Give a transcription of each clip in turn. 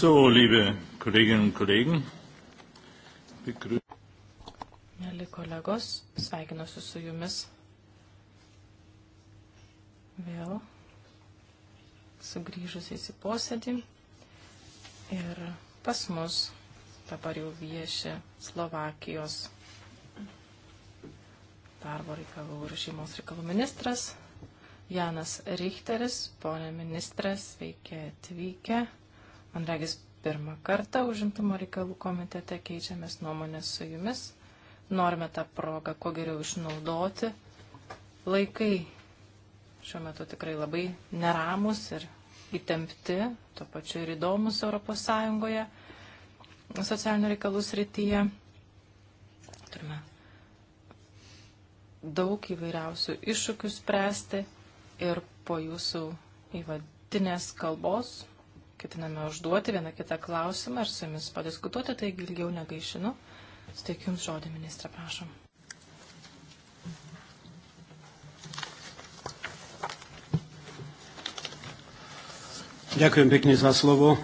So, liebe Kolleginnen und Kollegen, begrüße. Mėly kolegos, sveikinuosi su jumis vėl sugrįžusiais į posėdį. Ir pas mus dabar jau vieši Slovakijos darbo reikalų ir šeimos reikalų ministras Janas Richteris. Pone ministras, sveiki atvykę. Man regis, pirmą kartą užimtumo reikalų komitete keičiamės nuomonės su jumis. Norime tą progą kuo geriau išnaudoti. Laikai šiuo metu tikrai labai neramus ir įtempti, tuo pačiu ir įdomus Europos Sąjungoje socialinių reikalų srityje. Turime daug įvairiausių iššūkių spręsti ir po jūsų įvadinės kalbos ketiname užduoti vieną kitą klausimą ir su jumis padiskutuoti, taigi ilgiau negaišinu. Steikiu jums žodį, ministrė, prašom. Ďakujem pekne za slovo.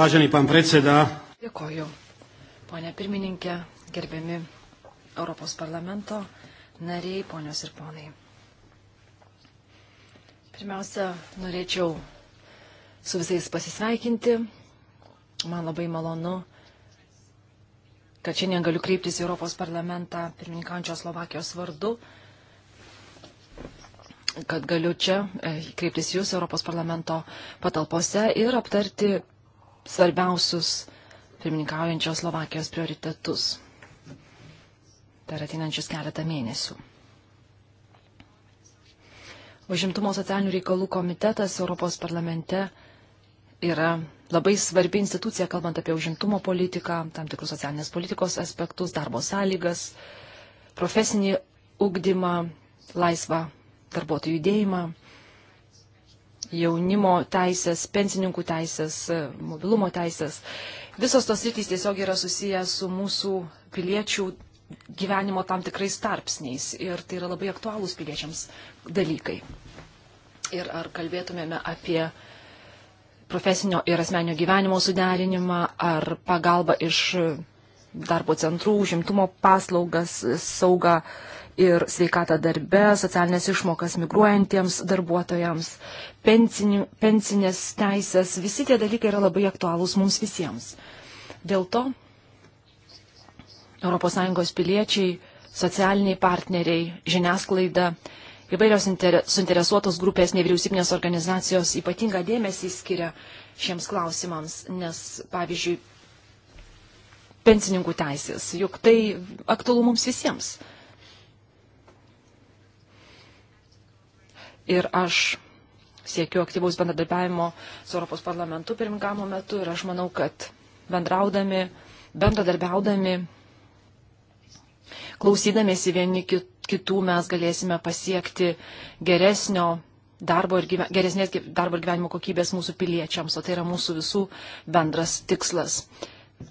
Vážený pán predseda. Dėkoju. Pone pirmininkė, gerbiami Europos parlamento nariai, ponios ir ponai. Pirmiausia, norėčiau su visais pasisveikinti. Man labai malonu, kad šiandien galiu kreiptis į Europos parlamentą pirmininkančios Slovakijos vardu, kad galiu čia e, kreiptis jūs Europos parlamento patalpose ir aptarti svarbiausius pirmininkaujančios Slovakijos prioritetus per ateinančius keletą mėnesių. Užimtumo socialinių reikalų komitetas Europos parlamente yra labai svarbi institucija, kalbant apie užimtumo politiką, tam tikrus socialinės politikos aspektus, darbo sąlygas, profesinį ugdymą, laisvą darbuotojų judėjimą, jaunimo teisės, pensininkų teisės, mobilumo teisės. Visos tos rytys tiesiog yra susijęs su mūsų piliečių gyvenimo tam tikrais tarpsniais ir tai yra labai aktualūs piliečiams dalykai. Ir ar kalbėtumėme apie profesinio ir asmenio gyvenimo suderinimą, ar pagalbą iš darbo centrų, užimtumo paslaugas, saugą ir sveikatą darbę, socialinės išmokas migruojantiems darbuotojams, pensinių, pensinės teisės, visi tie dalykai yra labai aktualūs mums visiems. Dėl to ES piliečiai, socialiniai partneriai, žiniasklaida įvairios suinteresuotos grupės, nevyriausybinės organizacijos ypatingą dėmesį skiria šiems klausimams, nes, pavyzdžiui, pensininkų teisės, juk tai aktualu mums visiems. Ir aš siekiu aktyvaus bendradarbiavimo su Europos parlamentu pirmingamo metu ir aš manau, kad bendraudami, bendradarbiaudami klausydamėsi vieni kitų mes galėsime pasiekti geresnio darbo ir gyve, geresnės darbo ir gyvenimo kokybės mūsų piliečiams, o tai yra mūsų visų bendras tikslas.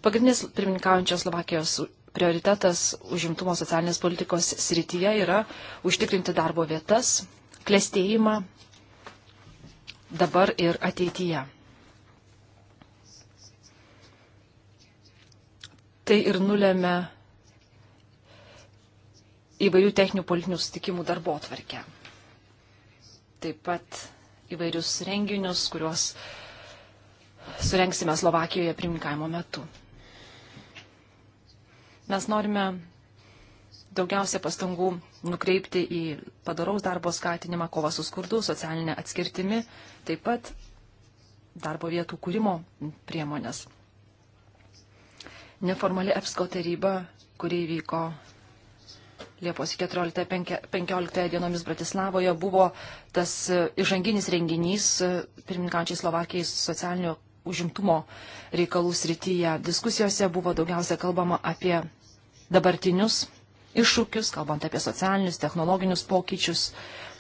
Pagrindinis pirmininkaujančios Slovakijos prioritetas užimtumo socialinės politikos srityje yra užtikrinti darbo vietas, klėstėjimą dabar ir ateityje. Tai ir nulėmė įvairių techninių politinių sutikimų darbo atvarkę. Taip pat įvairius renginius, kuriuos surenksime Slovakijoje primininkavimo metu. Mes norime daugiausia pastangų nukreipti į padaraus darbo skatinimą, kovą su skurdu, socialinę atskirtimi, taip pat darbo vietų kūrimo priemonės. Neformali EPSCO taryba, kuri vyko Liepos 14-15 dienomis Bratislavoje buvo tas e, įžanginis renginys e, pirmininkančiai Slovakijai socialinio užimtumo reikalų srityje. Diskusijose buvo daugiausia kalbama apie dabartinius iššūkius, kalbant apie socialinius, technologinius pokyčius,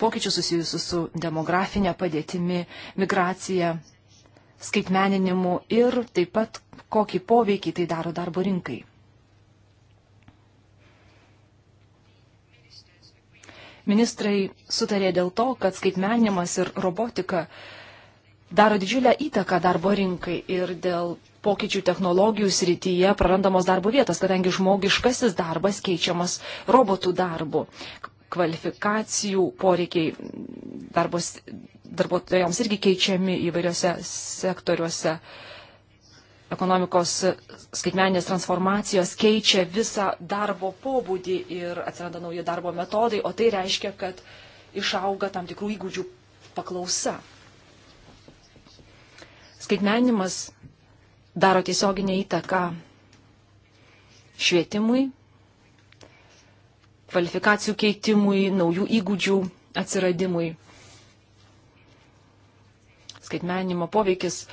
pokyčius susijusius su demografinė padėtimi, migracija, skaitmeninimu ir taip pat kokį poveikį tai daro darbo rinkai. Ministrai sutarė dėl to, kad skaitmenimas ir robotika daro didžiulę įtaką darbo rinkai ir dėl pokyčių technologijų srityje prarandamos darbo vietos, kadangi žmogiškasis darbas keičiamas robotų darbu. Kvalifikacijų poreikiai darbos, darbuotojams irgi keičiami įvairiose sektoriuose. Uh, ekonomikos skaitmeninės transformacijos keičia visą darbo pobūdį ir atsiranda nauji darbo metodai, o tai reiškia, kad išauga tam tikrų įgūdžių paklausa. Skaitmeninimas daro tiesioginę įtaką švietimui, kvalifikacijų keitimui, naujų įgūdžių atsiradimui. Skaitmenimo poveikis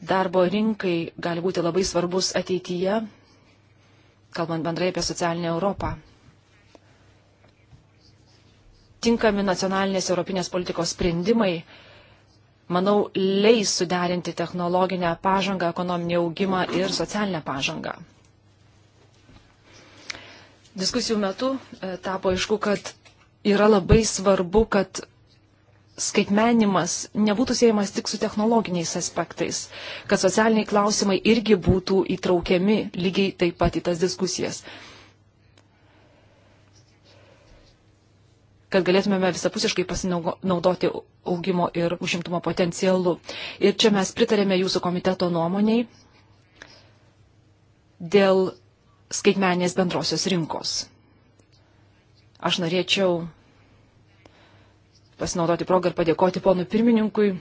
darbo rinkai gali būti labai svarbus ateityje, kalbant bendrai apie socialinę Europą. Tinkami nacionalinės europinės politikos sprendimai, manau, leis suderinti technologinę pažangą, ekonominį augimą ir socialinę pažangą. Diskusijų metu e, tapo aišku, kad yra labai svarbu, kad skaitmenimas nebūtų siejamas tik su technologiniais aspektais, kad socialiniai klausimai irgi būtų įtraukiami lygiai taip pat į tas diskusijas. kad galėtumėme visapusiškai pasinaudoti augimo ir užimtumo potencialu. Ir čia mes pritarėme jūsų komiteto nuomoniai dėl skaitmenės bendrosios rinkos. Aš norėčiau pasinaudoti progą ir padėkoti ponui pirmininkui,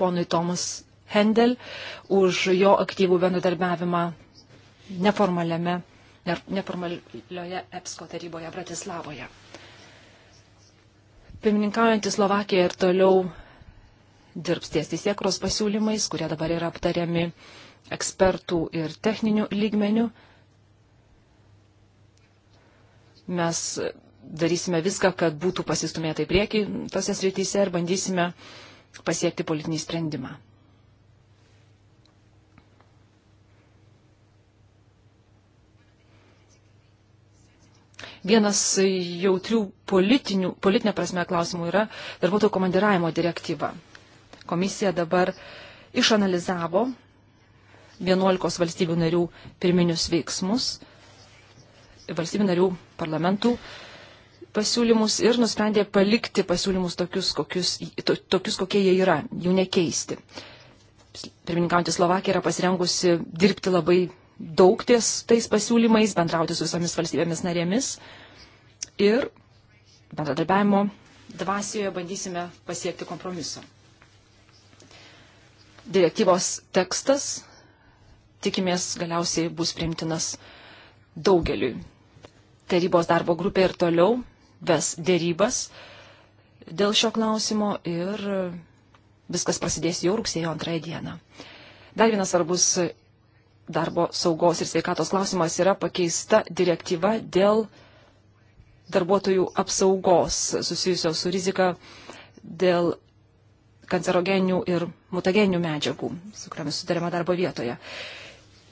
ponui Tomas Hendel, už jo aktyvų bendradarbiavimą neformaliame, neformalioje EPSCO taryboje Bratislavoje. Pirmininkaujantį Slovakiją ir toliau dirbs ties teisėkros pasiūlymais, kurie dabar yra aptariami ekspertų ir techninių lygmenių. Mes darysime viską, kad būtų pasistumėta į priekį tose srityse ir bandysime pasiekti politinį sprendimą. Vienas jautrių politinių, politinė prasme klausimų yra darbuotojų komandiravimo direktyva. Komisija dabar išanalizavo 11 valstybių narių pirminius veiksmus, valstybių narių parlamentų pasiūlymus ir nusprendė palikti pasiūlymus tokius, kokius, to, tokius kokie jie yra, jų nekeisti. Pirmininkaujantį Slovakiją yra pasirengusi dirbti labai daug ties tais pasiūlymais, bendrauti su visomis valstybėmis narėmis ir bendradarbiavimo dvasioje bandysime pasiekti kompromiso. Direktyvos tekstas, tikimės, galiausiai bus priimtinas daugeliui tarybos darbo grupė ir toliau ves dėrybas dėl šio klausimo ir viskas prasidės jau rugsėjo antrąją dieną. Dar vienas svarbus darbo saugos ir sveikatos klausimas yra pakeista direktyva dėl darbuotojų apsaugos susijusios su rizika dėl kancerogenių ir mutageninių medžiagų, su kuriamis sudarėma darbo vietoje.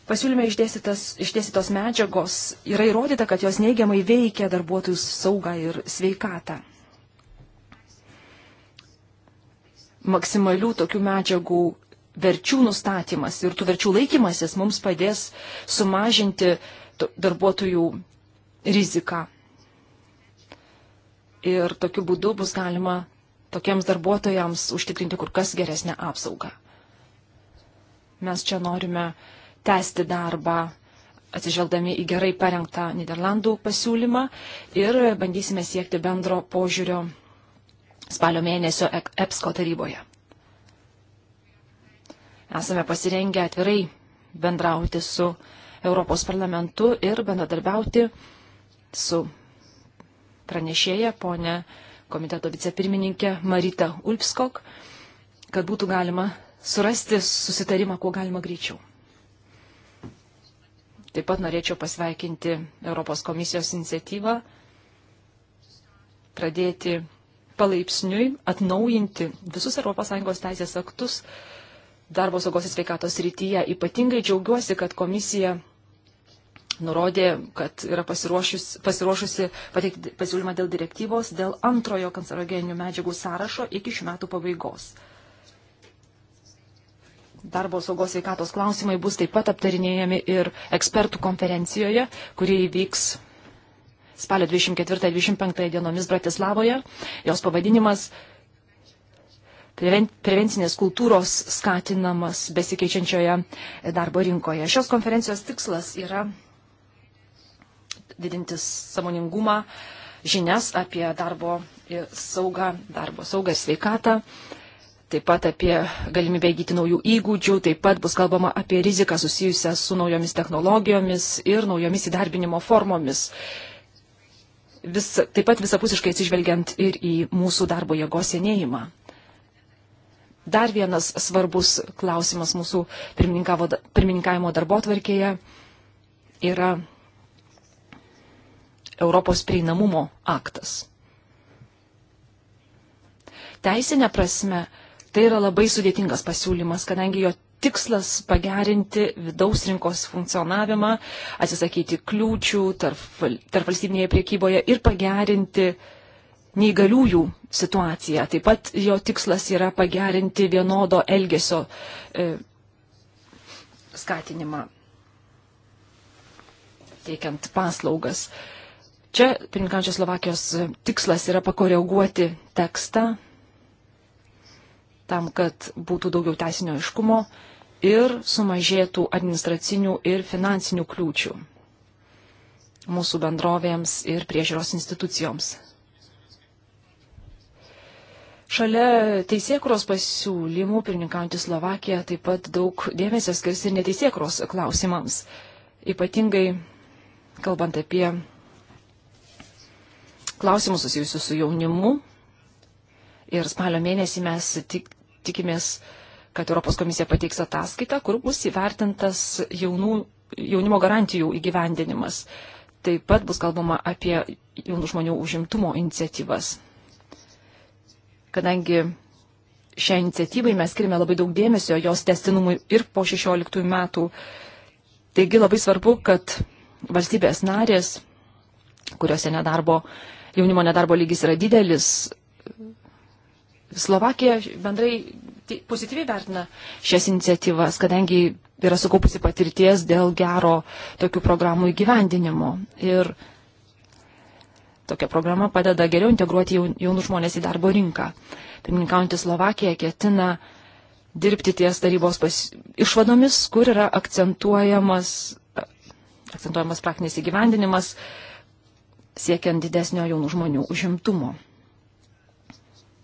Pasiūlyme išdėstytos medžiagos yra įrodyta, kad jos neigiamai veikia darbuotojų saugą ir sveikatą. Maksimalių tokių medžiagų verčių nustatymas ir tų verčių laikymasis mums padės sumažinti darbuotojų riziką. Ir tokiu būdu bus galima tokiems darbuotojams užtikrinti kur kas geresnę apsaugą. Mes čia norime uh, tęsti darbą atsižvelgdami į gerai parengtą Niderlandų pasiūlymą ir bandysime siekti bendro požiūrio spalio mėnesio EPSCO e taryboje. Esame pasirengę atvirai bendrauti su Europos parlamentu ir bendradarbiauti su pranešėja ponė komiteto vicepirmininkė Marita Ulpskok, kad būtų galima surasti susitarimą kuo galima greičiau. Taip pat norėčiau pasveikinti Europos komisijos iniciatyvą pradėti palaipsniui atnaujinti visus ES teisės aktus darbo saugos ir sveikatos rytyje. Ypatingai džiaugiuosi, kad komisija nurodė, kad yra pasiruošusi, pasiruošusi pateikti pasiūlymą dėl direktyvos dėl antrojo kancerogeninių medžiagų sąrašo iki šių metų pabaigos darbo saugos veikatos klausimai bus taip pat aptarinėjami ir ekspertų konferencijoje, kurie įvyks spalio 24-25 dienomis Bratislavoje. Jos pavadinimas prevencinės kultūros skatinamas besikeičiančioje darbo rinkoje. Šios konferencijos tikslas yra didinti samoningumą, žinias apie darbo saugą, darbo saugą ir sveikatą taip pat apie galimybę įgyti naujų įgūdžių, taip pat bus kalbama apie riziką susijusią su naujomis technologijomis ir naujomis įdarbinimo formomis. Vis, taip pat visapusiškai atsižvelgiant ir į mūsų darbo jėgos senėjimą. Dar vienas svarbus klausimas mūsų pirmininkavimo darbo tvarkėje yra Europos prieinamumo aktas. Teisinė prasme, Tai yra labai sudėtingas pasiūlymas, kadangi jo tikslas pagerinti vidaus rinkos funkcionavimą, atsisakyti kliūčių tarp, tarp valstybinėje priekyboje ir pagerinti neįgaliųjų situaciją. Taip pat jo tikslas yra pagerinti vienodo elgesio e, skatinimą, teikiant paslaugas. Čia, pininkančios Slovakijos tikslas yra pakoreguoti tekstą tam, kad būtų daugiau teisinio iškumo ir sumažėtų administracinių ir finansinių kliūčių mūsų bendrovėms ir priežiūros institucijoms. Šalia teisėkuros pasiūlymų pirmininkaujantį Slovakiją taip pat daug dėmesio skirs ir neteisėkuros klausimams, ypatingai kalbant apie klausimus susijusius su jaunimu, Ir spalio mėnesį mes tik, tikimės, kad Europos komisija pateiks ataskaitą, kur bus įvertintas jaunų, jaunimo garantijų įgyvendinimas. Taip pat bus kalbama apie jaunų žmonių užimtumo iniciatyvas. Kadangi šią iniciatyvai mes skirime labai daug dėmesio jos testinumui ir po 16 metų. Taigi labai svarbu, kad valstybės narės, kuriuose nedarbo, jaunimo nedarbo lygis yra didelis, Slovakija bendrai pozityviai vertina šias iniciatyvas, kadangi yra sukaupusi patirties dėl gero tokių programų įgyvendinimo. Ir tokia programa padeda geriau integruoti jaunų žmonės į darbo rinką. Pirmininkaujantį Slovakiją ketina dirbti ties tarybos pas... išvadomis, kur yra akcentuojamas, akcentuojamas praktinis įgyvendinimas, siekiant didesnio jaunų žmonių užimtumo.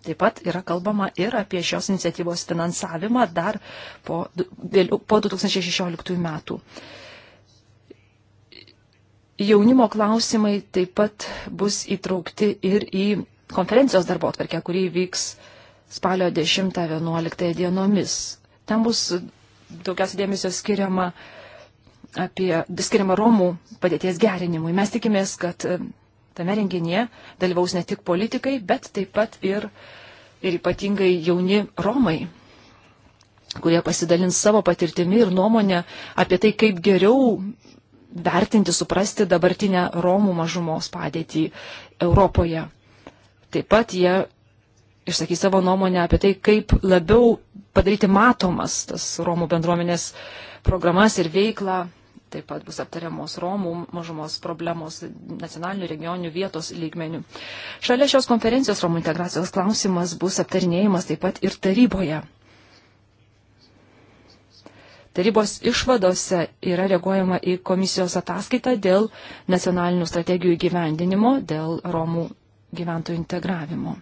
Taip pat yra kalbama ir apie šios iniciatyvos finansavimą dar po, vėliau, po 2016 metų. Jaunimo klausimai taip pat bus įtraukti ir į konferencijos darbo atverkę, kurį vyks spalio 10-11 dienomis. Ten bus daugiausiai dėmesio skiriama, apie, skiriama Romų padėties gerinimui. Mes tikimės, kad Tame renginyje dalyvaus ne tik politikai, bet taip pat ir, ir ypatingai jauni Romai, kurie pasidalins savo patirtimi ir nuomonę apie tai, kaip geriau vertinti, suprasti dabartinę Romų mažumos padėtį Europoje. Taip pat jie išsakys savo nuomonę apie tai, kaip labiau padaryti matomas tas Romų bendruomenės programas ir veiklą Taip pat bus aptariamos Romų mažumos problemos nacionalinių, regioninių, vietos lygmenių. Šalia šios konferencijos Romų integracijos klausimas bus aptarinėjimas taip pat ir taryboje. Tarybos išvadose yra reaguojama į komisijos ataskaitą dėl nacionalinių strategijų įgyvendinimo, dėl Romų gyventojų integravimo.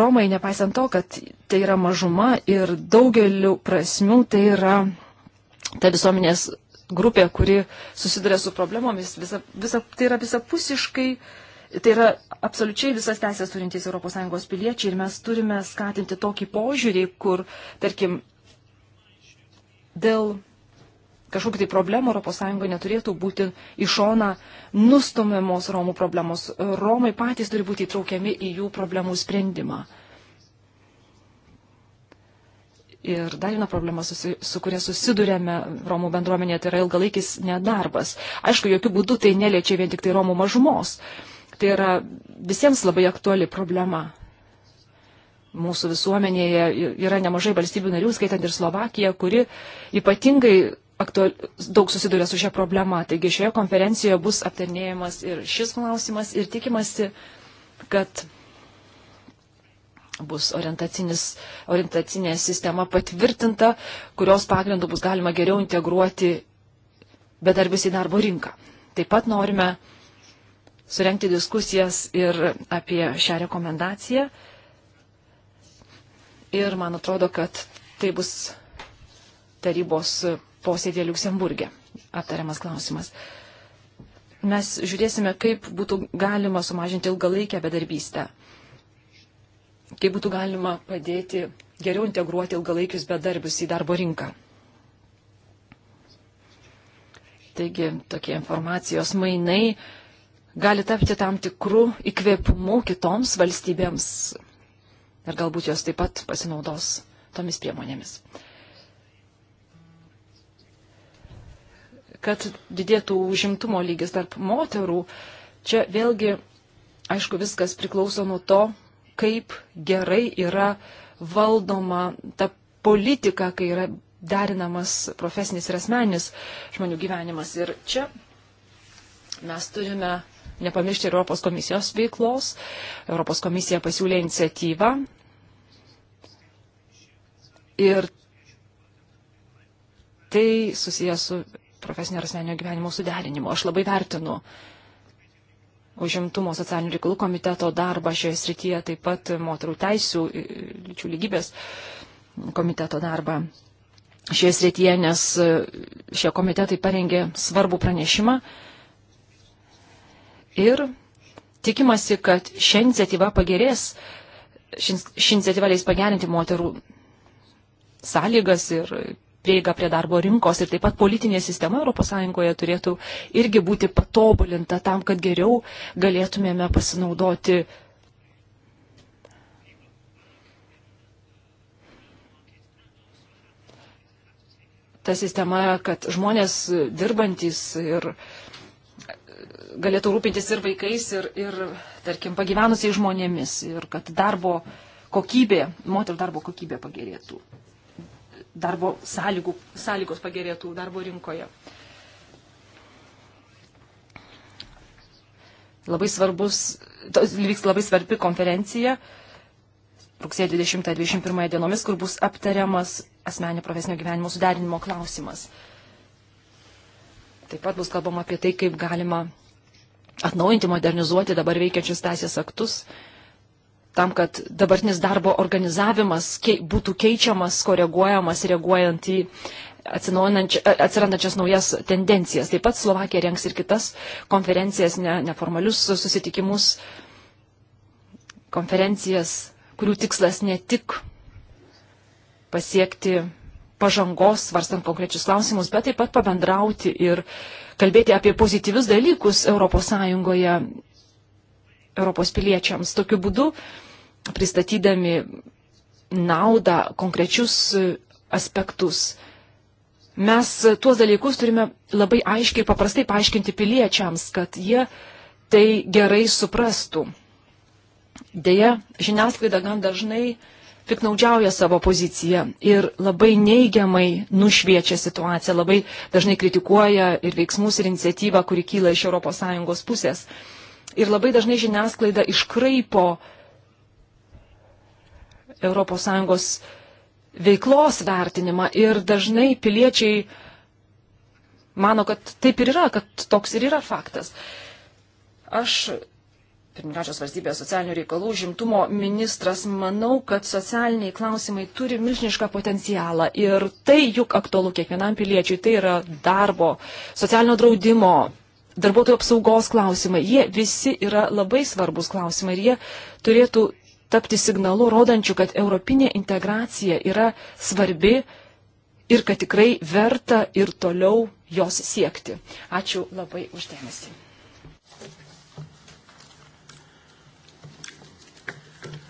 Romai, nepaisant to, kad tai yra mažuma ir daugeliu prasmių tai yra ta visuomenės grupė, kuri susiduria su problemomis, visa, visa, tai yra visapusiškai, tai yra absoliučiai visas teisės turintys ES piliečiai ir mes turime skatinti tokį požiūrį, kur, tarkim, dėl kažkokių tai problemų ES neturėtų būti į šoną nustumiamos Romų problemos. Romai patys turi būti įtraukiami į jų problemų sprendimą. Ir dar viena problema, susi, su kuria susidurėme Romų bendruomenėje, tai yra ilgalaikis nedarbas. Aišku, jokių būdų tai neliečia vien tik tai Romų mažumos. Tai yra visiems labai aktuali problema. Mūsų visuomenėje yra nemažai valstybių narių, skaitant ir Slovakiją, kuri ypatingai aktual, daug susiduria su šia problema. Taigi šioje konferencijoje bus aptarnėjamas ir šis klausimas ir tikimasi, kad bus orientacinė sistema patvirtinta, kurios pagrindų bus galima geriau integruoti bedarbius į darbo rinką. Taip pat norime surenkti diskusijas ir apie šią rekomendaciją. Ir man atrodo, kad tai bus tarybos posėdė Luksemburgė aptariamas klausimas. Mes žiūrėsime, kaip būtų galima sumažinti ilgalaikę bedarbystę kaip būtų galima padėti geriau integruoti ilgalaikius bedarbius į darbo rinką. Taigi tokie informacijos mainai gali tapti tam tikrų įkvėpimų kitoms valstybėms ir galbūt jos taip pat pasinaudos tomis priemonėmis. Kad didėtų užimtumo lygis tarp moterų, čia vėlgi, aišku, viskas priklauso nuo to, kaip gerai yra valdoma ta politika, kai yra derinamas profesinis ir asmeninis žmonių gyvenimas. Ir čia mes turime nepamiršti Europos komisijos veiklos. Europos komisija pasiūlė iniciatyvą ir tai susijęs su profesinio ir asmeninio gyvenimo suderinimu. Aš labai vertinu uh, užimtumo socialinių reikalų komiteto darbą šioje srityje, taip pat moterų teisų, lyčių lygybės komiteto darbą šioje srityje, nes e, šie komitetai parengė svarbų pranešimą ir tikimasi, kad ši iniciatyva pagerės, ši iniciatyva leis pagerinti moterų sąlygas ir prieiga prie darbo rinkos ir taip pat politinė sistema ES turėtų irgi būti patobulinta tam, kad geriau galėtumėme pasinaudoti ta sistema, kad žmonės dirbantis ir galėtų rūpintis ir vaikais, ir, ir tarkim, pagyvenusiais žmonėmis, ir kad darbo kokybė, moterų darbo kokybė pagerėtų darbo sąlygų, sąlygos pagerėtų darbo rinkoje. Labai svarbus, vyks labai svarbi konferencija rugsėjo 20-21 dienomis, kur bus aptariamas asmenio profesinio gyvenimo suderinimo klausimas. Taip pat bus kalbama apie tai, kaip galima atnaujinti, modernizuoti dabar veikiančius teisės aktus, tam, kad dabartinis darbo organizavimas kei, būtų keičiamas, koreguojamas, reaguojant į atsirandančias naujas tendencijas. Taip pat Slovakija rengs ir kitas konferencijas, ne, neformalius susitikimus, konferencijas, kurių tikslas ne tik pasiekti pažangos, svarstant konkrečius klausimus, bet taip pat pabendrauti ir kalbėti apie pozityvius dalykus ES Europos piliečiams. Tokiu būdu, pristatydami naudą, konkrečius aspektus, mes tuos dalykus turime labai aiškiai ir paprastai paaiškinti piliečiams, kad jie tai gerai suprastų. Deja, žiniasklaida gan dažnai piknaudžiauja savo poziciją ir labai neigiamai nušviečia situaciją, labai dažnai kritikuoja ir veiksmus, ir iniciatyvą, kuri kyla iš ES pusės. Ir labai dažnai žiniasklaida iškraipo ES veiklos vertinimą ir dažnai piliečiai mano, kad taip ir yra, kad toks ir yra faktas. Aš, pirmininkačios valstybės socialinių reikalų žimtumo ministras, manau, kad socialiniai klausimai turi milžinišką potencialą ir tai juk aktualu kiekvienam piliečiui, tai yra darbo, socialinio draudimo darbuotojų apsaugos klausimai. Jie visi yra labai svarbus klausimai ir jie turėtų tapti signalu, rodančiu, kad europinė integracija yra svarbi ir kad tikrai verta ir toliau jos siekti. Ačiū labai uždėmesi.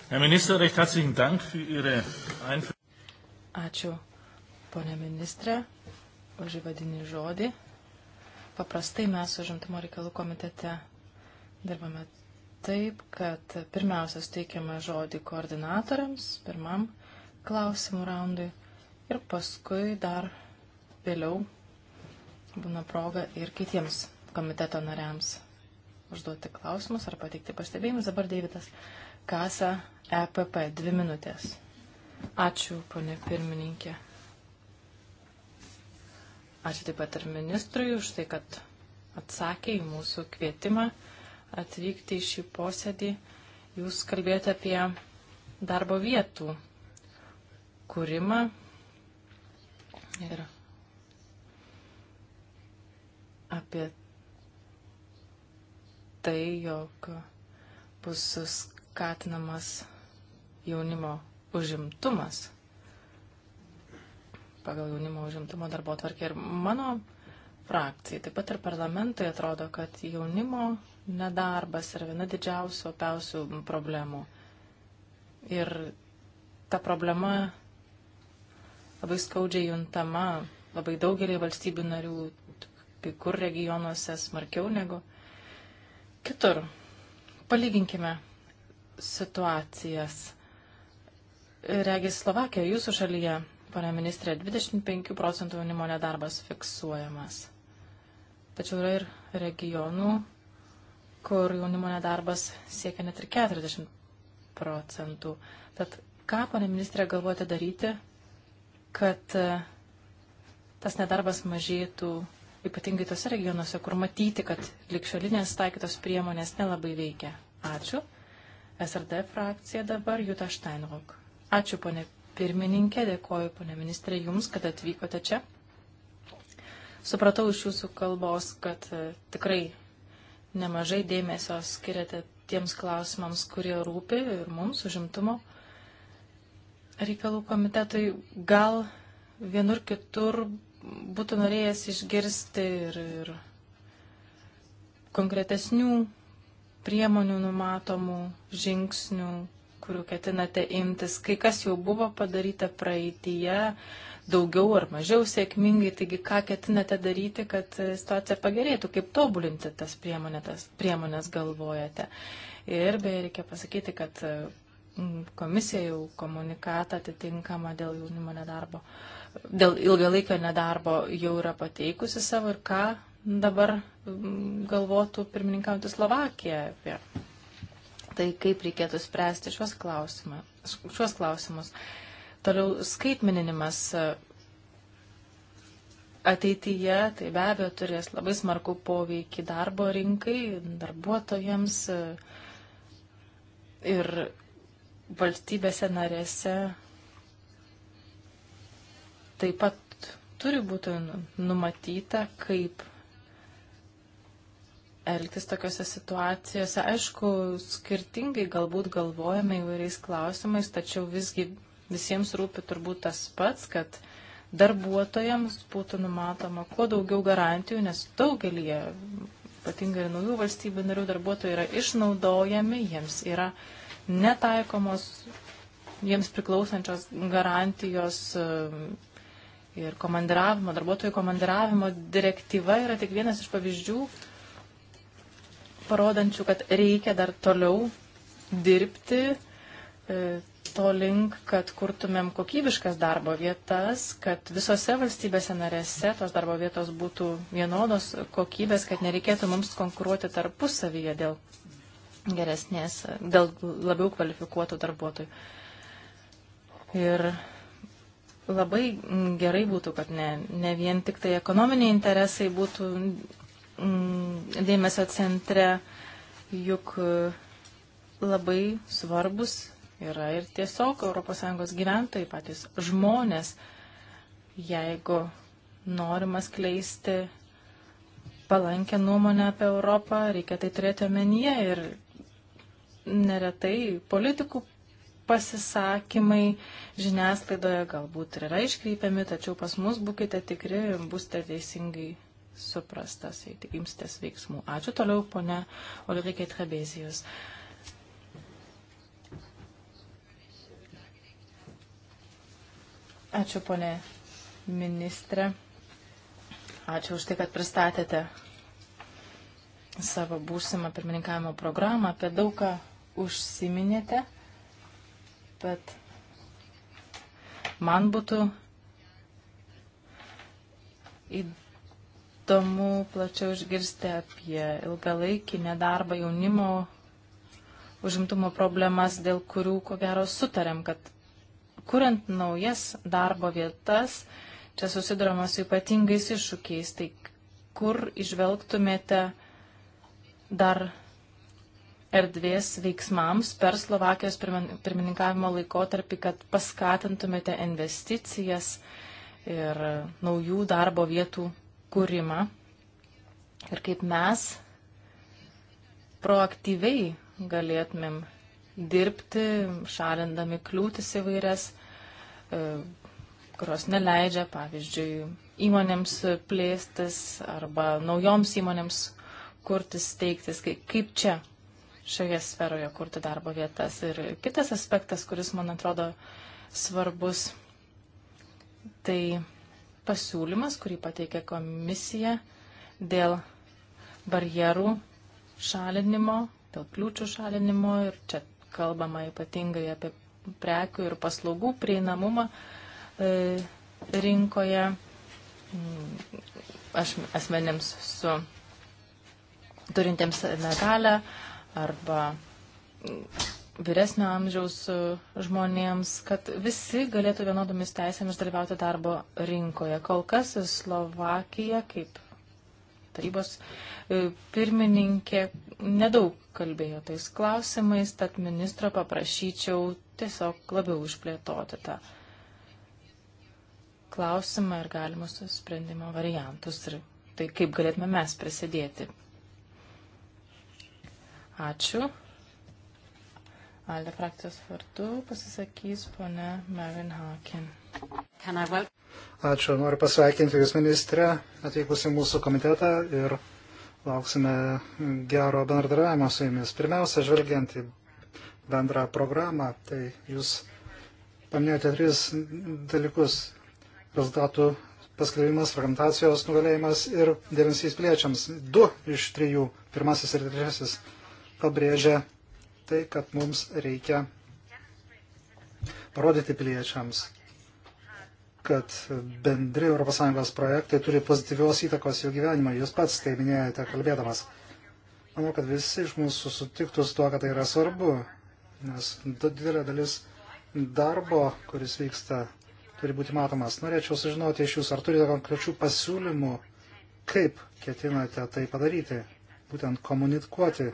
Herr Minister, recht herzlichen Dank für Ihre Einführung. Ačiū, ponė ministrė, už įvadinį žodį. Paprastai mes užimtumo reikalų komitete dirbame taip, kad pirmiausia suteikiame žodį koordinatoriams, pirmam klausimų raundui ir paskui dar vėliau būna proga ir kitiems komiteto nariams užduoti klausimus ar pateikti pastebėjimus. Dabar Deividas Kasa, EPP, dvi minutės. Ačiū, ponė pirmininkė. Ačiū taip pat ir ministrui už tai, kad atsakė į mūsų kvietimą atvykti į šį posėdį. Jūs kalbėjote apie darbo vietų kūrimą ir apie tai, jog bus skatinamas jaunimo užimtumas pagal jaunimo užimtumo darbo tvarkę. Ir mano frakcijai, taip pat ir parlamentui atrodo, kad jaunimo nedarbas yra viena didžiausių, opiausių problemų. Ir ta problema labai skaudžiai juntama labai daugelį valstybių narių, kai kur regionuose smarkiau negu kitur. Palyginkime situacijas. Regis Slovakija, jūsų šalyje pane ministrė, 25 procentų jaunimo nedarbas fiksuojamas. Tačiau yra ir regionų, kur jaunimo nedarbas siekia net ir 40 procentų. Tad ką, pane ministrė, galvojate daryti, kad e, tas nedarbas mažėtų ypatingai tose regionuose, kur matyti, kad likščiolinės taikytos priemonės nelabai veikia? Ačiū. SRD frakcija dabar Juta Steinruk. Ačiū, ponė pirmininkė, dėkoju, ponė ministrė, jums, kad atvykote čia. Supratau iš jūsų kalbos, kad e, tikrai nemažai dėmesio skiriate tiems klausimams, kurie rūpi ir mums užimtumo reikalų komitetui. Gal vienur kitur būtų norėjęs išgirsti ir, ir konkretesnių priemonių numatomų, žingsnių, kurių ketinate imtis, kai kas jau buvo padaryta praeitie, daugiau ar mažiau sėkmingai, taigi ką ketinate daryti, kad situacija pagerėtų, kaip tobulinti tas priemonės, tas priemonės galvojate. Ir beje, reikia pasakyti, kad mm, komisija jau komunikatą atitinkamą dėl jaunimo nedarbo, dėl ilgalaikio nedarbo jau yra pateikusi savo ir ką dabar mm, galvotų pirmininkauti Slovakiją apie tai, kaip reikėtų spręsti šios, klausimą, šios klausimus. Toliau skaitmininimas e, ateityje, tai be abejo turės labai smarkų poveikį darbo rinkai, darbuotojams e, ir valstybėse narėse taip pat turi būti numatyta, kaip elgtis tokiuose situacijose. Aišku, skirtingai galbūt galvojame įvairiais klausimais, tačiau visgi visiems rūpi turbūt tas pats, kad darbuotojams būtų numatoma kuo daugiau garantijų, nes daugelį, ypatingai ir naujų valstybių narių darbuotojai yra išnaudojami, jiems yra netaikomos, jiems priklausančios garantijos e, ir komandiravimo, darbuotojų komandiravimo direktyva yra tik vienas iš pavyzdžių, parodančių, kad reikia dar toliau dirbti e, to link, kad kurtumėm kokybiškas darbo vietas, kad visose valstybėse narėse tos darbo vietos būtų vienodos kokybės, kad nereikėtų mums konkuruoti tarpusavyje dėl geresnės, dėl labiau kvalifikuotų darbuotojų. Ir labai gerai būtų, kad ne, ne vien tik tai ekonominiai interesai būtų Mm, dėmesio centre, juk e, labai svarbus yra ir tiesiog ES gyventojai patys žmonės, jeigu norima skleisti palankę nuomonę apie Europą, reikia tai turėti omenyje ir neretai politikų pasisakymai žiniasklaidoje galbūt ir yra iškreipiami, tačiau pas mus būkite tikri, būsite teisingai suprastas, jei tik imsitės veiksmų. Ačiū toliau, ponia Olirikė Trebezijus. Ačiū, ponė ministrė. Ačiū už tai, kad pristatėte savo būsimą pirmininkavimo programą. Apie daug ką užsiminėte, bet man būtų įdomu įdomu plačiau išgirsti apie ilgalaikį nedarbą jaunimo užimtumo problemas, dėl kurių, ko gero, sutarėm, kad kuriant naujas darbo vietas, čia susidurama su ypatingais iššūkiais. Tai kur išvelgtumėte dar erdvės veiksmams per Slovakijos pirmininkavimo laikotarpį, kad paskatintumėte investicijas ir naujų darbo vietų kūrimą ir kaip mes proaktyviai galėtumėm dirbti, šalindami kliūtis įvairias, e, kurios neleidžia, pavyzdžiui, įmonėms plėstis arba naujoms įmonėms kurtis, teiktis, kaip čia šioje sferoje kurti darbo vietas. Ir kitas aspektas, kuris man atrodo svarbus, tai pasiūlymas, kurį pateikė komisija dėl barjerų šalinimo, dėl kliūčių šalinimo ir čia kalbama ypatingai apie prekių ir paslaugų prieinamumą e, rinkoje mm, aš, asmenėms su turintiems negalę arba vyresnio amžiaus e, žmonėms, kad visi galėtų vienodomis teisėmis dalyvauti darbo rinkoje. Kol kas Slovakija, kaip tarybos e, pirmininkė, nedaug kalbėjo tais klausimais, tad ministro paprašyčiau tiesiog labiau išplėtoti tą klausimą ir galimus sprendimo variantus ir tai kaip galėtume mes prisidėti. Ačiū. Alde frakcijos vardu pasisakys ponia Marin Haken. Ačiū, noriu pasveikinti Jūs ministrę atvykusi mūsų komitetą ir lauksime gero bendradarbiavimo su Jumis. Pirmiausia, žvelgiant į bendrą programą, tai Jūs paminėjote tris dalykus - rezultatų paskelbimas, fragmentacijos nugalėjimas ir dėmesys piliečiams. Du iš trijų, pirmasis ir trečiasis, pabrėžia tai, kad mums reikia parodyti piliečiams, kad bendri ES projektai turi pozityvios įtakos jų gyvenimą. Jūs pats tai minėjote kalbėdamas. Manau, kad visi iš mūsų sutiktų su tuo, kad tai yra svarbu, nes didelė dalis darbo, kuris vyksta, turi būti matomas. Norėčiau sužinoti iš jūsų, ar turite konkrečių pasiūlymų, kaip ketinate tai padaryti, būtent komunikuoti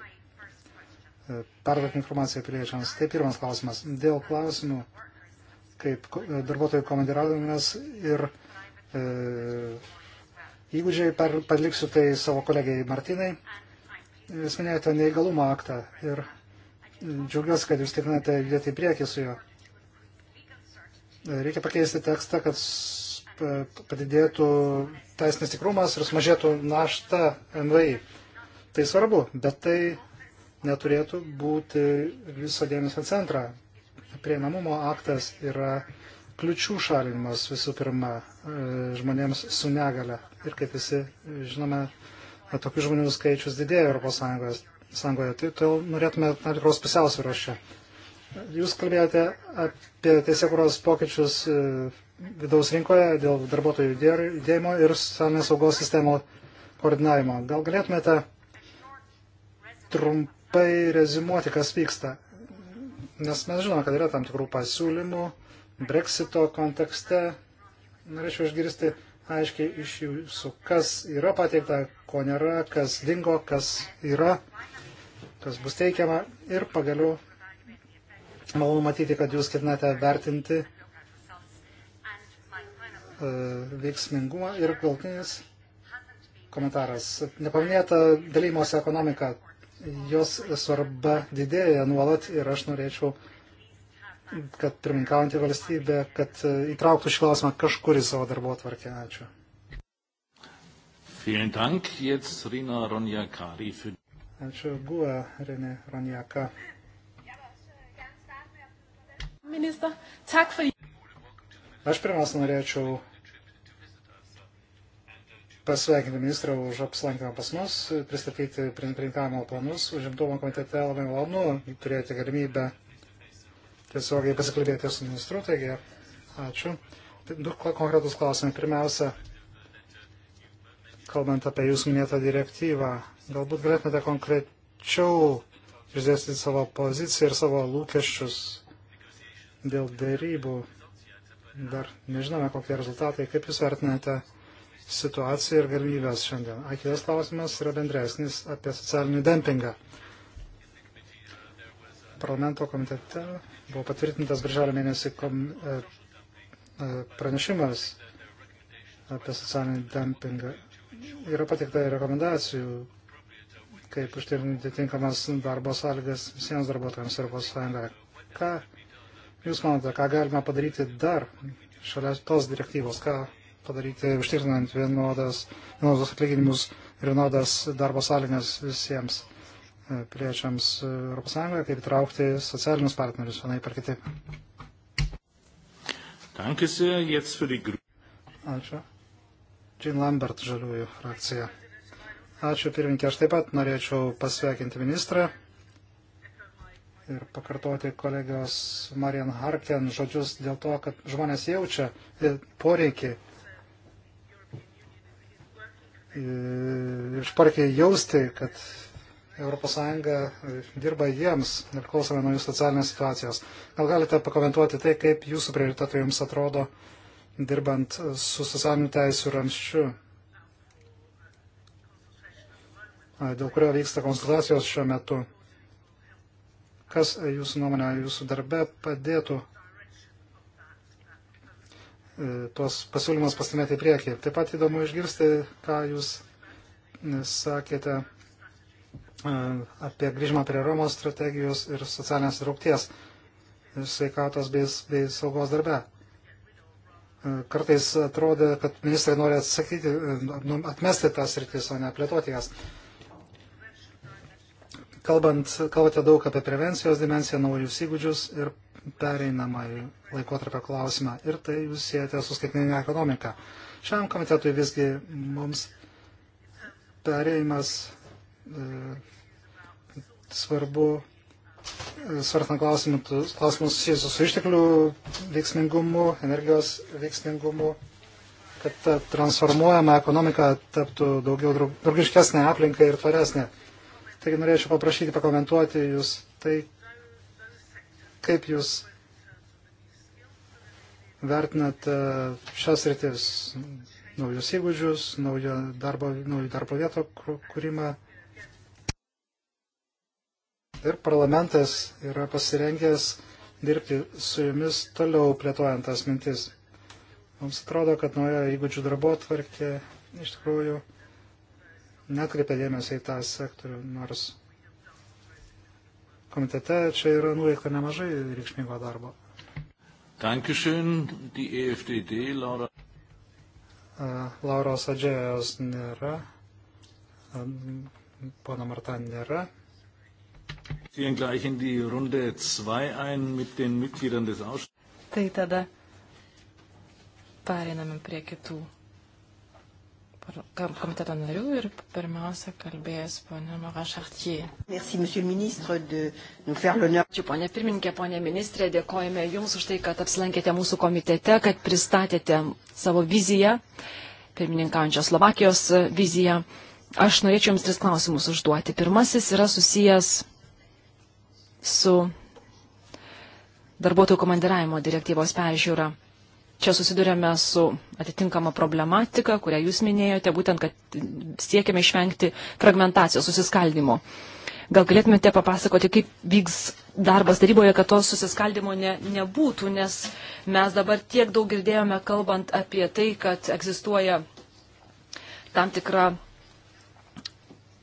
E, perduoti informaciją piliečiams. Tai pirmas klausimas. Dėl klausimų, kaip e, darbuotojų komandiravimas ir e, įgūdžiai, per, paliksiu tai savo kolegijai Martinai. Jūs minėjote neįgalumo aktą ir e, džiaugiuosi, kad jūs tikrinate judėti į priekį su juo. Reikia pakeisti tekstą, kad padidėtų teisinis tikrumas ir sumažėtų našta MVI. Tai svarbu, bet tai neturėtų būti viso dėmesio centra. Prieinamumo aktas yra kliučių šalinimas visų pirma e, žmonėms su negale. Ir kaip visi žinome, e, tokių žmonių skaičius didėja Europos Sąjungos. Sąjungoje. Tai todėl norėtume tam tikros pusiausvėros čia. Jūs kalbėjote apie teisėkuros pokyčius e, vidaus rinkoje dėl darbuotojų judėjimo ir socialinės saugos sistemo koordinavimo. Gal galėtumėte trum, trumpai rezimuoti, kas vyksta. Nes mes žinome, kad yra tam tikrų pasiūlymų Brexito kontekste. Norėčiau išgirsti aiškiai iš jūsų, kas yra pateikta, ko nėra, kas dingo, kas yra, kas bus teikiama. Ir pagaliau malonu matyti, kad jūs ketinate vertinti e, veiksmingumą ir galtinis komentaras. Nepaminėta dalymosi ekonomika jos svarba didėja nuolat ir aš norėčiau, kad pirmininkaujantį valstybę, kad e, įtrauktų šį klausimą kažkur į savo darbo atvarkę. Ačiū. Ačiū, Guo Renė Ronjaka. Aš pirmiausia norėčiau pasveikinti ministrą už apsilankymą pas mus, pristatyti prinkavimo planus. Užimtumo komitete labai malonu turėti galimybę tiesiogiai pasikalbėti su ministru, taigi ačiū. Tai du konkretus klausimai. Pirmiausia, kalbant apie jūsų minėtą direktyvą, galbūt galėtumėte konkrečiau išdėstyti savo poziciją ir savo lūkesčius dėl dėrybų. Dar nežinome, kokie rezultatai, kaip jūs vertinate situaciją ir galimybės šiandien. Akitas klausimas yra bendresnis apie socialinį dempingą. Parlamento komitete buvo patvirtintas birželio mėnesį kom, e, e, pranešimas apie socialinį dempingą. Yra patikta rekomendacijų, kaip užtikrinti tinkamas darbo sąlygas visiems darbuotojams Europos Sąjungoje. Ką Jūs manote, ką galima padaryti dar šalia tos direktyvos, ką padaryti užtikrinant vienodas, vienodas atlyginimus ir vienodas darbo sąlygas visiems e, piliečiams ES, kaip įtraukti socialinius partnerius vienai per kitaip. Ačiū. Jean Lambert, žaliųjų frakcija. Ačiū pirminkė, aš taip pat norėčiau pasveikinti ministrą ir pakartoti kolegijos Marian Harken žodžius dėl to, kad žmonės jaučia poreikį ir šparkiai jausti, kad ES dirba jiems, nepriklausomai nuo jų socialinės situacijos. Gal galite pakomentuoti tai, kaip jūsų prioritetai jums atrodo, dirbant su socialinių teisų ramščiu, dėl kurio vyksta konsultacijos šiuo metu. Kas jūsų nuomonė, jūsų darbe padėtų E, tuos pasiūlymus pastumėti į priekį. Taip pat įdomu išgirsti, ką jūs e, sakėte e, apie grįžimą prie Romos strategijos ir socialinės traukties ir sveikatos bei, bei saugos darbe. Kartais atrodo, kad ministrai nori atsakyti, nu, atmesti tas rytis, o ne plėtoti jas. Kalbant, kalbate daug apie prevencijos dimenciją, naujus įgūdžius ir pereinamąjį laikotarpio klausimą ir tai jūs siejate su skaitmeninė ekonomika. Šiam komitetui visgi mums pereimas e, svarbu e, svarstant klausimus, klausimus susijusius su išteklių veiksmingumu, energijos veiksmingumu, kad ta transformuojama ekonomika taptų daugiau draugiškesnė aplinkai ir tvaresnė. Taigi norėčiau paprašyti pakomentuoti jūs tai, Kaip Jūs vertinate šias rytis naujus įgūdžius, naujo darbo, naujų darbo vietų kūrimą? Ir parlamentas yra pasirengęs dirbti su jumis toliau plėtojant tas mintis. Mums atrodo, kad naujo įgūdžių darbo tvarkė iš tikrųjų netkreipia dėmesio į tą sektorių, nors komitete čia yra nuveikta nemažai reikšmingo darbo. Dankeschön, die EFDD, Laura. Uh, Lauros Adžėjos nėra, um, pono Martan nėra. Vielen gleich in die Runde 2 ein mit den Mitgliedern des Ausschusses. Tai tada pereiname prie kitų komiteto narių ir pirmiausia kalbės ponė Marašartie. Ačiū ponė pirmininkė, ponė ministrė, dėkojame Jums už tai, kad apsilankėte mūsų komitete, kad pristatėte savo viziją, pirmininkaujančios Slovakijos viziją. Aš norėčiau Jums tris klausimus užduoti. Pirmasis yra susijęs su darbuotojų komandiravimo direktyvos peržiūra čia susidurėme su atitinkama problematika, kurią jūs minėjote, būtent, kad siekiame išvengti fragmentacijos, susiskaldimo. Gal galėtumėte papasakoti, kaip vyks darbas taryboje, kad to susiskaldimo ne, nebūtų, nes mes dabar tiek daug girdėjome kalbant apie tai, kad egzistuoja tam, tikra,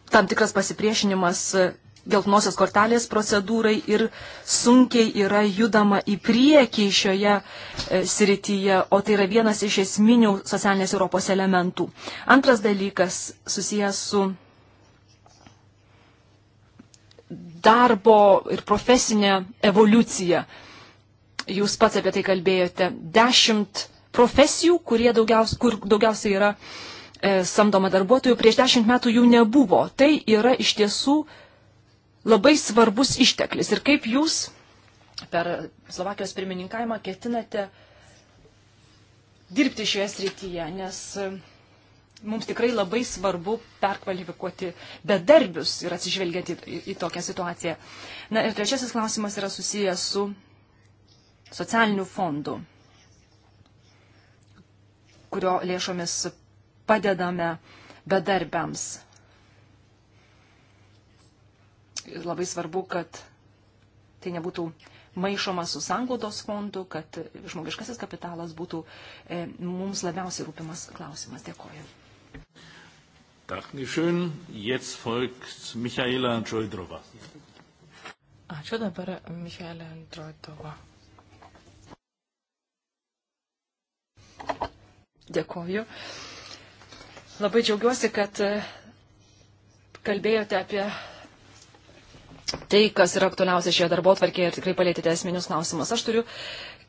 tam tikras pasipriešinimas geltonosios kortelės procedūrai ir sunkiai yra judama į priekį šioje e, srityje, o tai yra vienas iš esminių socialinės Europos elementų. Antras dalykas susijęs su darbo ir profesinė evoliucija. Jūs pats apie tai kalbėjote. Dešimt profesijų, daugiaus, kur daugiausiai yra e, samdoma darbuotojų, prieš dešimt metų jų nebuvo. Tai yra iš tiesų labai svarbus išteklis. Ir kaip jūs per Slovakijos pirmininkavimą ketinate dirbti šioje srityje, nes e, mums tikrai labai svarbu perkvalifikuoti bedarbius ir atsižvelgiant į, į, į tokią situaciją. Na ir trečiasis klausimas yra susijęs su socialiniu fondu, kurio lėšomis padedame bedarbiams labai svarbu, kad tai nebūtų maišoma su sanglaudos fondu, kad žmogiškasis kapitalas būtų e, mums labiausiai rūpimas klausimas. Dėkoju. Dankeschön. Jetzt folgt Michaela Androidrova. Ačiū dabar Michaela Androidrova. Dėkoju. Labai džiaugiuosi, kad e, kalbėjote apie tai, kas yra aktualiausia šioje darbo tvarkėje ir tikrai palėtėte esminius klausimus. Aš turiu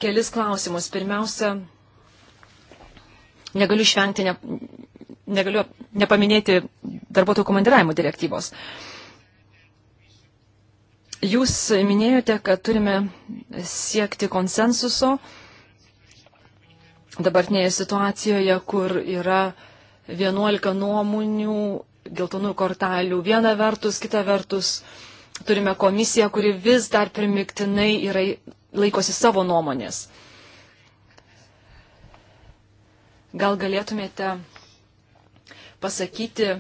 kelis klausimus. Pirmiausia, negaliu išvengti, ne, negaliu nepaminėti darbuotojų komandiravimo direktyvos. Jūs minėjote, kad turime siekti konsensuso dabartinėje situacijoje, kur yra 11 nuomonių, geltonų kortelių viena vertus, kita vertus. Uh, turime komisiją, kuri vis dar primiktinai yra, laikosi savo nuomonės. Gal galėtumėte pasakyti,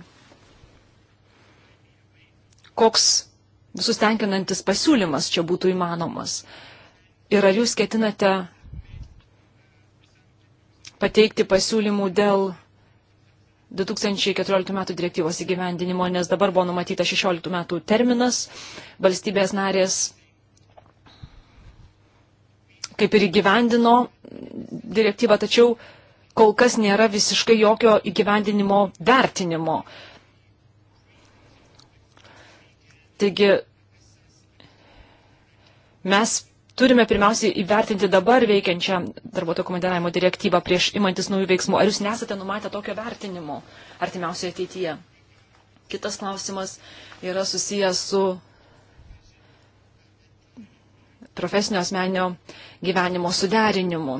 koks visus tenkinantis pasiūlymas čia būtų įmanomas. Ir ar jūs ketinate pateikti pasiūlymų dėl 2014 metų direktyvos įgyvendinimo, nes dabar buvo numatyta 16 metų terminas. Valstybės narės kaip ir įgyvendino direktyvą, tačiau kol kas nėra visiškai jokio įgyvendinimo vertinimo. Taigi mes turime pirmiausiai įvertinti dabar veikiančią darbuotojų komandiravimo direktyvą prieš imantis naujų veiksmų. Ar jūs nesate numatę tokio vertinimo artimiausioje ateityje? Kitas klausimas yra susijęs su profesinio asmenio gyvenimo suderinimu.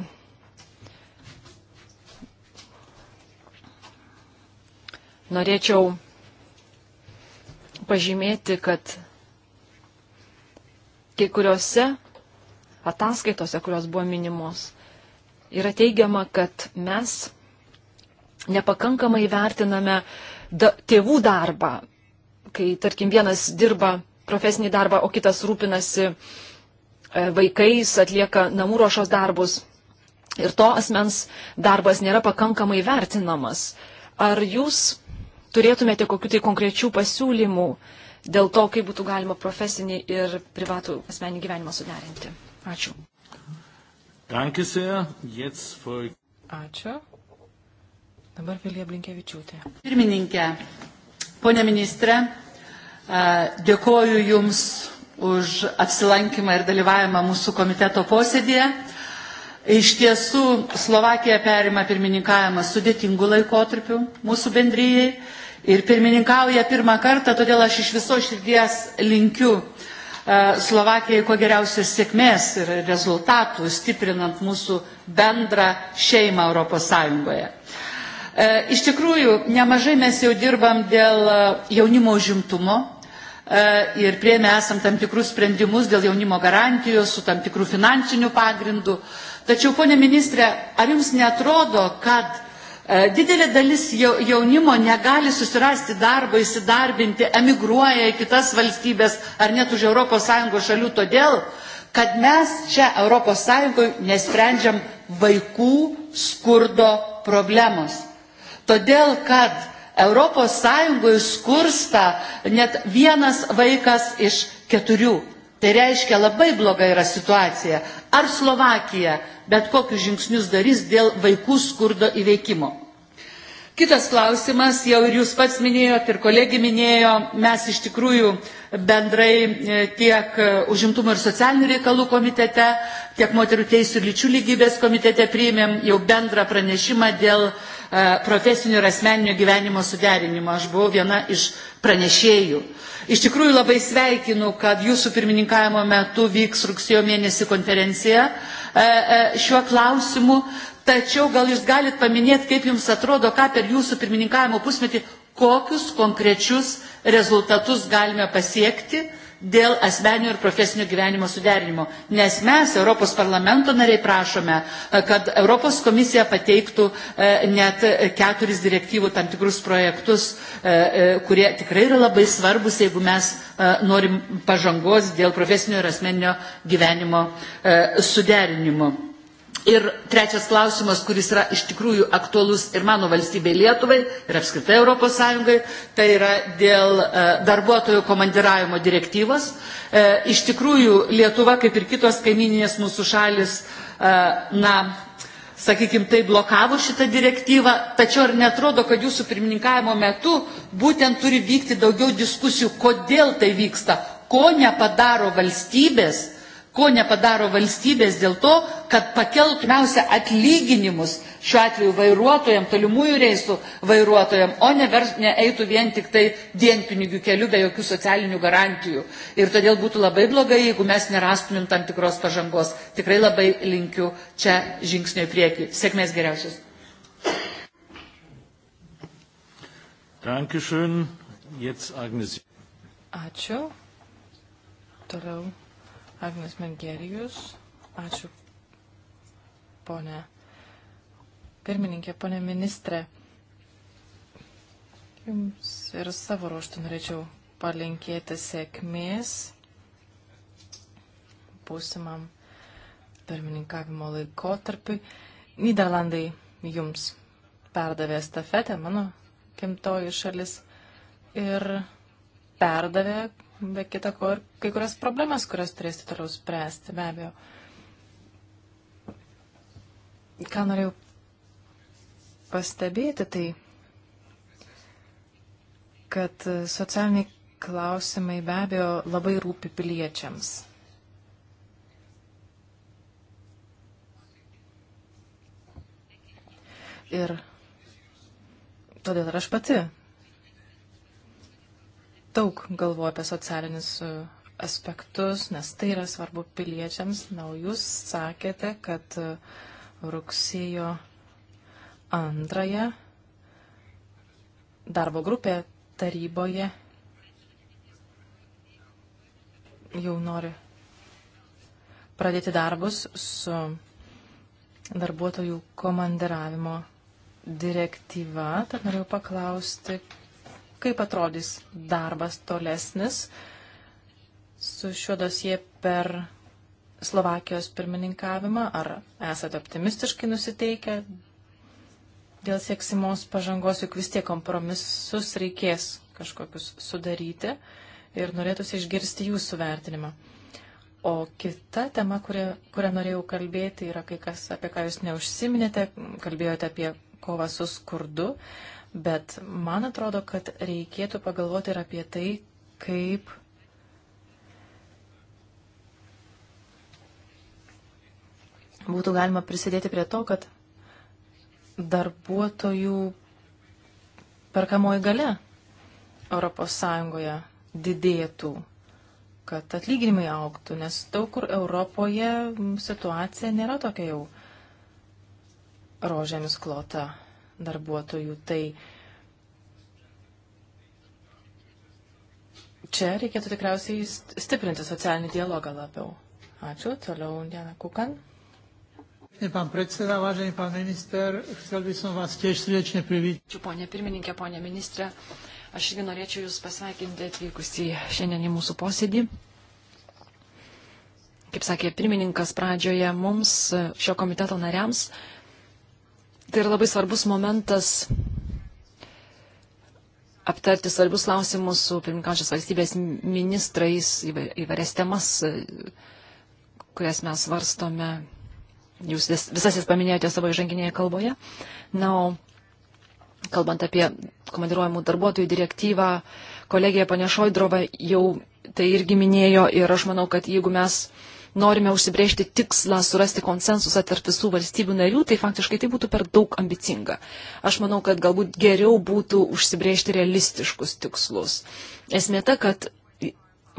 Norėčiau pažymėti, kad kai kuriuose ataskaitose, kurios buvo minimos, yra teigiama, kad mes nepakankamai vertiname da, tėvų darbą, kai, tarkim, vienas dirba profesinį darbą, o kitas rūpinasi e, vaikais, atlieka namų ruošos darbus. Ir to asmens darbas nėra pakankamai vertinamas. Ar jūs turėtumėte kokiu tai konkrečių pasiūlymų dėl to, kaip būtų galima profesinį ir privatų asmenį gyvenimą suderinti? Ačiū. Ačiū. Dabar Vilija Blinkevičiūtė. Pirmininkė, ponė ministrė, dėkoju Jums už apsilankymą ir dalyvavimą mūsų komiteto posėdėje. Iš tiesų, Slovakija perima pirmininkavimą sudėtingų laikotarpių mūsų bendryjei ir pirmininkauja pirmą kartą, todėl aš iš viso širdies linkiu uh, E, Slovakijai kuo geriausios sėkmės ir rezultatų, stiprinant mūsų bendrą šeimą Europos Sąjungoje. E, iš tikrųjų, nemažai mes jau dirbam dėl e, jaunimo užimtumo, ir prieimė esam tam tikrus sprendimus dėl jaunimo garantijos su tam tikrų finansinių pagrindų. Tačiau, ponė ministrė, ar jums netrodo, kad E, didelė dalis jaunimo negali susirasti darbą, įsidarbinti, emigruoja į kitas valstybės ar net už ES šalių todėl, kad mes čia ES nesprendžiam vaikų skurdo problemos. Todėl, kad ES skursta net vienas vaikas iš keturių. Tai reiškia labai bloga yra situacija. Ar Slovakija bet kokius žingsnius darys dėl vaikų skurdo įveikimo? Kitas klausimas, jau ir jūs pats minėjot, ir kolegi minėjo, mes iš tikrųjų bendrai e, tiek e, užimtumo ir socialinių reikalų komitete, tiek moterų teisų ir lyčių lygybės komitete priėmėm jau bendrą pranešimą dėl e, profesinio ir asmeninio gyvenimo suderinimo. Aš buvau viena iš pranešėjų. Iš tikrųjų labai sveikinu, kad jūsų pirmininkavimo metu vyks rugsėjo mėnesį konferencija šiuo klausimu tačiau gal jūs galit paminėti, kaip jums atrodo, ką per jūsų pirmininkavimo pusmetį, kokius konkrečius rezultatus galime pasiekti dėl asmeninio ir profesinio gyvenimo suderinimo. Nes mes, Europos parlamento nariai, prašome, e, kad Europos komisija pateiktų e, net keturis direktyvų tam tikrus projektus, e, kurie tikrai yra labai svarbus, jeigu mes norim pažangos dėl profesinio ir asmeninio gyvenimo suderinimo. Ir trečias klausimas, kuris yra iš tikrųjų aktualus ir mano valstybei Lietuvai, ir apskritai Europos Sąjungai, tai yra dėl e, darbuotojų komandiravimo direktyvos. E, iš tikrųjų, Lietuva, kaip ir kitos kaimininės mūsų šalis, e, na, sakykime, tai blokavo šitą direktyvą, tačiau ar netrodo, kad jūsų pirmininkavimo metu būtent turi vykti daugiau diskusijų, kodėl tai vyksta, ko nepadaro valstybės, ko nepadaro valstybės dėl to, kad pakeltumiausia atlyginimus šiuo atveju vairuotojams, tolimųjų reisų vairuotojams, o ne, vers, ne eitų vien tik tai dienpinigių keliu be jokių socialinių garantijų. Ir todėl būtų labai blogai, jeigu mes nerastumėm tam tikros pažangos. Tikrai labai linkiu čia žingsnio į priekį. Sėkmės geriausios. Dankeschön. Jetzt Agnes. Ačiū. Toliau Agnes Mengerijus. Ačiū, ponė pirmininkė, ponė ministrė. Jums ir savo ruoštų norėčiau palinkėti sėkmės būsimam pirmininkavimo laikotarpiui. Niderlandai jums perdavė stafetę, mano gimtoji šalis, ir perdavė be kita ko ir kai kurias problemas, kurias turėsite toliau spręsti, be abejo. Ką norėjau pastebėti, tai kad socialiniai klausimai be abejo labai rūpi piliečiams. Ir todėl ir aš pati daug galvoju apie socialinius e, aspektus, nes tai yra svarbu piliečiams. Na, jūs sakėte, kad e, rugsėjo antrąją darbo grupė taryboje jau nori pradėti darbus su darbuotojų komandiravimo direktyva. Tad norėjau paklausti, kaip atrodys darbas tolesnis su šiuo dosie per Slovakijos pirmininkavimą? Ar esate optimistiškai nusiteikę dėl sieksimos pažangos, juk vis tiek kompromisus reikės kažkokius sudaryti ir norėtųsi išgirsti jūsų vertinimą. O kita tema, kurią, kurią norėjau kalbėti, yra kai kas, apie ką jūs neužsiminėte, kalbėjote apie kovą su skurdu. Bet man atrodo, kad reikėtų pagalvoti ir apie tai, kaip būtų galima prisidėti prie to, kad darbuotojų perkamoji gale Europos Sąjungoje didėtų, kad atlyginimai auktų, nes daug kur Europoje situacija nėra tokia jau rožėmis klota darbuotojų. Tai čia reikėtų tikriausiai stiprinti socialinį dialogą labiau. Ačiū. Toliau Diana Kukan. Pán predseda, vážený pán minister, chcel by som vás tiež srdečne privítať. Ačiū, ponė pirmininkė, ponė ministrė. Aš irgi norėčiau Jūs pasveikinti atvykus į šiandien į mūsų posėdį. Kaip sakė pirmininkas pradžioje, mums šio komiteto nariams Tai yra labai svarbus momentas aptarti svarbius klausimus su pirmininkančios valstybės ministrais įvairias temas, kurias mes svarstome. Jūs vis, visas jas paminėjote savo įžanginėje kalboje. Na, o kalbant apie komandiruojamų darbuotojų direktyvą, kolegija panešoidrova jau tai irgi minėjo ir aš manau, kad jeigu mes norime užsibriežti tikslą surasti konsensusą tarp visų valstybių narių, tai faktiškai tai būtų per daug ambicinga. Aš manau, kad galbūt geriau būtų užsibriežti realistiškus tikslus. Esmė ta, kad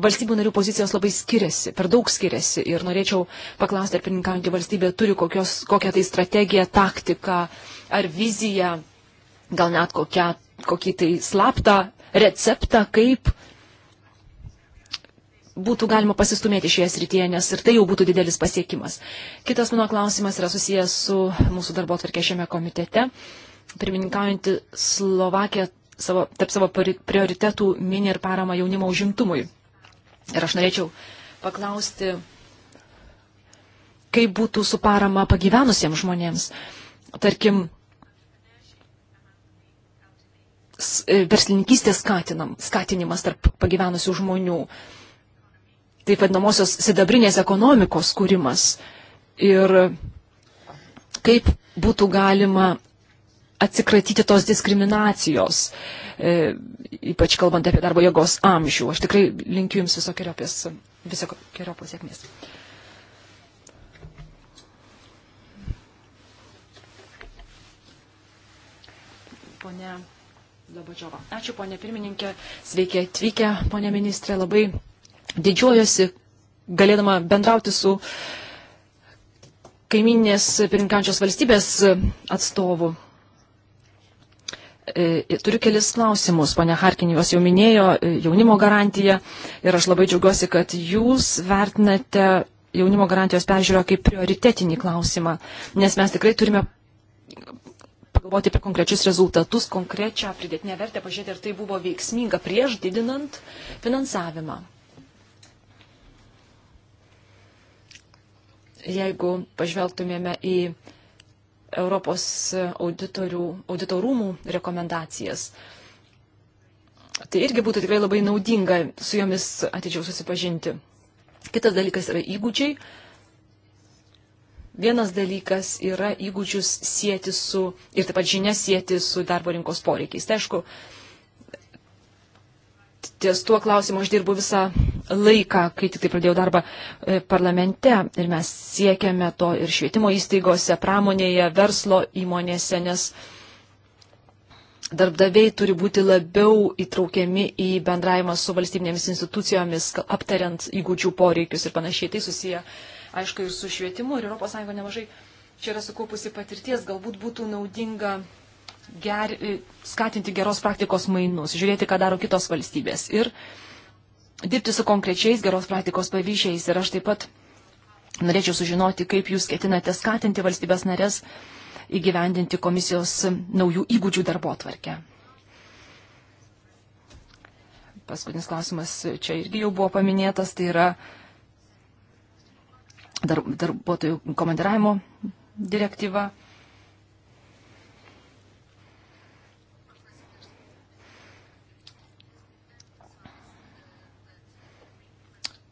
valstybių narių pozicijos labai skiriasi, per daug skiriasi ir norėčiau paklausti, ar pirmininkaujantį valstybę turi kokios, kokią tai strategiją, taktiką ar viziją, gal net kokią, kokį tai slaptą receptą, kaip būtų galima pasistumėti šioje srityje, nes ir tai jau būtų didelis pasiekimas. Kitas mano klausimas yra susijęs su mūsų darbo atvarkė šiame komitete. Pirmininkaujantį Slovakiją savo, tarp savo prioritetų mini ir parama jaunimo užimtumui. Ir aš norėčiau paklausti, kaip būtų su parama pagyvenusiems žmonėms. Tarkim, e, verslininkystės skatinam, skatinimas tarp pagyvenusių žmonių. Uh, taip vadinamosios sidabrinės ekonomikos kūrimas ir kaip būtų galima atsikratyti tos diskriminacijos, e, ypač kalbant apie darbo jėgos amžių. Aš tikrai linkiu Jums visokiojopės visokio sėkmės. Pone Labačiova. Ačiū, ponė pirmininkė. Sveiki atvykę, ponė ministrė. Labai didžiuojosi galėdama bendrauti su kaiminės pirinkančios valstybės atstovu. E, turiu kelis klausimus, ponia Harkin, juos jau minėjo, e, jaunimo garantija ir aš labai džiaugiuosi, kad jūs vertinate jaunimo garantijos peržiūrą kaip prioritetinį klausimą, nes mes tikrai turime pagalvoti apie konkrečius rezultatus, konkrečią pridėtinę vertę, pažiūrėti, ar tai buvo veiksminga prieš didinant finansavimą. jeigu pažvelgtumėme į Europos auditorumų rekomendacijas. Tai irgi būtų tikrai labai naudinga su jomis atidžiau susipažinti. Kitas dalykas yra įgūdžiai. Vienas dalykas yra įgūdžius sieti su ir taip pat žinias sieti su darbo rinkos poreikiais. Tai aišku, ties tuo klausimu aš dirbu visą laiką, kai tik tai pradėjau darbą e, parlamente. Ir mes siekiame to ir švietimo įstaigose, pramonėje, verslo įmonėse, nes darbdaviai turi būti labiau įtraukiami į bendravimą su valstybinėmis institucijomis, aptariant įgūdžių poreikius ir panašiai. Tai susiję, aišku, ir su švietimu. Ir ES nemažai čia yra sukaupusi patirties. Galbūt būtų naudinga ger, e, skatinti geros praktikos mainus, žiūrėti, ką daro kitos valstybės ir dirbti su konkrečiais geros praktikos pavyzdžiais. Ir aš taip pat norėčiau sužinoti, kaip jūs ketinate skatinti valstybės narės įgyvendinti komisijos naujų įgūdžių darbo tvarkę. Paskutinis klausimas čia irgi jau buvo paminėtas, tai yra darbuotojų komandiravimo direktyva.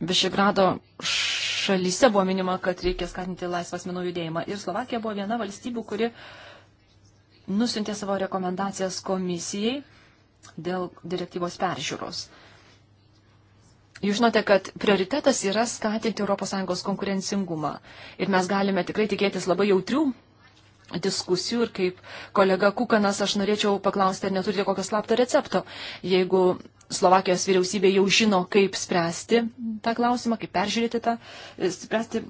Višigrado šalyse buvo minima, kad reikia skatinti laisvas menų judėjimą. Ir Slovakija buvo viena valstybių, kuri nusintė savo rekomendacijas komisijai dėl direktyvos peržiūros. Jūs žinote, kad prioritetas yra skatinti ES konkurencingumą. Ir mes galime tikrai tikėtis labai jautrių diskusijų ir kaip kolega Kukanas aš norėčiau paklausti, ar neturite kokio slapto recepto. Jeigu Slovakijos vyriausybė jau žino, kaip spręsti tą klausimą, kaip peržiūrėti tą, e, spręsti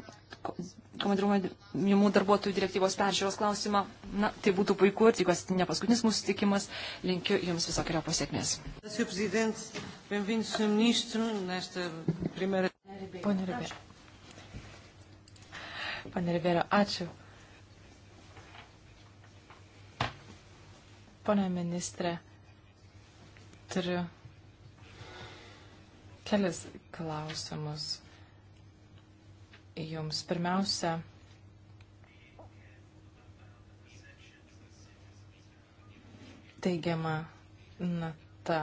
komandiruojamų darbuotojų direktyvos peržiūros klausimą. Na, tai būtų puiku ir tikiuosi tai ne paskutinis mūsų sutikimas. Linkiu Jums visokio pasiekmės. Pane Ribėra. Pane Ribėra, ačiū. Pane ministrė, turiu kelis klausimus jums. Pirmiausia, teigiama nata.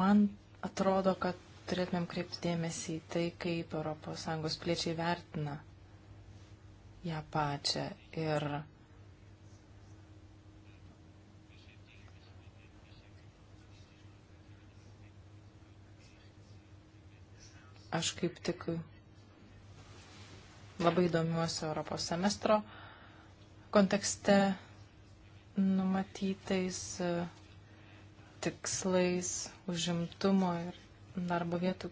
Man atrodo, kad turėtumėm kreipti dėmesį į tai, kaip ES piliečiai vertina ją pačią ir Aš kaip tik labai domiuosi Europos semestro kontekste numatytais e, tikslais užimtumo ir darbo vietų,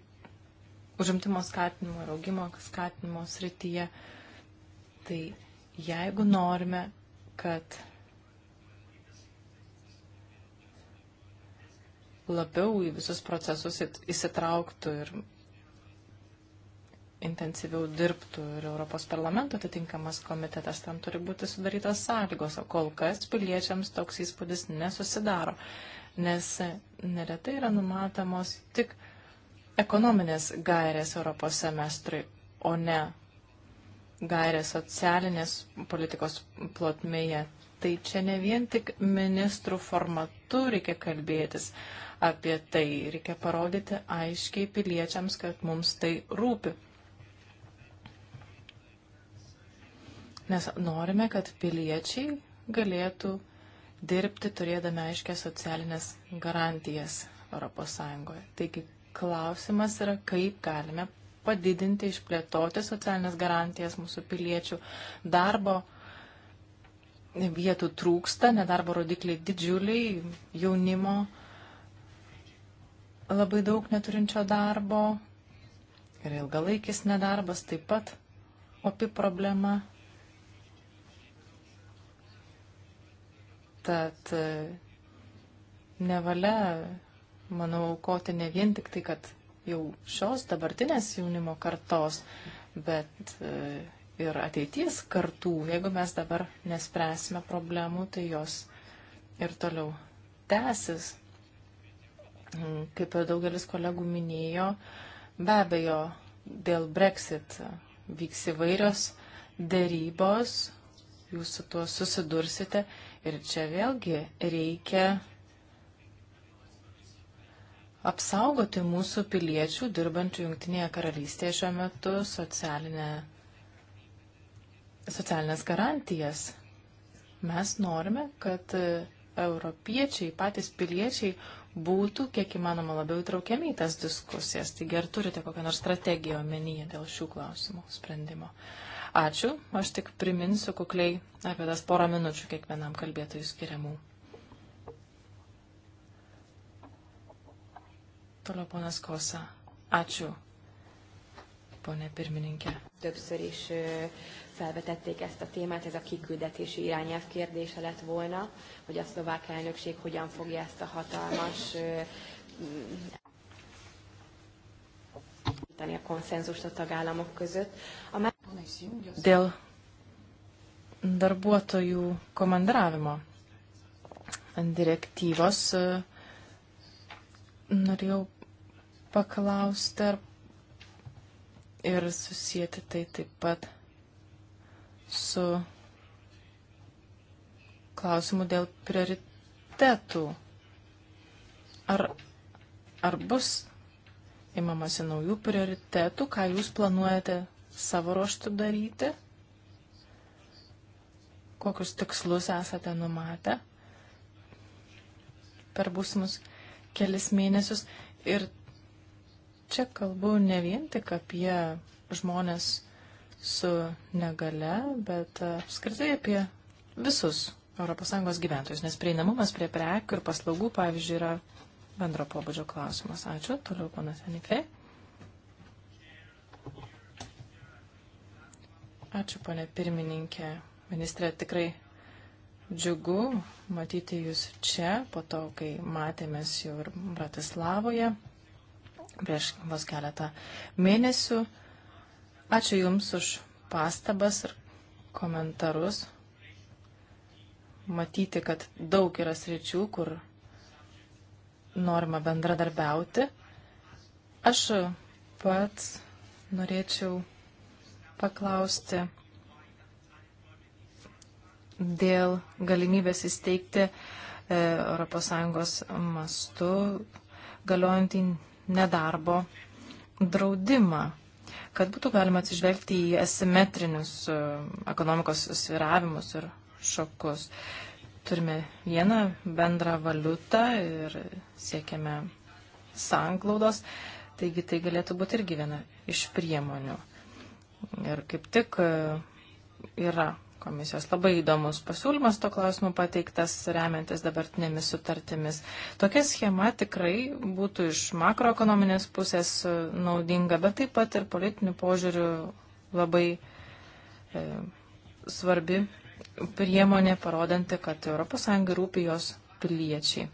užimtumo skatinimo ir augimo skatinimo srityje. Tai jeigu norime, kad labiau į visus procesus įsitrauktų ir intensyviau dirbtų ir Europos parlamento atitinkamas komitetas, tam turi būti sudarytas sąlygos, o kol kas piliečiams toks įspūdis nesusidaro, nes neretai yra numatomos tik ekonominės gairės Europos semestrui, o ne gairės socialinės politikos plotmėje. Tai čia ne vien tik ministrų formatu reikia kalbėtis apie tai, reikia parodyti aiškiai piliečiams, kad mums tai rūpi Mes norime, kad piliečiai galėtų dirbti turėdami aiškias socialinės garantijas ES. Taigi klausimas yra, kaip galime padidinti, išplėtoti socialinės garantijas mūsų piliečių. Darbo vietų trūksta, nedarbo rodikliai didžiuliai, jaunimo labai daug neturinčio darbo ir ilgalaikis nedarbas taip pat opi problema Tad e, nevalia, manau, aukoti ne vien tik tai, kad jau šios dabartinės jaunimo kartos, bet e, ir ateities kartų. Jeigu mes dabar nespręsime problemų, tai jos ir toliau tęsis. Mm, kaip ir daugelis kolegų minėjo, be abejo, dėl Brexit vyks įvairios dėrybos, jūs su tuo susidursite ir čia vėlgi reikia apsaugoti mūsų piliečių dirbančių Junktinėje karalystėje šiuo metu socialinė, socialinės garantijas. Mes norime, kad europiečiai, patys piliečiai būtų kiek įmanoma labiau įtraukiami į tas diskusijas. Taigi ar turite kokią nors strategiją omenyje dėl šių klausimų sprendimo? Uh, Ačiū. Aš tik priminsiu kukliai apie tas porą minučių kiekvienam kalbėtojui skiriamų. Toliau ponas Kosa. Ačiū, ponė pirmininkė. Többször is felvetették ezt a témát, ez a kiküldetési irányelv kérdése lett volna, hogy a szlovák elnökség hogyan fogja ezt a hatalmas a konszenzust a tagállamok között. A Dėl darbuotojų komandravimo direktyvos e, norėjau paklausti ar ir susijęti tai taip pat su klausimu dėl prioritetų. Ar, ar bus imamasi naujų prioritetų, ką jūs planuojate savo ruoštų daryti, kokius tikslus esate numatę per būsimus kelis mėnesius. Ir čia kalbu ne vien tik apie žmonės su negale, bet e, apskritai apie visus ES gyventojus, nes prieinamumas prie prekių ir paslaugų, pavyzdžiui, yra bendro pobūdžio klausimas. Ačiū. Toliau panas Enifei. Ačiū, ponė pirmininkė. Ministrė, tikrai džiugu matyti jūs čia, po to, kai matėmės jau ir Bratislavoje prieš vos keletą mėnesių. Ačiū Jums už pastabas ir komentarus. Matyti, kad daug yra sričių, kur norima bendradarbiauti. Aš pats norėčiau paklausti dėl galimybės įsteigti ES mastu galiojantį nedarbo draudimą, kad būtų galima atsižvelgti į asimetrinius e, ekonomikos sviravimus ir šokus. Turime vieną bendrą valiutą ir siekiame sanglaudos, taigi tai galėtų būti irgi viena iš priemonių. Ir kaip tik e, yra komisijos labai įdomus pasiūlymas to klausimu pateiktas, remiantis dabartinėmis sutartimis. Tokia schema tikrai būtų iš makroekonominės pusės e, naudinga, bet taip pat ir politinių požiūrių labai e, svarbi priemonė parodanti, kad ES rūpi jos piliečiai.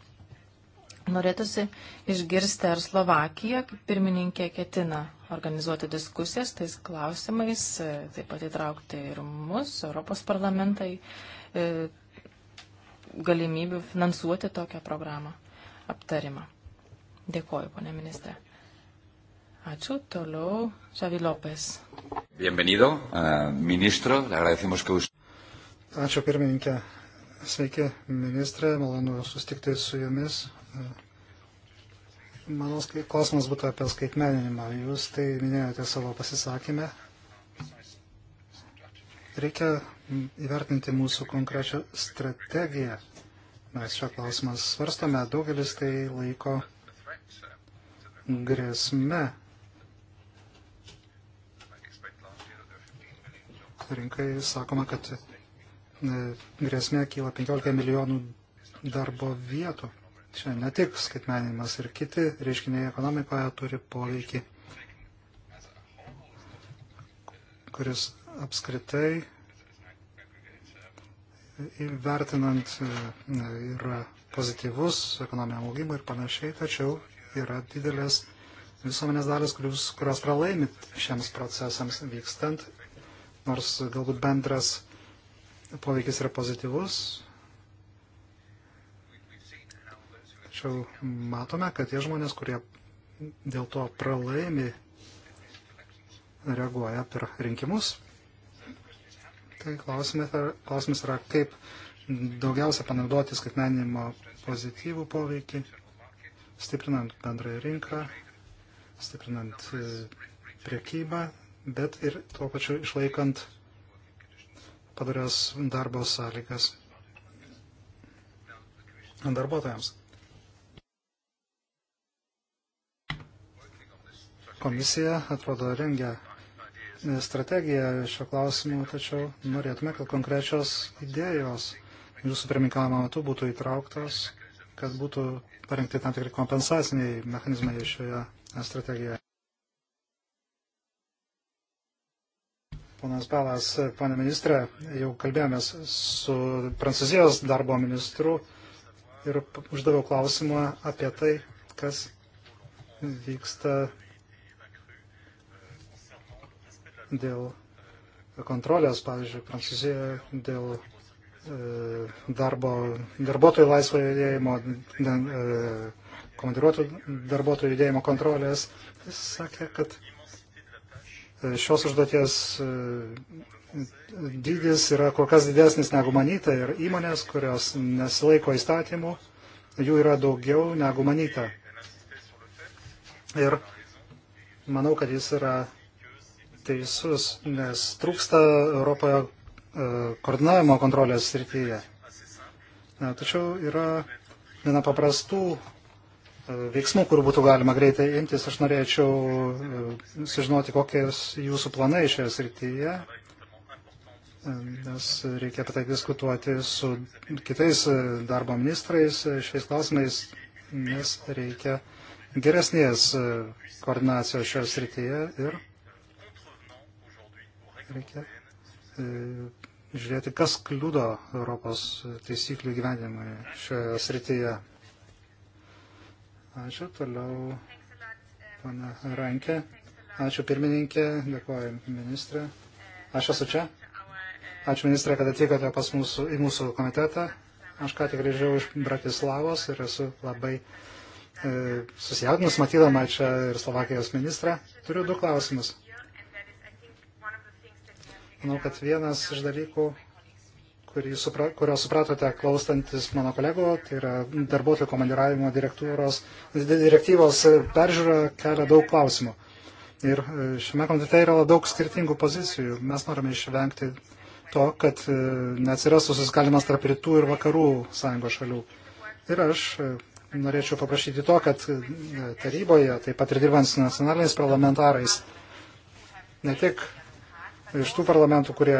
Norėtųsi išgirsti, ar Slovakija, kaip pirmininkė, ketina organizuoti diskusijas tais klausimais, e, taip pat įtraukti ir mus, Europos parlamentai, e, galimybių finansuoti tokią programą aptarimą. Dėkoju, ponė ministrė. Ačiū, toliau Xavi López. Bienvenido, uh, ministro, le agradecemos que usted. Ačiū pirmininkė. Sveiki, ministrė. Malonu sustikti su jumis. Mano klausimas būtų apie skaitmeninimą. Jūs tai minėjote savo pasisakymę. Reikia įvertinti mūsų konkrečią strategiją. Mes šią klausimą svarstome. Daugelis tai laiko grėsme rinkai sakoma, kad E, grėsmė kyla 15 milijonų darbo vietų. Čia ne tik skaitmeninimas ir kiti reiškiniai ekonomikoje turi poveikį, kuris apskritai įvertinant e, yra pozityvus ekonominiam augimui ir panašiai, tačiau yra didelės visuomenės dalis, kurios, kurios pralaimit šiems procesams vykstant, nors galbūt bendras poveikis yra pozityvus. Tačiau matome, kad tie žmonės, kurie dėl to pralaimi, reaguoja per rinkimus. Tai klausimas yra, klausimas yra kaip daugiausia panaudoti skaitmeninimo pozityvų poveikį, stiprinant bendrąją rinką, stiprinant e, priekybą, bet ir tuo pačiu išlaikant padarios darbo sąlygas darbuotojams. Komisija, atrodo, rengia strategiją šio klausimu, tačiau norėtume, kad konkrečios idėjos jūsų pirmininkavimo metu būtų įtrauktos, kad būtų parengti tam tikri kompensaciniai mechanizmai šioje strategijoje. ponas Balas, ponė ministrė, jau kalbėjomės su Prancūzijos darbo ministru ir uždaviau klausimą apie tai, kas vyksta dėl kontrolės, pavyzdžiui, Prancūzijoje dėl e, darbo, darbuotojų laisvo judėjimo, e, komandiruotų darbuotojų judėjimo kontrolės. Jis sakė, kad E, šios užduoties e, dydis yra kur kas didesnis negu manyta ir įmonės, kurios nesilaiko įstatymų, jų yra daugiau negu manyta. Ir manau, kad jis yra teisus, nes trūksta Europoje e, koordinavimo kontrolės srityje. Tačiau yra viena paprastų E, veiksmų, kurių būtų galima greitai imtis. Aš norėčiau e, sužinoti, kokias jūsų planai šioje srityje, e, nes reikia apie tai diskutuoti su kitais darbo ministrais šiais klausimais, nes reikia geresnės koordinacijos šioje srityje ir reikia žiūrėti, kas kliudo Europos taisyklių gyvenimui šioje srityje. Ačiū. Toliau pana Rankė. Ačiū pirmininkė. Dėkuoju ministrė. Aš esu čia. Ačiū ministrė, kad atvykote pas mūsų, į mūsų komitetą. Aš ką tik grįžau iš Bratislavos ir esu labai e, susijaudinus matydama čia ir Slovakijos ministrą. Turiu du klausimus. Manau, kad vienas iš dalykų, supra, kurio supratote klausantis mano kolego, tai yra darbuotojų komandiravimo direktyvos peržiūra kelia daug klausimų. Ir e, šiame komitete yra daug skirtingų pozicijų. Mes norime išvengti to, kad e, neatsirastų susiskalimas tarp rytų ir vakarų sąjungos šalių. Ir aš e, norėčiau paprašyti to, kad taryboje, taip pat ir dirbant su nacionaliniais parlamentarais, ne tik iš tų parlamentų, kurie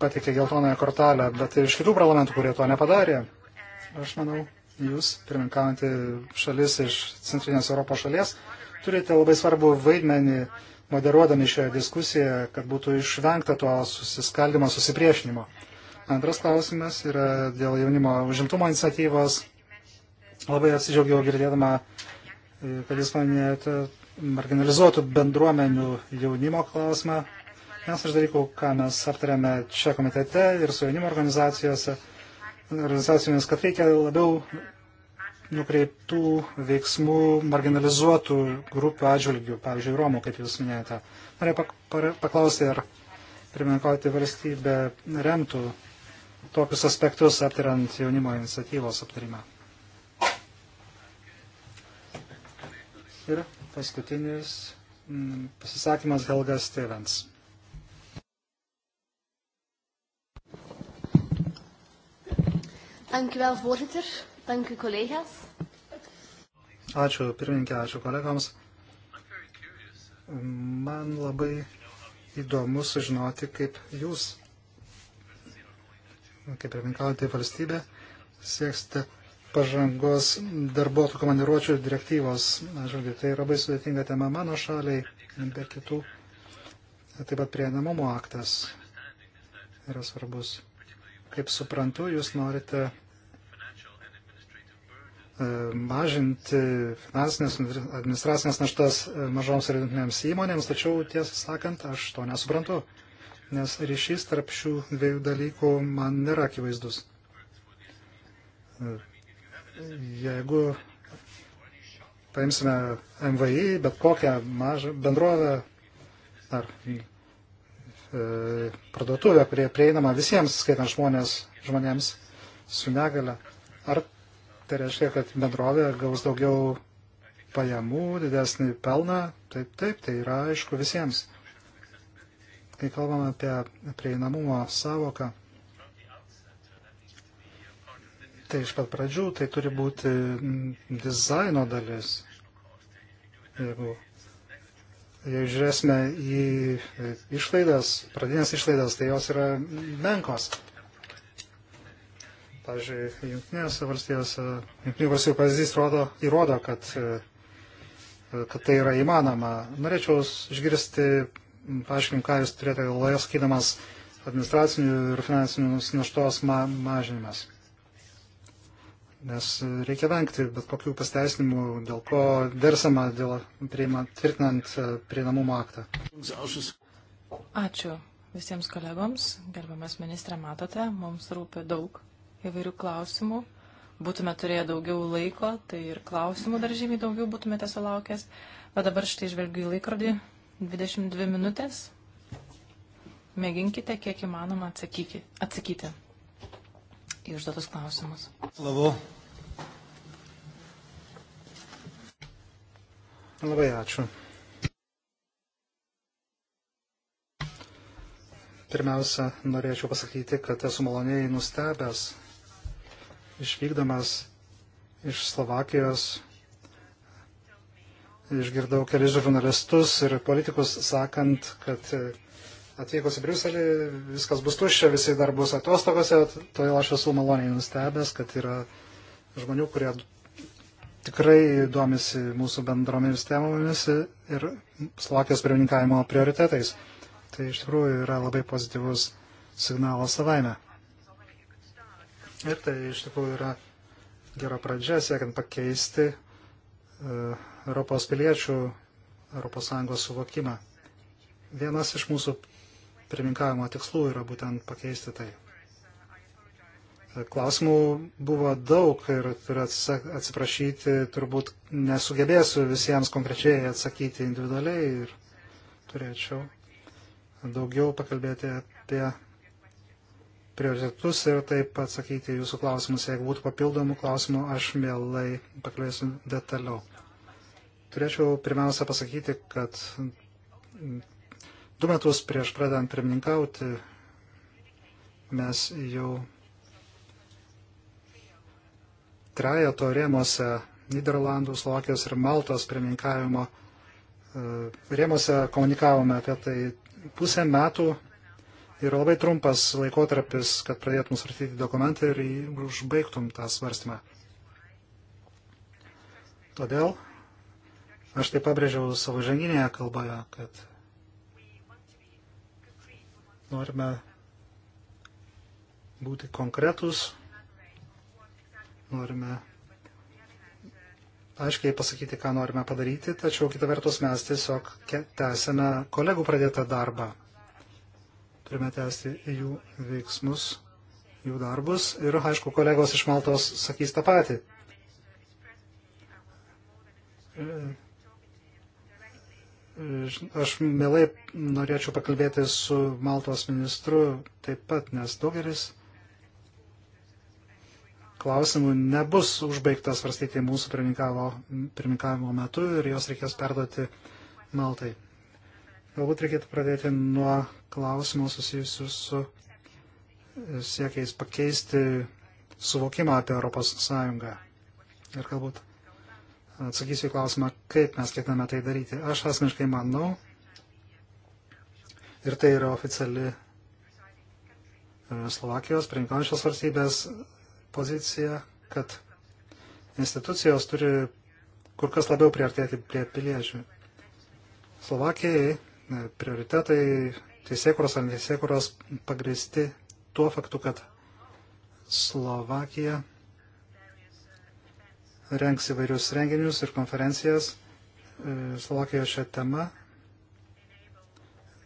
patikė geltonąją kortelę, bet ir iš kitų parlamentų, kurie to nepadarė. Aš manau, jūs, pirminkaujantį šalis iš Centrinės Europos šalies, turite labai svarbu vaidmenį moderuodami šią diskusiją, kad būtų išvengta to susiskaldimo, susipriešinimo. Antras klausimas yra dėl jaunimo užimtumo iniciatyvos. Labai apsidžiaugiau girdėdama, kad jūs manėte marginalizuotų bendruomenių jaunimo klausimą. Vienas iš dalykų, ką mes aptarėme čia komitete ir su jaunimo organizacijose, organizacijomis, kad reikia labiau nukreiptų veiksmų marginalizuotų grupių atžvilgių, pavyzdžiui, Romų, kaip jūs minėjote. Norėjau paklausti, ar pirmininkauti valstybė remtų tokius aspektus aptariant jaunimo iniciatyvos aptarimą. Ir paskutinis mm, pasisakymas Helga Stevens. Dank u wel, voorzitter. Dank u, collega's. Ačiū pirmininkė, ačiū kolegams. Man labai įdomu sužinoti, kaip jūs, kaip pirmininkaujate valstybė, sieksite pažangos darbuotojų komandiruočių direktyvos. Žodžiu, tai labai sudėtinga tema mano šaliai, be kitų. Taip pat prieinamumo aktas yra svarbus. Kaip suprantu, jūs norite E, mažinti finansinės administracinės naštas e, mažoms ir vidutinėms įmonėms, tačiau tiesą sakant, aš to nesuprantu, nes ryšys tarp šių dviejų dalykų man nėra akivaizdus. E, jeigu paimsime MVI, bet kokią mažą bendrovę ar e, parduotuvę, kurie prieinama visiems, skaitant žmonės, žmonėms su negale, ar Tai reiškia, kad bendrovė gaus daugiau pajamų, didesnį pelną. Taip, taip, tai yra aišku visiems. Kai kalbam apie prieinamumo savoką, tai iš pat pradžių tai turi būti dizaino dalis. Jeigu jei žiūrėsime į išlaidas, pradinės išlaidas, tai jos yra menkos. Pavyzdžiui, Junktinėse valstijose, Junktinių valstijų pavyzdys rodo, įrodo, kad, e, kad tai yra įmanoma. Norėčiau išgirsti, paaiškinim, ką jūs turėjote galvoje, sakydamas administracinių ir finansinius naštos ma mažinimas. Nes reikia vengti bet kokių pasteisinimų, dėl ko versama, dėl priima, tvirtinant e, prieinamumo aktą. Ačiū visiems kolegoms, gerbiamas ministrė, matote, mums rūpi daug įvairių klausimų. Būtume turėję daugiau laiko, tai ir klausimų dar žymiai daugiau būtumėte sulaukęs. Bet dabar štai žvelgiu į laikrodį. 22 minutės. Mėginkite, kiek įmanoma, atsakyti, atsakyti į užduotus klausimus. Labu. Labai ačiū. Pirmiausia, norėčiau pasakyti, kad esu maloniai nustebęs išvykdamas iš Slovakijos išgirdau kelis žurnalistus ir politikus sakant, kad atvykus į Briuselį viskas bus tuščia, visi dar bus atostogose, todėl aš esu maloniai nustebęs, kad yra žmonių, kurie tikrai domisi mūsų bendromis temomis ir Slovakijos pirmininkavimo prioritetais. Tai iš tikrųjų yra labai pozityvus signalas savaime. Ir tai iš tikrųjų yra gera pradžia, siekiant pakeisti uh, Europos piliečių, ES suvokimą. Vienas iš mūsų pirmininkavimo tikslų yra būtent pakeisti tai. E, klausimų buvo daug ir turiu atsiprašyti, turbūt nesugebėsiu visiems konkrečiai atsakyti individualiai ir turėčiau daugiau pakalbėti apie prioritetus ir taip atsakyti jūsų klausimus. Jeigu būtų papildomų klausimų, aš mielai pakalbėsiu detaliau. Turėčiau pirmiausia pasakyti, kad du metus prieš pradant pirmininkauti mes jau trejato rėmose Niderlandų, Slovakijos ir Maltos pirmininkavimo e, rėmose komunikavome apie tai pusę metų yra labai trumpas laikotarpis, kad pradėtum svarstyti dokumentą ir užbaigtum tą svarstymą. Todėl aš tai pabrėžiau savo žanginėje kalboje, kad norime būti konkretus, norime aiškiai pasakyti, ką norime padaryti, tačiau kitą vertus mes tiesiog tęsime kolegų pradėtą darbą. Turime tęsti jų veiksmus, jų darbus. Ir, aišku, kolegos iš Maltos sakys tą patį. Aš mielai norėčiau pakalbėti su Maltos ministru taip pat, nes daugelis klausimų nebus užbaigtas svarstyti mūsų pirmininkavimo metu ir jos reikės perduoti Maltai. Galbūt reikėtų pradėti nuo klausimų susijusių su e, siekiais pakeisti suvokimą apie Europos Sąjungą. Ir galbūt atsakysiu į klausimą, kaip mes ketiname tai daryti. Aš asmeniškai manau, ir tai yra oficiali e, Slovakijos, priimkančios valstybės pozicija, kad institucijos turi kur kas labiau priartėti prie piliečių. Slovakijai prioritetai teisėkuros ar neteisėkuros pagristi tuo faktu, kad Slovakija rengs įvairius renginius ir konferencijas e, Slovakijoje šią temą.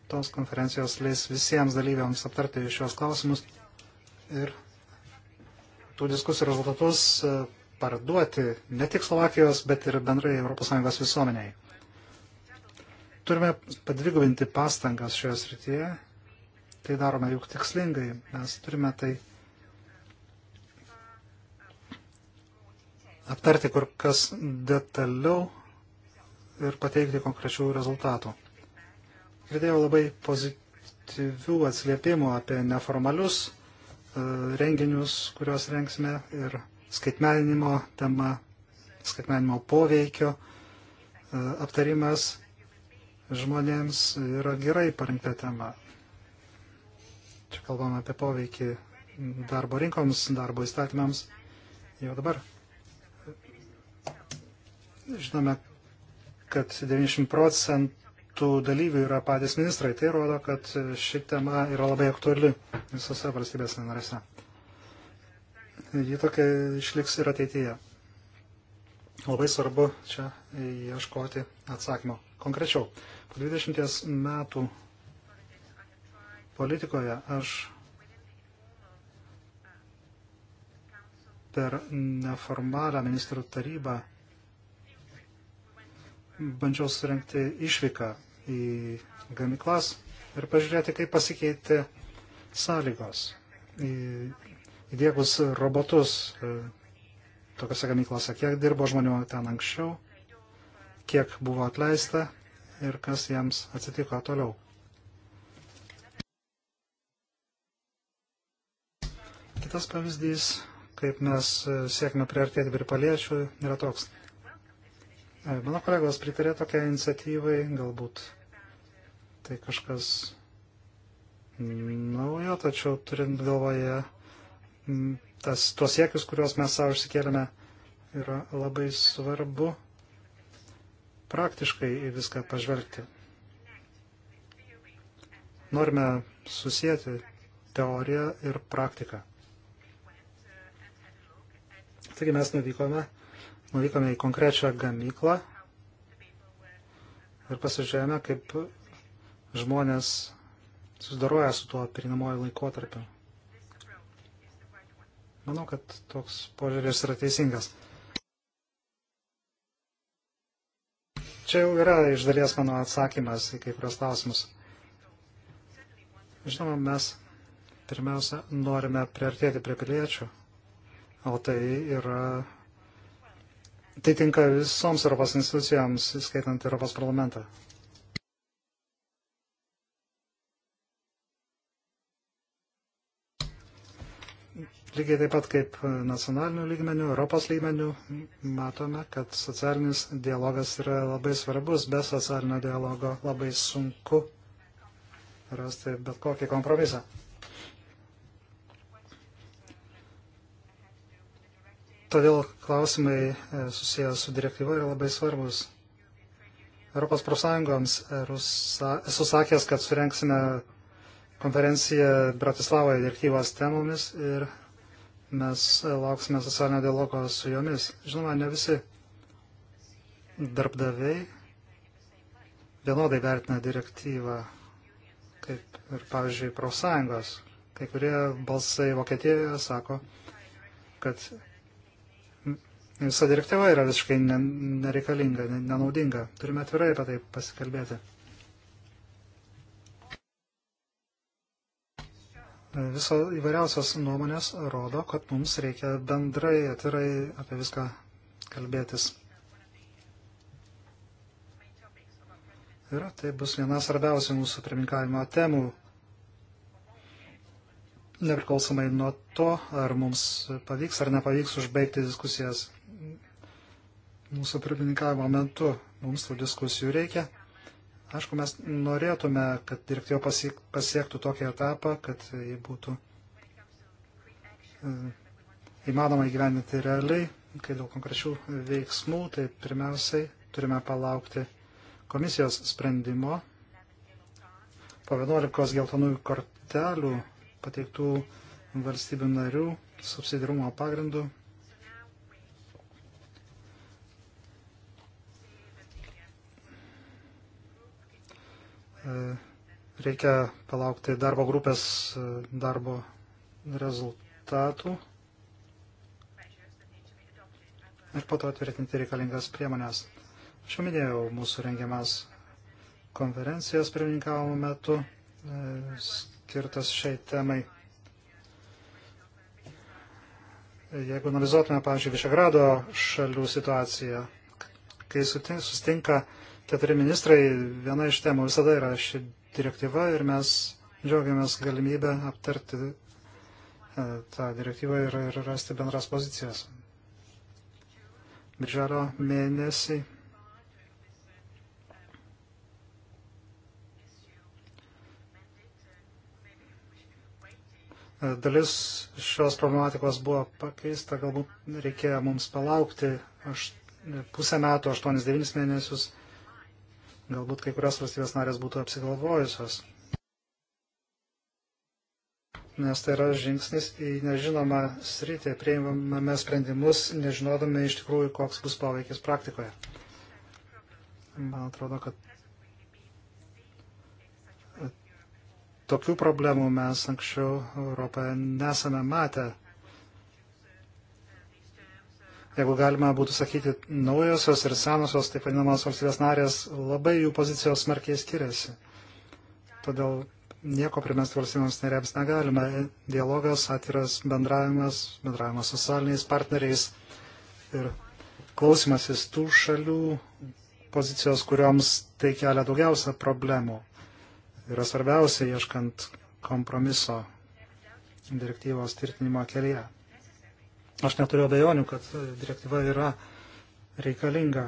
Tos konferencijos leis visiems dalyviams aptarti šios klausimus ir tų diskusijų rezultatus e, parduoti ne tik Slovakijos, bet ir bendrai ES visuomeniai turime padvigubinti pastangas šioje srityje. Tai darome juk tikslingai. Mes turime tai aptarti kur kas detaliau ir pateikti konkrečių rezultatų. Girdėjau labai pozityvių atsiliepimų apie neformalius e, renginius, kuriuos rengsime ir skaitmeninimo tema, skaitmeninimo poveikio e, aptarimas žmonėms yra gerai parinkta tema. Čia kalbam apie poveikį darbo rinkoms, darbo įstatymams. Jau dabar žinome, kad 90 procentų dalyvių yra patys ministrai. Tai rodo, kad ši tema yra labai aktuali visose valstybės narėse. Ji tokia išliks ir ateityje. Labai svarbu čia ieškoti atsakymo konkrečiau. 20 metų politikoje aš per neformalią ministrų tarybą bandžiau surinkti išvyką į gamiklas ir pažiūrėti, kaip pasikeitė sąlygos įdėkus robotus e, tokiuose gamyklose, kiek dirbo žmonių ten anksčiau, kiek buvo atleista ir kas jiems atsitiko toliau. Kitas pavyzdys, kaip mes siekime priartėti prie paliečių, yra toks. E, mano kolegos pritarė tokiai iniciatyvai, galbūt tai kažkas naujo, tačiau turint galvoje tas, tuos siekius, kuriuos mes savo išsikėlėme, yra labai svarbu praktiškai į viską pažvelgti. Norime susijęti teoriją ir praktiką. Taigi mes nuvykome, nuvykome į konkrečią gamyklą ir pasižiūrėjome, kaip žmonės susidaroja su tuo perinamojo laikotarpiu. Manau, kad toks požiūris yra teisingas. Čia jau yra iš dalies mano atsakymas į kai kurios klausimus. Žinoma, mes pirmiausia norime priartėti prie piliečių, o tai yra. Tai tinka visoms Europos institucijoms, skaitant Europos parlamentą. Lygiai taip pat kaip nacionalinių lygmenių, Europos lygmenių matome, kad socialinis dialogas yra labai svarbus, be socialinio dialogo labai sunku rasti bet kokį kompromisą. Todėl klausimai e, susijęs su direktyva yra labai svarbus. Europos profsąjungoms e, esu sakęs, kad surenksime konferenciją Bratislavoje direktyvos temomis ir mes lauksime socialinio dialogo su jomis. Žinoma, ne visi darbdaviai vienodai vertina direktyvą, kaip ir, pavyzdžiui, profsąjungos. Kai kurie balsai Vokietijoje sako, kad visa direktyva yra visiškai nereikalinga, nenaudinga. Turime atvirai apie tai pasikalbėti. Visos įvairiausios nuomonės rodo, kad mums reikia bendrai, atvirai apie viską kalbėtis. Ir tai bus viena svarbiausių mūsų pirmininkavimo temų. Nepriklausomai nuo to, ar mums pavyks ar nepavyks užbaigti diskusijas mūsų pirmininkavimo metu, mums tų diskusijų reikia. Aišku, mes norėtume, kad direktyva pasiektų tokį etapą, kad ji būtų e, įmanoma įgyveninti realiai, kai dėl konkrečių veiksmų, tai pirmiausiai turime palaukti komisijos sprendimo po 11 geltonųjų kortelių pateiktų valstybių narių subsidirumo pagrindų E, reikia palaukti darbo grupės e, darbo rezultatų ir po to tvirtinti reikalingas priemonės. Aš jau minėjau mūsų rengiamas konferencijas pirmininkavimo metu e, skirtas šiai temai. Jeigu analizuotume, pavyzdžiui, Višegrado šalių situaciją, kai sutinka keturi ministrai, viena iš temų visada yra ši direktyva ir mes džiaugiamės galimybę aptarti e, tą direktyvą ir, ir rasti bendras pozicijas. Birželio mėnesį e, dalis šios problematikos buvo pakeista, galbūt reikėjo mums palaukti aš, pusę metų, 8-9 mėnesius, Galbūt kai kurios valstybės narės būtų apsigalvojusios. Nes tai yra žingsnis į nežinomą sritį, prieimame sprendimus, nežinodami iš tikrųjų, koks bus poveikis praktikoje. Man atrodo, kad tokių problemų mes anksčiau Europoje nesame matę jeigu galima būtų sakyti, naujosios ir senosios, taip vadinamos valstybės narės, labai jų pozicijos smarkiai skiriasi. Todėl nieko primesti valstybėms narėms negalime. Dialogas, atviras bendravimas, bendravimas su socialiniais partneriais ir klausimasis tų šalių pozicijos, kurioms tai kelia daugiausia problemų. Yra svarbiausia ieškant kompromiso direktyvos tvirtinimo kelyje. Aš neturiu abejonių, kad direktyva yra reikalinga.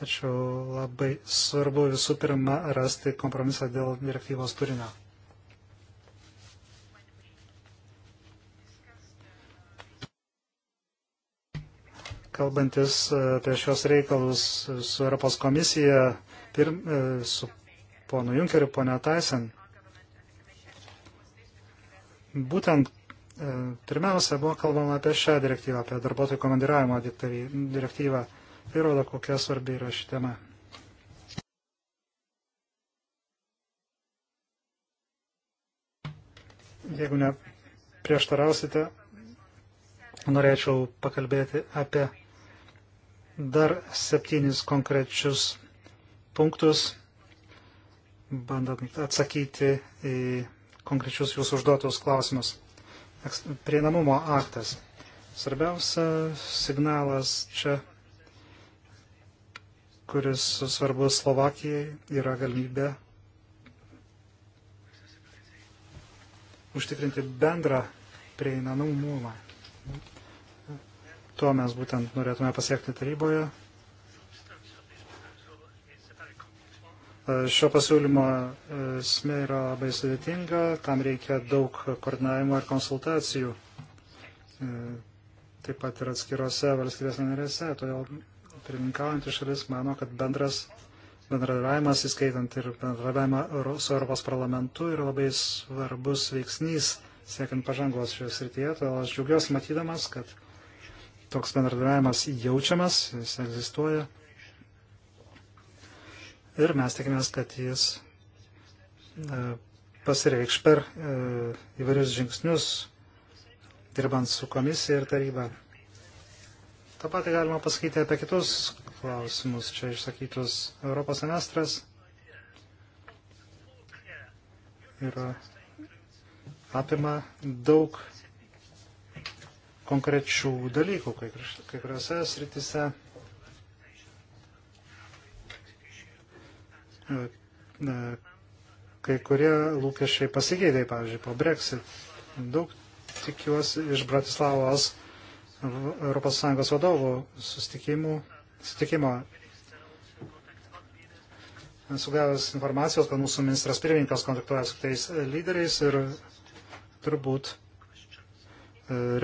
Tačiau labai svarbu visų pirma rasti kompromisą dėl direktyvos turinio. Kalbantis e, apie šios reikalus su Europos komisija, pirm, e, su ponu Junkeriu, ponia Tyson, būtent E, pirmiausia, buvo kalbama apie šią direktyvą, apie darbuotojų komandiravimo direktyvą. Tai rodo, kokia svarbi yra ši tema. Jeigu ne prieštarausite, norėčiau pakalbėti apie dar septynis konkrečius punktus, bandant atsakyti į konkrečius jūsų užduotus klausimus prieinamumo aktas. Svarbiausia signalas čia, kuris svarbus Slovakijai, yra galimybė užtikrinti bendrą prieinamumą. Tuo mes būtent norėtume pasiekti taryboje Šio pasiūlymo esmė yra labai sudėtinga, tam reikia daug koordinavimo ir konsultacijų, e, taip pat ir atskirose valstybės narėse, todėl pirmininkaujantys šalis mano, kad bendras bendradarbiavimas, įskaitant ir bendradarbiavimą su Europos parlamentu, yra labai svarbus veiksnys siekiant pažangos šioje srityje, todėl aš džiaugiuosi matydamas, kad toks bendradarbiavimas jaučiamas, jis egzistuoja ir mes tikimės, kad jis e, pasireikš per e, įvairius žingsnius, dirbant su komisija ir taryba. Ta pati galima pasakyti apie kitus klausimus čia išsakytus. Europos semestras yra apima daug konkrečių dalykų, kai kuriuose sritise kai kurie lūkesčiai pasikeitė, pavyzdžiui, po Brexit. Daug tikiuosi iš Bratislavos ES vadovų susitikimo. Sugavęs informacijos, kad mūsų ministras pirmininkas kontaktuoja su tais lyderiais ir turbūt e,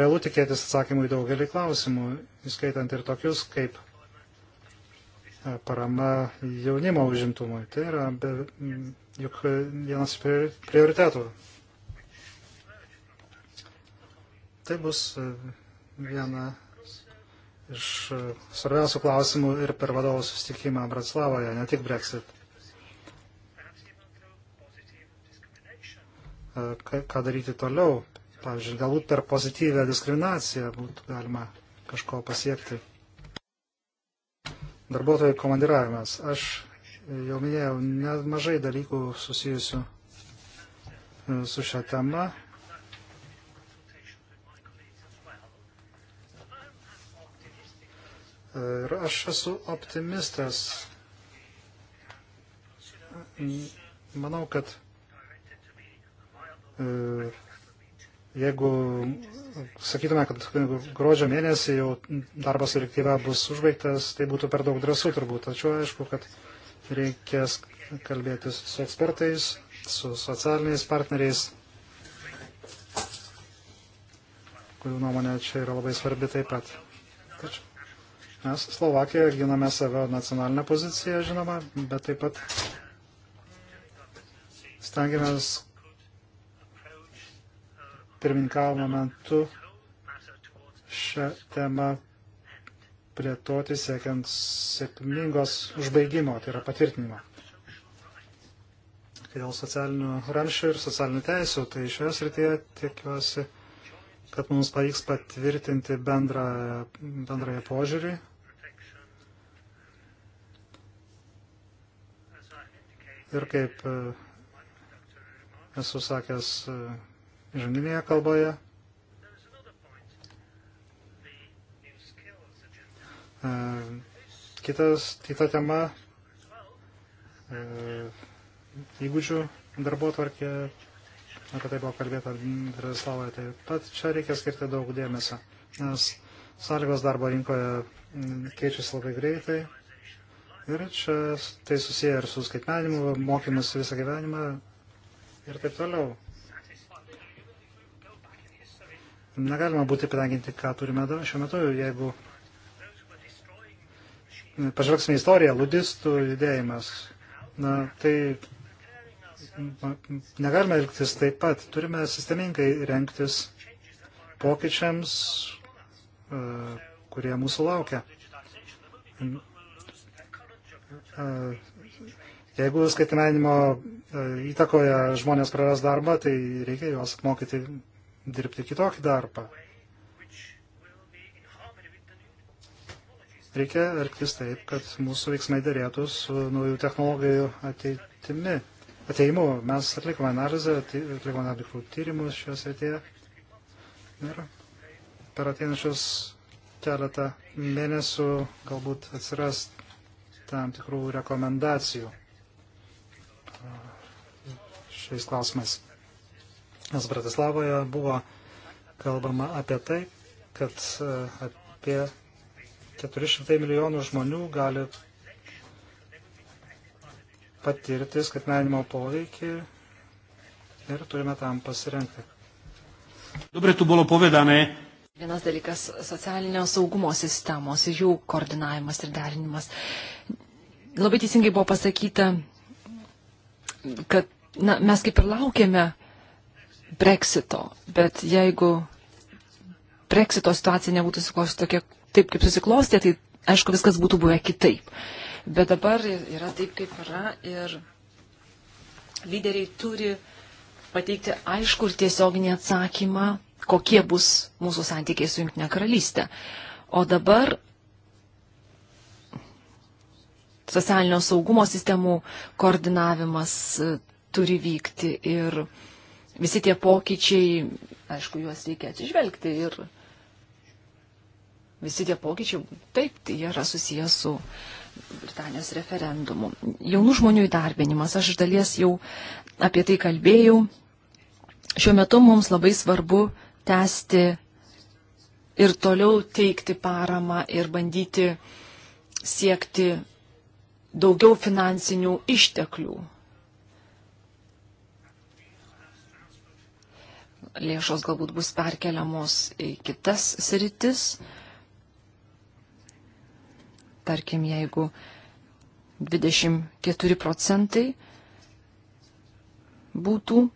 realu tikėtis atsakymų į daugelį klausimų, įskaitant ir tokius kaip parama jaunimo užimtumui. Tai yra be, juk vienas prioritetų. Tai bus e, viena iš svarbiausių klausimų ir per vadovų susitikimą Bratislavoje, ne tik Brexit. E, ką daryti toliau? Pavyzdžiui, galbūt per pozityvę diskriminaciją būtų galima kažko pasiekti. Darbuotojų komandiravimas. Aš jau minėjau nemažai dalykų susijusių e, su šią temą. E, ir aš esu optimistas. Manau, kad e, Jeigu sakytume, kad gruodžio mėnesį jau darbas direktyva bus užbaigtas, tai būtų per daug drąsų turbūt. Tačiau aišku, kad reikės kalbėtis su ekspertais, su socialiniais partneriais, kurių nuomonė čia yra labai svarbi taip pat. Tačiau mes Slovakijoje giname savo nacionalinę poziciją, žinoma, bet taip pat stengiamės pirmininkavimo metu šią temą plėtoti siekiant sėkmingos užbaigimo, tai yra patvirtinimo. Kai dėl socialinių ramščių ir socialinių teisų, tai šioje srityje tikiuosi, kad mums pavyks patvirtinti bendrą, bendrąją požiūrį. Ir kaip e, esu sakęs e, žanginėje kalboje. E, kitas, kita tema e, įgūdžių darbo tvarkė, apie tai buvo kalbėta Bratislavoje, taip pat čia reikia skirti daug dėmesio, nes sąlygos darbo rinkoje keičiasi labai greitai ir čia tai susiję ir su skaitmenimu, mokymus visą gyvenimą ir taip toliau. negalima būti patenkinti, ką turime šiuo metu, jeigu pažvelgsime istoriją, ludistų judėjimas. Na, tai negalime elgtis taip pat, turime sistemingai renktis pokyčiams, e, kurie mūsų laukia. E, jeigu skaitmenimo e, įtakoja žmonės praras darbą, tai reikia juos apmokyti dirbti kitokį darbą. Reikia elgtis taip, kad mūsų veiksmai dėrėtų su naujų technologijų ateitimi. Ateimu mes atlikome analizę, atlikome atlikų tyrimus šioje srityje. Ir per ateinančius keletą mėnesių galbūt atsiras tam tikrų rekomendacijų šiais klausimais. Nes Bratislavoje buvo kalbama apie tai, kad e, apie 400 milijonų žmonių gali patirti skaitmenimo poveikį ir turime tam pasirengti. Dobre, tu buvo povedané. Vienas dalykas - socialinio saugumo sistemos, jų koordinavimas ir derinimas. Labai teisingai buvo pasakyta, kad na, mes kaip ir laukėme breksito, bet jeigu breksito situacija nebūtų susiklosti tokia taip, kaip susiklostė, tai aišku, viskas būtų buvę kitaip. Bet dabar yra taip, kaip yra ir lyderiai turi pateikti aišku ir tiesioginį atsakymą, kokie bus mūsų santykiai su Junktinė karalystė. O dabar socialinio saugumo sistemų koordinavimas e, turi vykti ir visi tie pokyčiai, aišku, juos reikia atsižvelgti ir visi tie pokyčiai, taip, tai yra susijęs su Britanijos referendumu. Jaunų žmonių įdarbinimas, aš iš dalies jau apie tai kalbėjau. Šiuo metu mums labai svarbu tęsti ir toliau teikti paramą ir bandyti siekti daugiau finansinių išteklių lėšos galbūt bus perkeliamos į kitas sritis. Tarkim, jeigu 24 procentai būtų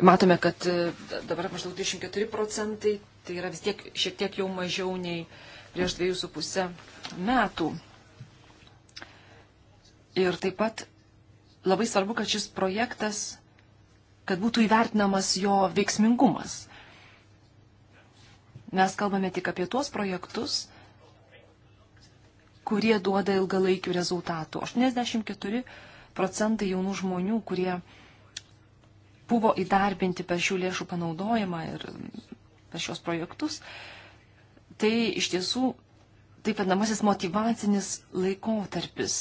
Matome, kad e, dabar maždaug 24 procentai, tai yra vis tiek šiek tiek jau mažiau nei prieš dviejų su pusę metų. Ir taip pat labai svarbu, kad šis projektas, kad būtų įvertinamas jo veiksmingumas. Mes kalbame tik apie tuos projektus, kurie duoda ilgalaikių rezultatų. 84 procentai jaunų žmonių, kurie buvo įdarbinti per šių lėšų panaudojimą ir per šios projektus, tai iš tiesų taip vadinamasis motivacinis laikotarpis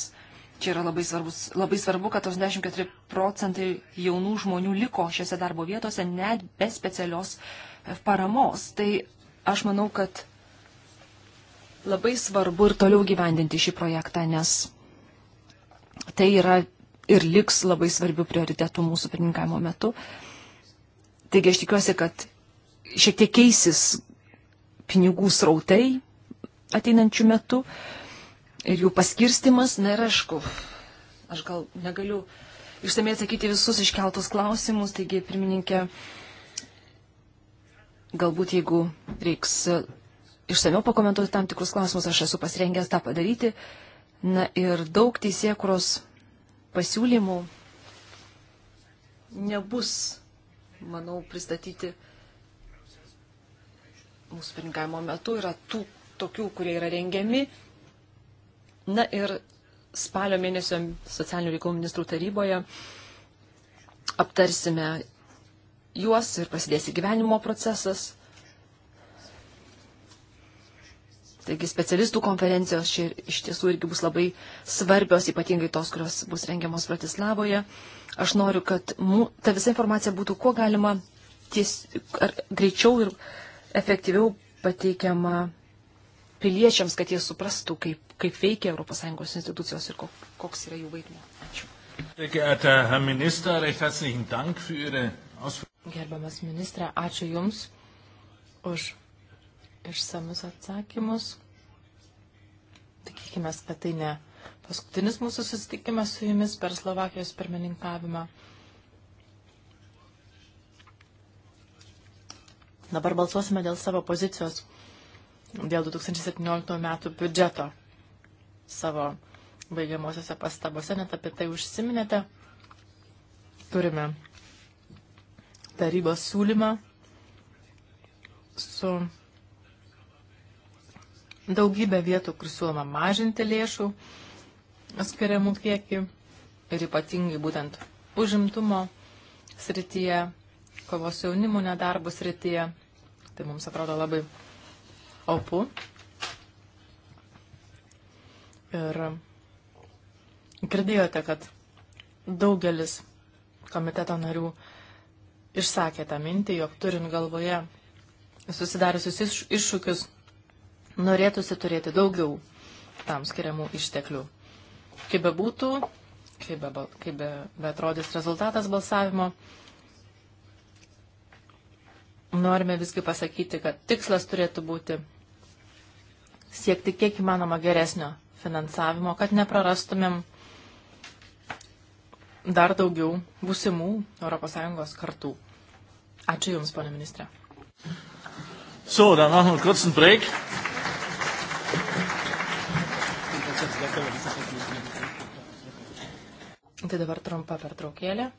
Čia yra labai, svarbus, labai svarbu, kad tos 94 procentai jaunų žmonių liko šiose darbo vietose net be specialios e, paramos. Tai aš manau, kad labai svarbu ir toliau gyvendinti šį projektą, nes tai yra ir liks labai svarbių prioritetų mūsų pirmininkavimo metu. Taigi aš tikiuosi, kad šiek tiek keisis pinigų srautai ateinančių metų ir jų paskirstimas. Na ir aišku, aš gal negaliu išsamei atsakyti visus iškeltus klausimus, taigi pirmininkė, galbūt jeigu reiks išsameu pakomentuoti tam tikrus klausimus, aš esu pasirengęs tą padaryti. Na ir daug teisėkuros pasiūlymų nebus, manau, pristatyti mūsų pirmininkavimo metu. Yra tų tokių, kurie yra rengiami Na ir spalio mėnesio socialinių reikalų ministrų taryboje aptarsime juos ir prasidės įgyvenimo procesas. Taigi specialistų konferencijos ši, iš tiesų irgi bus labai svarbios, ypatingai tos, kurios bus rengiamos Bratislavoje. Aš noriu, kad mū, ta visa informacija būtų kuo galima ties, ar, greičiau ir efektyviau pateikiama piliečiams, kad jie suprastų, kaip, kaip veikia ES institucijos ir koks yra jų vaidmuo. Ačiū. Gerbiamas ministrė, ačiū Jums už išsamius atsakymus. Tikėkime, kad tai ne paskutinis mūsų susitikimas su Jumis per Slovakijos pirmininkavimą. Dabar balsuosime dėl savo pozicijos dėl 2017 metų biudžeto savo baigiamosiose pastabose, net apie tai užsiminėte. Turime tarybos siūlymą su daugybė vietų, kur siūloma mažinti lėšų skiriamų kiekį ir ypatingai būtent užimtumo srityje, kovos jaunimų nedarbų srityje. Tai mums atrodo labai opu. Ir girdėjote, kad daugelis komiteto narių išsakė tą mintį, jog turint galvoje susidariusius iššūkius, norėtųsi turėti daugiau tam skiriamų išteklių. Kaip be būtų, kaip be, kaip be, be atrodys rezultatas balsavimo, norime visgi pasakyti, kad tikslas turėtų būti siekti kiek įmanoma geresnio finansavimo, kad neprarastumėm dar daugiau būsimų ES kartų. Ačiū Jums, ponė ministrė. So, dann machen wir einen kurzen Break. Tai dabar trumpa pertraukėlė.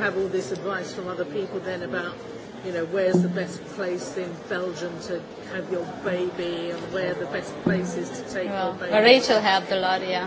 have all this advice from other people then about, you know, where's the best place in Belgium to have your baby and where the best place is to take well, your baby. Rachel helped a lot, yeah.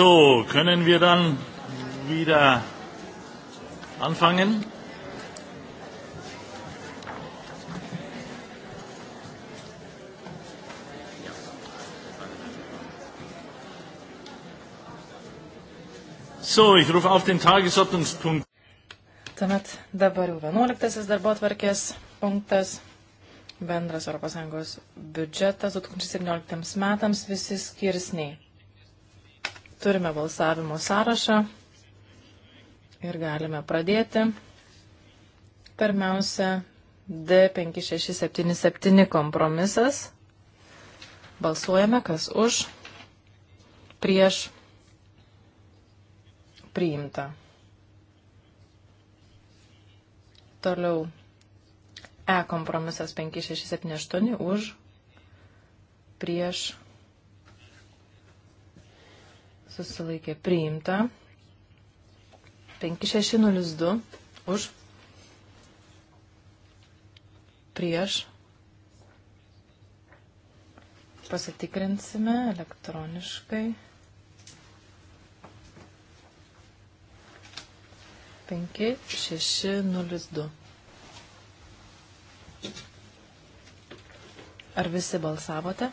So, können wir dann wieder anfangen? So, ich rufe auf den Tagesordnungspunkt. Tuomet dabar jau 11. darbo tvarkės punktas bendras ES biudžetas 2017 metams visi skirsniai. Turime balsavimo sąrašą ir galime pradėti. Pirmiausia, D5677 kompromisas. Balsuojame, kas už, prieš, priimta. Toliau E kompromisas 5678 už, prieš, priimta susilaikė priimta. 5602 už prieš. Pasitikrinsime elektroniškai. 5602. Ar visi balsavote?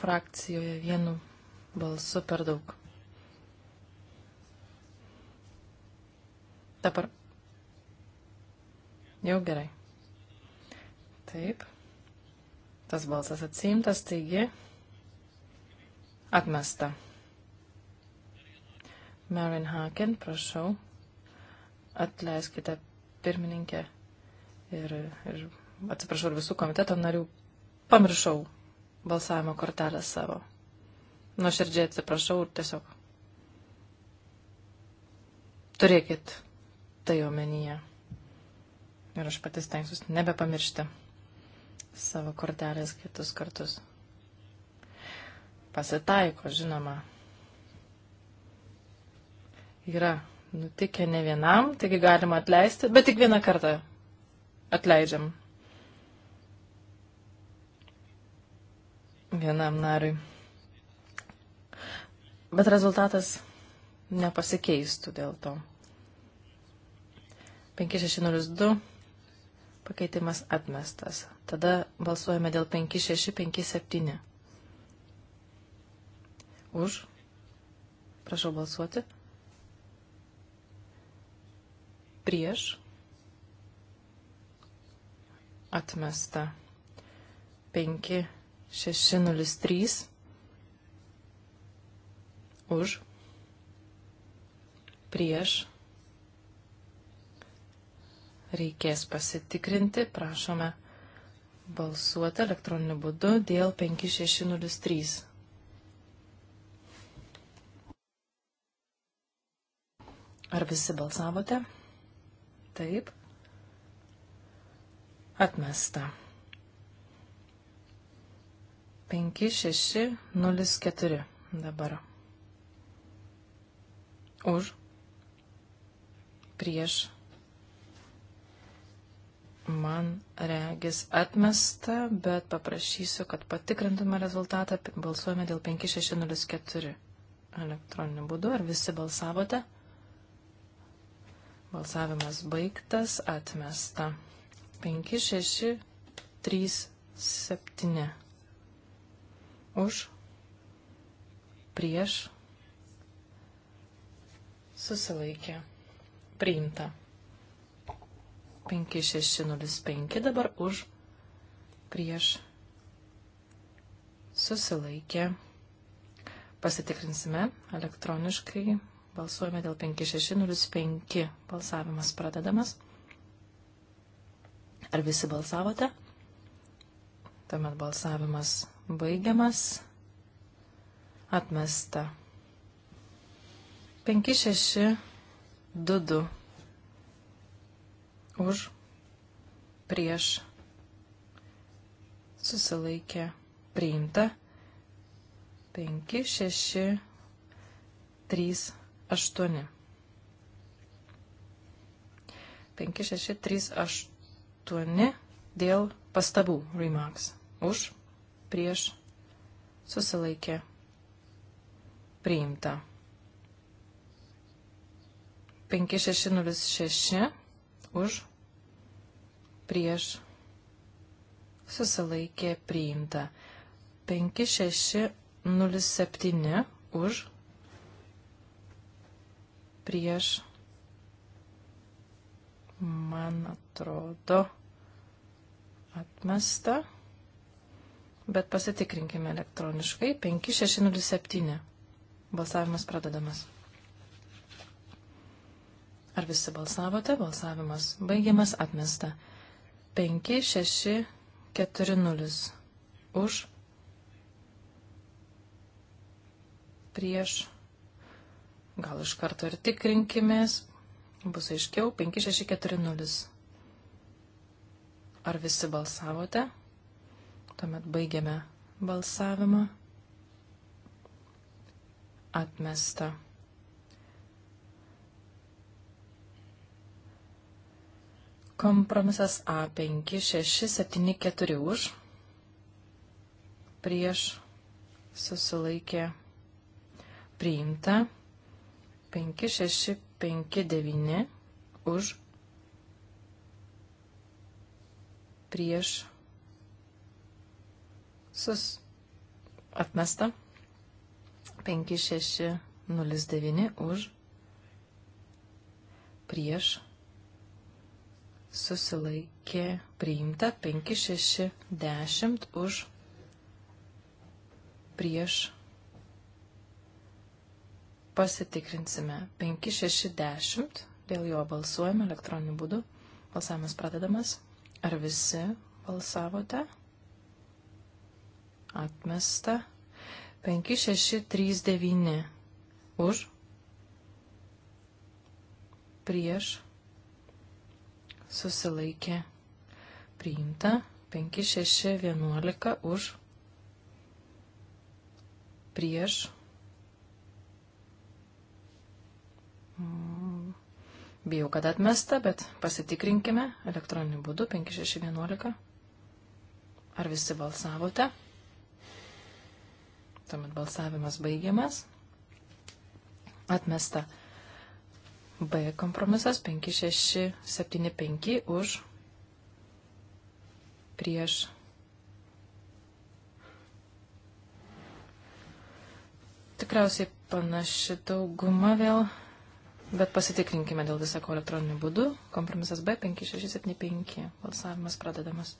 frakcijoje vienu balsu per daug. Dabar. Jau gerai. Taip. Tas balsas atsiimtas, taigi atmesta. Marin Haken, prašau, atleiskite pirmininkę ir, ir atsiprašau ir visų komiteto narių. Pamiršau balsavimo kortelę savo. Nuoširdžiai atsiprašau ir tiesiog turėkit tai omenyje. Ir aš patys tenksiu nebepamiršti savo kortelės kitus kartus. Pasitaiko, žinoma. Yra nutikę ne vienam, taigi galima atleisti, bet tik vieną kartą atleidžiam vienam nariui. Bet rezultatas nepasikeistų dėl to. 5602 pakeitimas atmestas. Tada balsuojame dėl 5657. Už. Prašau balsuoti. Prieš. Atmesta. 5. 603 už prieš reikės pasitikrinti, prašome balsuoti elektroniniu būdu dėl 5603. Ar visi balsavote? Taip. Atmesta. 5604 dabar. Už. Prieš. Man regis atmesta, bet paprašysiu, kad patikrintume rezultatą. Balsuojame dėl 5604 elektroniniu būdu. Ar visi balsavote? Balsavimas baigtas, atmesta. 5637 už, prieš, susilaikė, priimta. 5605 dabar už, prieš, susilaikė. Pasitikrinsime elektroniškai, balsuojame dėl 5605, balsavimas pradedamas. Ar visi balsavote? Tuomet balsavimas Baigiamas. Atmesta. 5622. Už. Prieš. Susilaikė. Priimta. 5638. 5638 dėl pastabų remarks. Už prieš susilaikė priimta. 5606 už prieš susilaikė priimta. 5607 už prieš man atrodo atmesta bet pasitikrinkime elektroniškai. 5607. Balsavimas pradedamas. Ar visi balsavote? Balsavimas baigiamas atmesta. 5640. Už. Prieš. Gal iš karto ir tikrinkimės. Bus aiškiau. 5640. Ar visi balsavote? Tuomet baigiame balsavimą. Atmesta. Kompromisas A5674 už. Prieš susilaikė priimta. 5659 už prieš Sus atmesta. 5609 už. Prieš. Susilaikė priimta. 5610 už. Prieš. Pasitikrinsime. 5610. Dėl jo balsuojame elektroniniu būdu. Balsavimas pradedamas. Ar visi balsavote? Atmesta. 5639. Už. Prieš. Susilaikė. Priimta. 5611. Už. Prieš. Bijau, kad atmesta, bet pasitikrinkime elektroniniu būdu 5611. Ar visi balsavote? Tuomet balsavimas baigiamas. Atmesta. B kompromisas 5675 už prieš Tikriausiai panaši dauguma vėl, bet pasitikrinkime dėl visako elektroniniu būdu. Kompromisas B5675. Balsavimas pradedamas.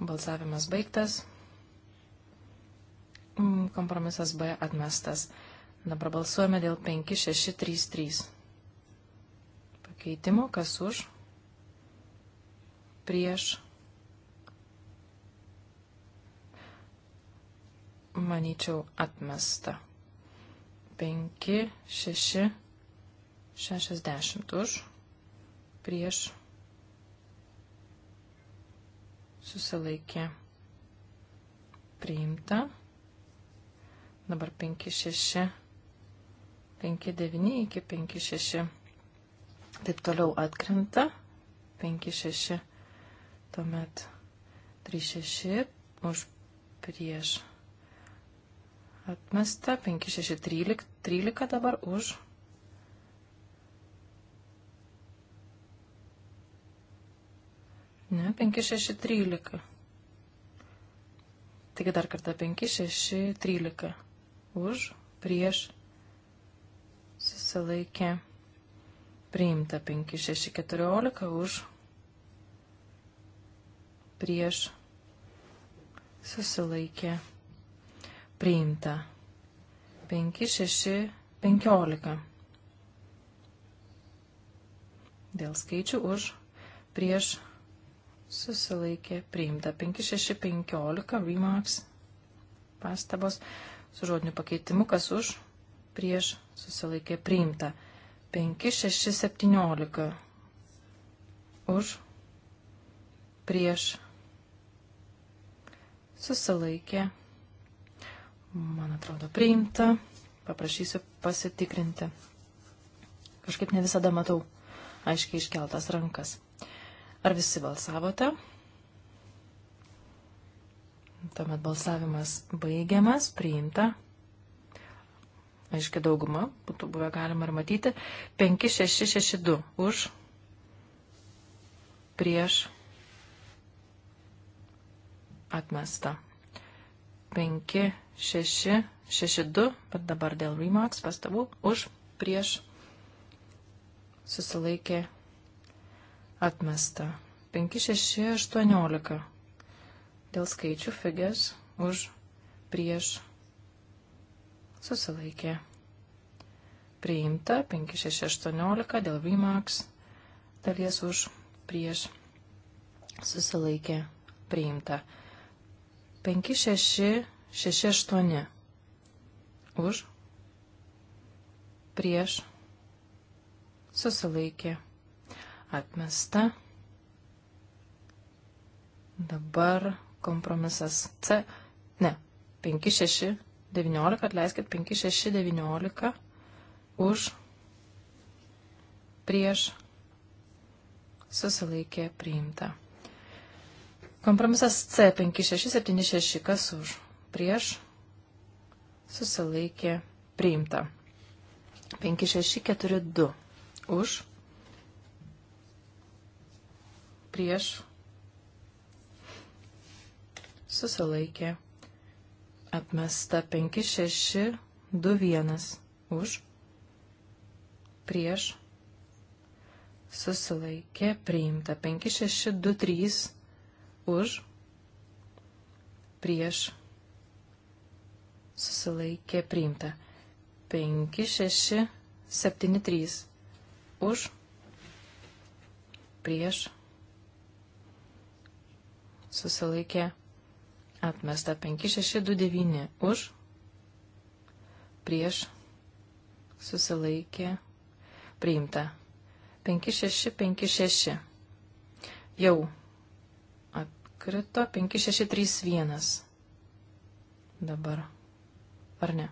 Balsavimas baigtas. Mm, kompromisas B atmestas. Dabar balsuojame dėl 5633. Pakeitimo, kas už, prieš. Manyčiau atmesta. 5, 6, 60 už, prieš susilaikė priimta. Dabar 5-6, 5-9 iki 5-6. Taip toliau atkrenta. 5-6, tuomet 3-6 už prieš atmesta. 5-6, 13, 13 dabar už prieš Ne, 5, 6, 13. Taigi dar kartą 5, 6, 13. Už, prieš, susilaikė. Priimta 5, 6, 14. Už, prieš, susilaikė. Priimta 5, 6, 15. Dėl skaičių už, prieš, susilaikė susilaikė priimta. 5615 remarks pastabos su žodiniu pakeitimu, kas už prieš susilaikė priimta. 5617 už prieš susilaikė. Man atrodo priimta. Paprašysiu pasitikrinti. Kažkaip ne visada matau aiškiai iškeltas rankas. Ar visi balsavote? Tuomet balsavimas baigiamas, priimta. Aiškia dauguma, būtų buvę galima ir matyti. 5662 už, prieš, atmesta. 5662, bet dabar dėl remarks pastabų, už, prieš, susilaikė Atmesta. 5618. Dėl skaičių figės už prieš susilaikė. Priimta 5618 dėl VMAX dalies už prieš susilaikė. Priimta 5668 už prieš susilaikė atmesta. Dabar kompromisas C. Ne, 5, 6, 19, atleiskit, 5, 6, 19 už prieš susilaikė priimta. Kompromisas C 5676, kas už prieš susilaikė priimta. 5642 už prieš susilaikė atmesta 5621 už prieš susilaikė priimta 5623 už prieš susilaikė priimta 5673 už prieš susilaikė atmesta 5629 už, prieš susilaikė priimta 5656. Jau atkrito 5631 dabar, ar ne?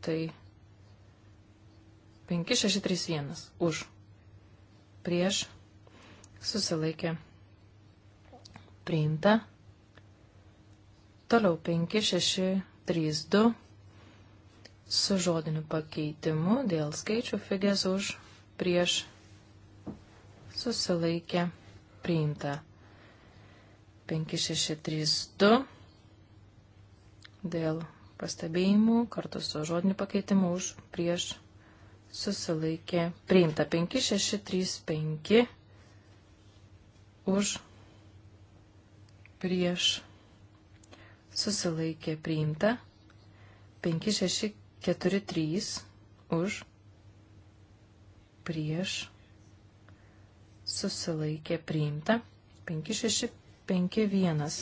Tai 5631 už. Prieš susilaikė priimta. Toliau 5632 su žodiniu pakeitimu dėl skaičių figės už prieš susilaikė priimta. 5632 dėl pastabėjimų kartu su žodiniu pakeitimu už prieš susilaikė priimta 5635 už prieš susilaikė priimta 5643 už prieš susilaikė priimta 5651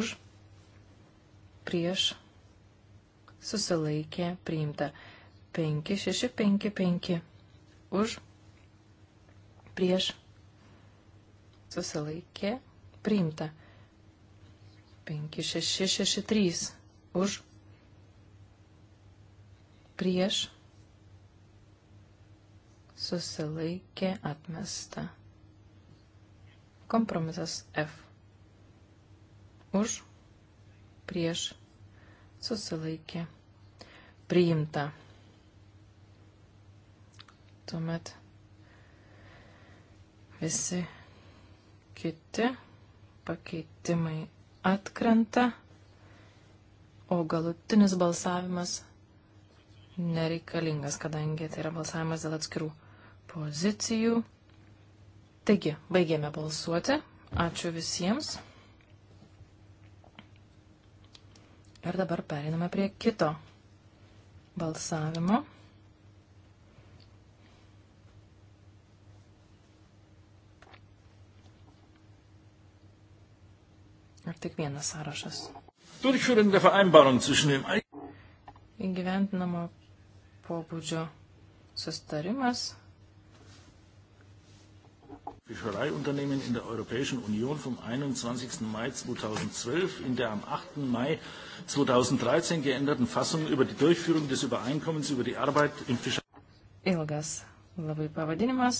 už prieš susilaikė priimta. 5655 už prieš susilaikė priimta. 5663 už prieš susilaikė atmesta. Kompromisas F. Už prieš susilaikė, priimta. Tuomet visi kiti pakeitimai atkrenta, o galutinis balsavimas nereikalingas, kadangi tai yra balsavimas dėl atskirų pozicijų. Taigi, baigėme balsuoti. Ačiū visiems. Ir dabar periname prie kito balsavimo. Ir tik vienas sąrašas. Įgyventinamo pobūdžio sustarimas Fischereiunternehmen in der Europäischen Union vom 21. Mai 2012 in der am 8. Mai 2013 geänderten Fassung über die Durchführung des Übereinkommens über die Arbeit im Fischerei. Ilgas labai pavadinimas.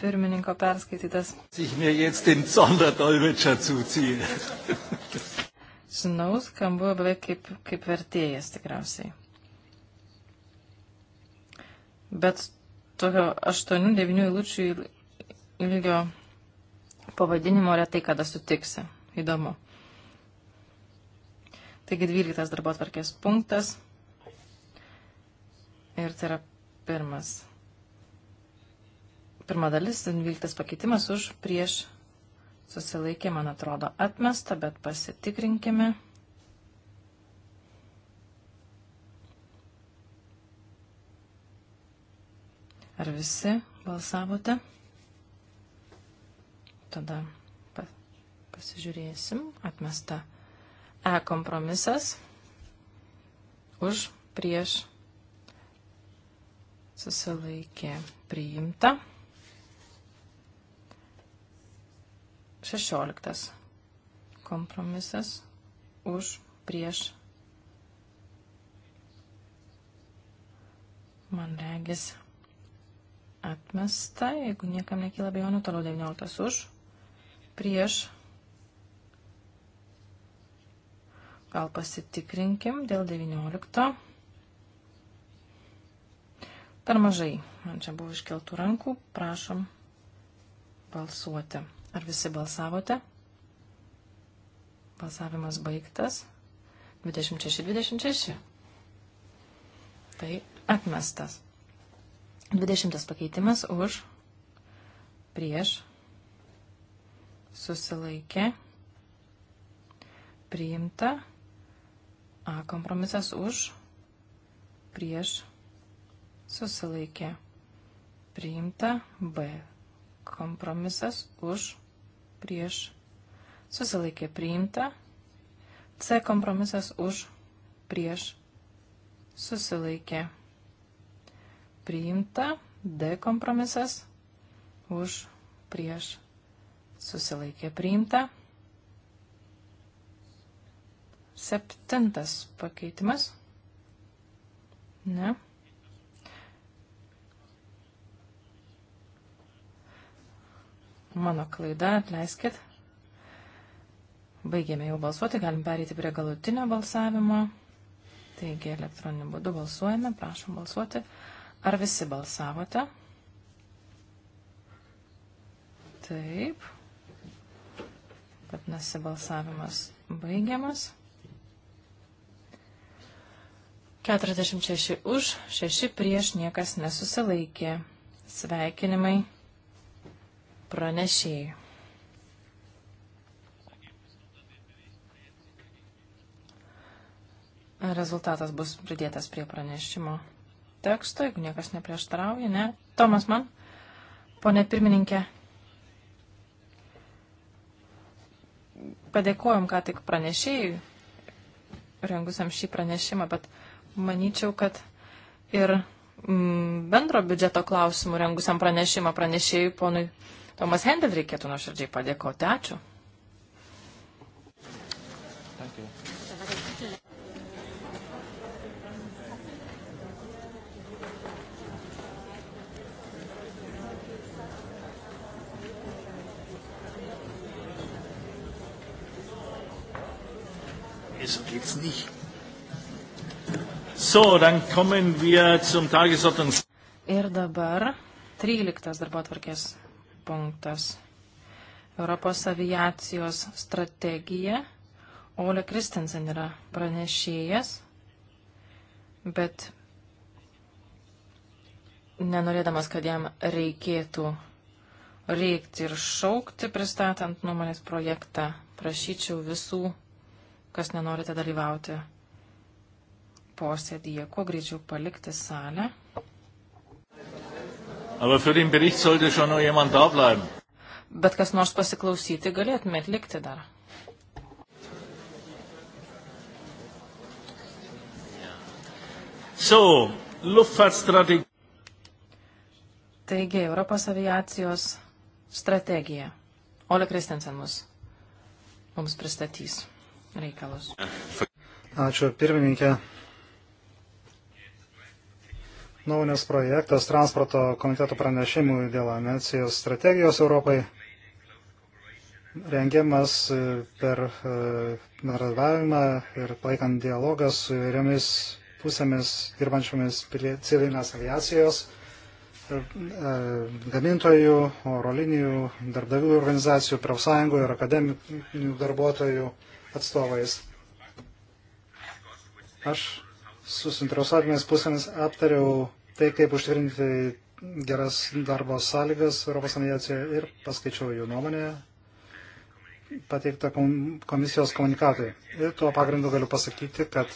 Pirmininko perskaitytas. Ich mir jetzt den Sonderdolmetscher zuziehe. Žinau, skambu beveik kaip, kaip vertėjas tikriausiai bet tokio 8-9 eilučių ilgio pavadinimo retai kada sutiksi. Įdomu. Taigi 12 darbo atvarkės punktas. Ir tai yra pirmas. Pirma dalis, 12 pakeitimas už prieš susilaikė, man atrodo, atmesta, bet pasitikrinkime. Ar visi balsavote? Tada pasižiūrėsim. Atmesta E kompromisas. Už, prieš, susilaikė priimta. 16. Kompromisas už prieš. Man regis Atmesta, jeigu niekam nekyla bejonių, toliau 19 už. Prieš. Gal pasitikrinkim dėl 19. Per mažai. Man čia buvo iškeltų rankų. Prašom balsuoti. Ar visi balsavote? Balsavimas baigtas. 26-26. Tai atmestas. 20 pakeitimas už, prieš, susilaikė, priimta, A kompromisas už, prieš, susilaikė, priimta, B kompromisas už, prieš, susilaikė, priimta, C kompromisas už, prieš, susilaikė, priimta priimta, D kompromisas už prieš susilaikė priimta. Septintas pakeitimas. Ne. Mano klaida, atleiskit. Baigėme jau balsuoti, galim perėti prie galutinio balsavimo. Taigi elektroniniu būdu balsuojame, prašom balsuoti. Ar visi balsavote? Taip. Vadinasi, balsavimas baigiamas. 46 už, 6 prieš niekas nesusilaikė. Sveikinimai pranešėjai. Rezultatas bus pridėtas prie pranešimo teksto, jeigu niekas neprieštarauja, ne? Tomas man, ponė pirmininkė, padėkojom ką tik pranešėjui, rengusiam šį pranešimą, bet manyčiau, kad ir mm, bendro biudžeto klausimų rengusiam pranešimą pranešėjui ponui Tomas Hendel reikėtų nuoširdžiai padėkoti. Ačiū. So, dann kommen wir zum Tagesordnungs. Ir dabar 13 darbo atvarkės punktas. Europos aviacijos strategija. Ole Kristensen yra pranešėjas, bet nenorėdamas, kad jam reikėtų reikti ir šaukti pristatant nuomonės projektą, prašyčiau visų, kas nenorite dalyvauti posėdyje, kuo greičiau palikti salę. Bet kas nors pasiklausyti galėtumėt likti dar. So, Luftfahrtstrategie. Taigi, Europos aviacijos strategija. Ole Kristensen mus, mums pristatys reikalus. Ačiū, pirmininkė nuomonės projektas transporto komiteto pranešimui dėl aviacijos strategijos Europai rengiamas e, per e, bendradavimą ir palaikant dialogą su įvairiomis pusėmis dirbančiomis civilinės aviacijos e, gamintojų, oro linijų, darbdavių organizacijų, profsąjungų ir akademinių darbuotojų atstovais. Aš su suinteresuotinės pusėmis aptariau tai, kaip užtikrinti geras darbo sąlygas Europos aviacijoje ir paskaičiau jų nuomonę pateiktą komisijos komunikatui. Ir tuo pagrindu galiu pasakyti, kad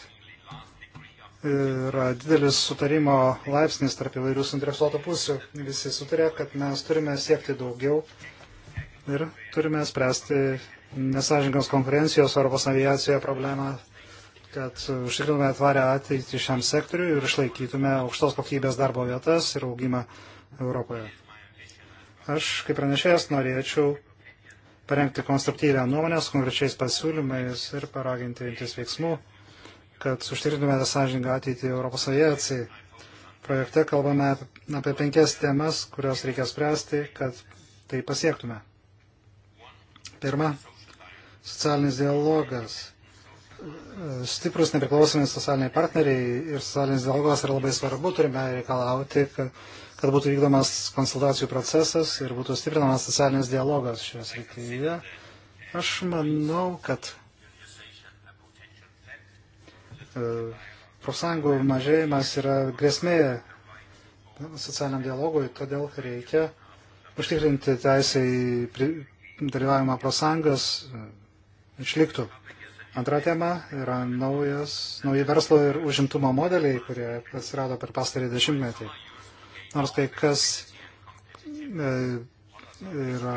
yra didelis sutarimo laipsnis tarp įvairių suinteresuotų pusių. Visi sutarė, kad mes turime siekti daugiau ir turime spręsti nesažingos konkurencijos Europos aviacijoje problemą kad užtikrintume tvarę ateitį šiam sektoriu ir išlaikytume aukštos kokybės darbo vietas ir augimą Europoje. Aš, kaip pranešėjas, norėčiau parengti konstruktyvę nuomonę su konkrečiais pasiūlymais ir paraginti imtis veiksmų, kad užtikrintume tą sąžingą ateitį Europos aviacijai. Projekte kalbame apie penkias temas, kurios reikia spręsti, kad tai pasiektume. Pirma, socialinis dialogas stiprus nepriklausomi socialiniai partneriai ir socialinis dialogas yra labai svarbu, turime reikalauti, kad, kad būtų vykdomas konsultacijų procesas ir būtų stiprinamas socialinis dialogas šioje srityje. Aš manau, kad e, profsąjungų mažėjimas yra grėsmė socialiniam dialogui, todėl reikia užtikrinti teisę į dalyvavimą profsąjungas e, išliktų. Antra tema yra naujas, nauji verslo ir užimtumo modeliai, kurie atsirado per pastarį dešimtmetį. Nors kai kas e, yra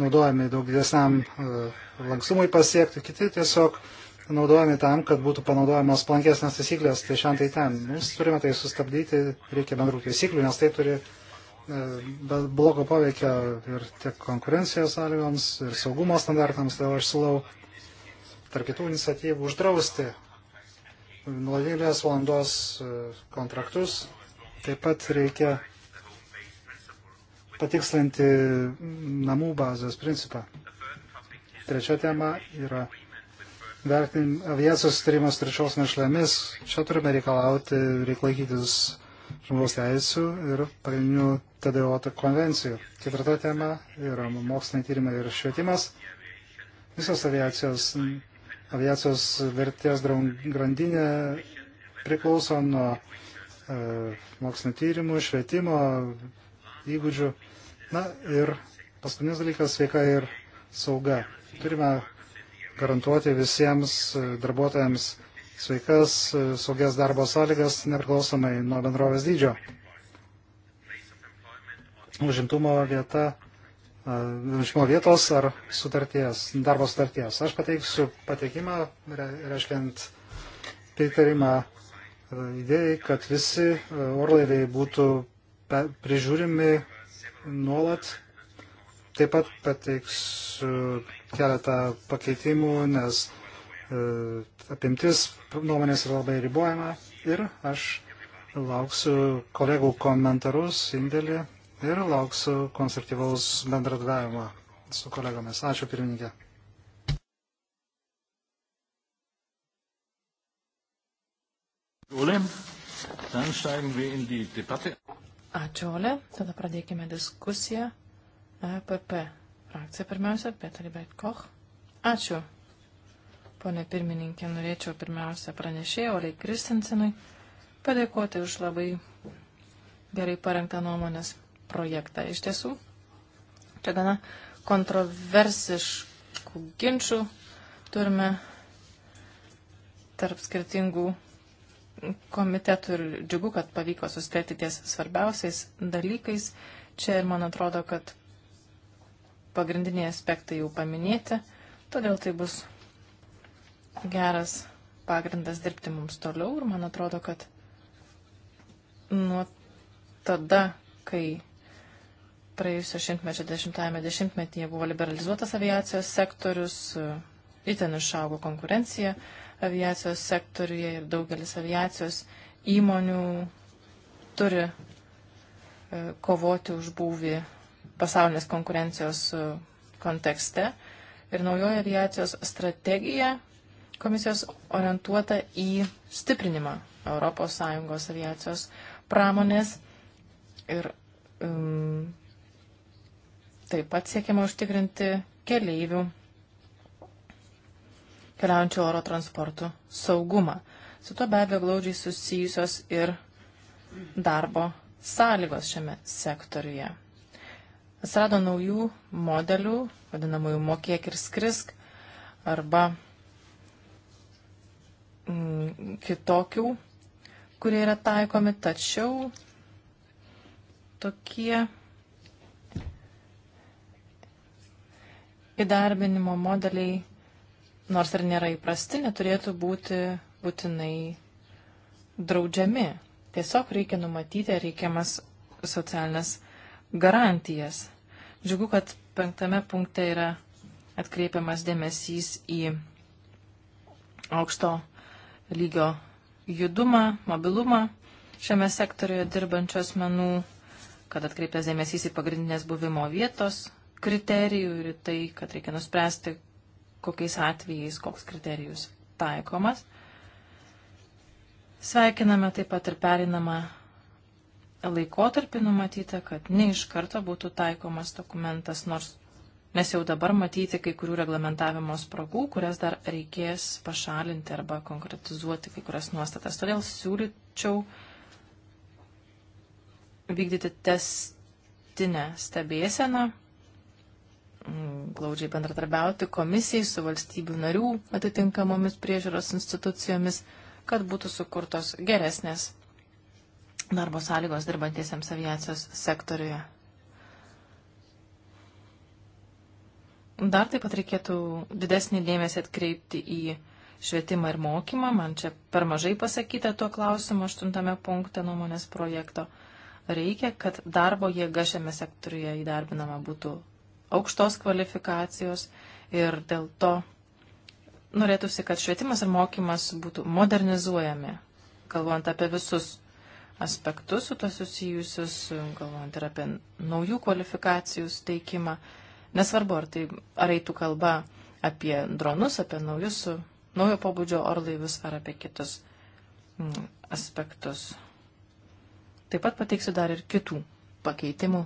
naudojami daug didesniam e, lankstumui pasiekti, kiti tiesiog naudojami tam, kad būtų panaudojamos plankesnės taisyklės, tai šiandien tai ten. Mes turime tai sustabdyti, reikia bendrų taisyklių, nes tai turi e, bet blogo poveikia ir tiek konkurencijos sąlygoms, ir saugumo standartams, todėl tai aš siūlau tarp kitų iniciatyvų, uždrausti nuladėlės valandos e, kontraktus. Taip pat reikia patikslinti namų bazės principą. Trečia tema yra vertin, aviacijos sutarimas trečios našlėmis. Čia turime reikalauti, reikia laikytis žmogaus teisų ir pagrindinių TDO konvencijų. Ketvirta tema yra moksliniai tyrimai ir švietimas. Visos aviacijos aviacijos vertės grandinė priklauso nuo e, mokslinio tyrimų, švietimo, įgūdžių. Na ir paskutinis dalykas - sveika ir sauga. Turime garantuoti visiems e, darbuotojams sveikas, e, saugias darbo sąlygas, nepriklausomai nuo bendrovės dydžio. Užimtumo vieta vežimo vietos ar sutarties, darbo sutarties. Aš pateiksiu pateikimą, reiškiant pritarimą idėjai, kad visi orlaiviai būtų prižiūrimi nuolat. Taip pat pateiksiu keletą pakeitimų, nes apimtis nuomonės yra labai ribojama ir aš lauksiu kolegų komentarus, indėlį ir lauksiu konstruktyvaus bendradavimo su kolegomis. Ačiū pirmininkė. Ačiū, Ole. Tada pradėkime diskusiją. EPP frakcija pirmiausia, Petra Libet Koch. Ačiū. Pone pirmininkė, norėčiau pirmiausia pranešėjai Olei Kristinsenui padėkoti už labai gerai parengtą nuomonės projektą. Iš tiesų, čia gana kontroversiškų ginčių turime tarp skirtingų komitetų ir džiugu, kad pavyko susitelkti ties svarbiausiais dalykais. Čia ir man atrodo, kad pagrindiniai aspektai jau paminėti, todėl tai bus geras pagrindas dirbti mums toliau ir man atrodo, kad nuo tada, kai praėjusio šimtmečio 10-metyje buvo liberalizuotas aviacijos sektorius, e, itin išaugo konkurencija aviacijos sektoriuje ir daugelis aviacijos įmonių turi e, kovoti už būvį pasaulinės konkurencijos e, kontekste. Ir naujoji aviacijos strategija komisijos orientuota į stiprinimą ES aviacijos pramonės ir um, Taip pat siekiama užtikrinti keleivių keliaujančių oro transportų saugumą. Su to be abejo glaudžiai susijusios ir darbo sąlygos šiame sektoriuje. Atsirado naujų modelių, vadinamųjų mokėk ir skrisk, arba mm, kitokių, kurie yra taikomi, tačiau tokie įdarbinimo modeliai, nors ir nėra įprasti, neturėtų būti būtinai draudžiami. Tiesiog reikia numatyti reikiamas socialinės garantijas. Džiugu, kad penktame punkte yra atkreipiamas dėmesys į aukšto lygio judumą, mobilumą šiame sektorijoje dirbančios menų, kad atkreiptas dėmesys į pagrindinės buvimo vietos, kriterijų ir tai, kad reikia nuspręsti, kokiais atvejais, koks kriterijus taikomas. Sveikiname taip pat ir perinamą laikotarpį numatytą, kad ne iš karto būtų taikomas dokumentas, nors mes jau dabar matyti kai kurių reglamentavimo spragų, kurias dar reikės pašalinti arba konkretizuoti kai kurias nuostatas. Todėl siūlyčiau vykdyti testinę stebėseną glaudžiai bendradarbiauti komisijai su valstybių narių atitinkamomis priežiūros institucijomis, kad būtų sukurtos geresnės darbo sąlygos dirbantiesiems aviacijos sektoriuje. Dar taip pat reikėtų didesnį dėmesį atkreipti į švietimą ir mokymą. Man čia per mažai pasakyta tuo klausimu aštuntame punkte nuomonės projekto. Reikia, kad darbo jėga šiame sektoriuje įdarbinama būtų aukštos kvalifikacijos ir dėl to norėtųsi, kad švietimas ir mokymas būtų modernizuojami, galvojant apie visus aspektus su to susijusius, galvojant ir apie naujų kvalifikacijų steikimą. Nesvarbu, ar tai ar eitų kalba apie dronus, apie naujus, naujo pobūdžio orlaivius ar apie kitus mm, aspektus. Taip pat pateiksiu dar ir kitų pakeitimų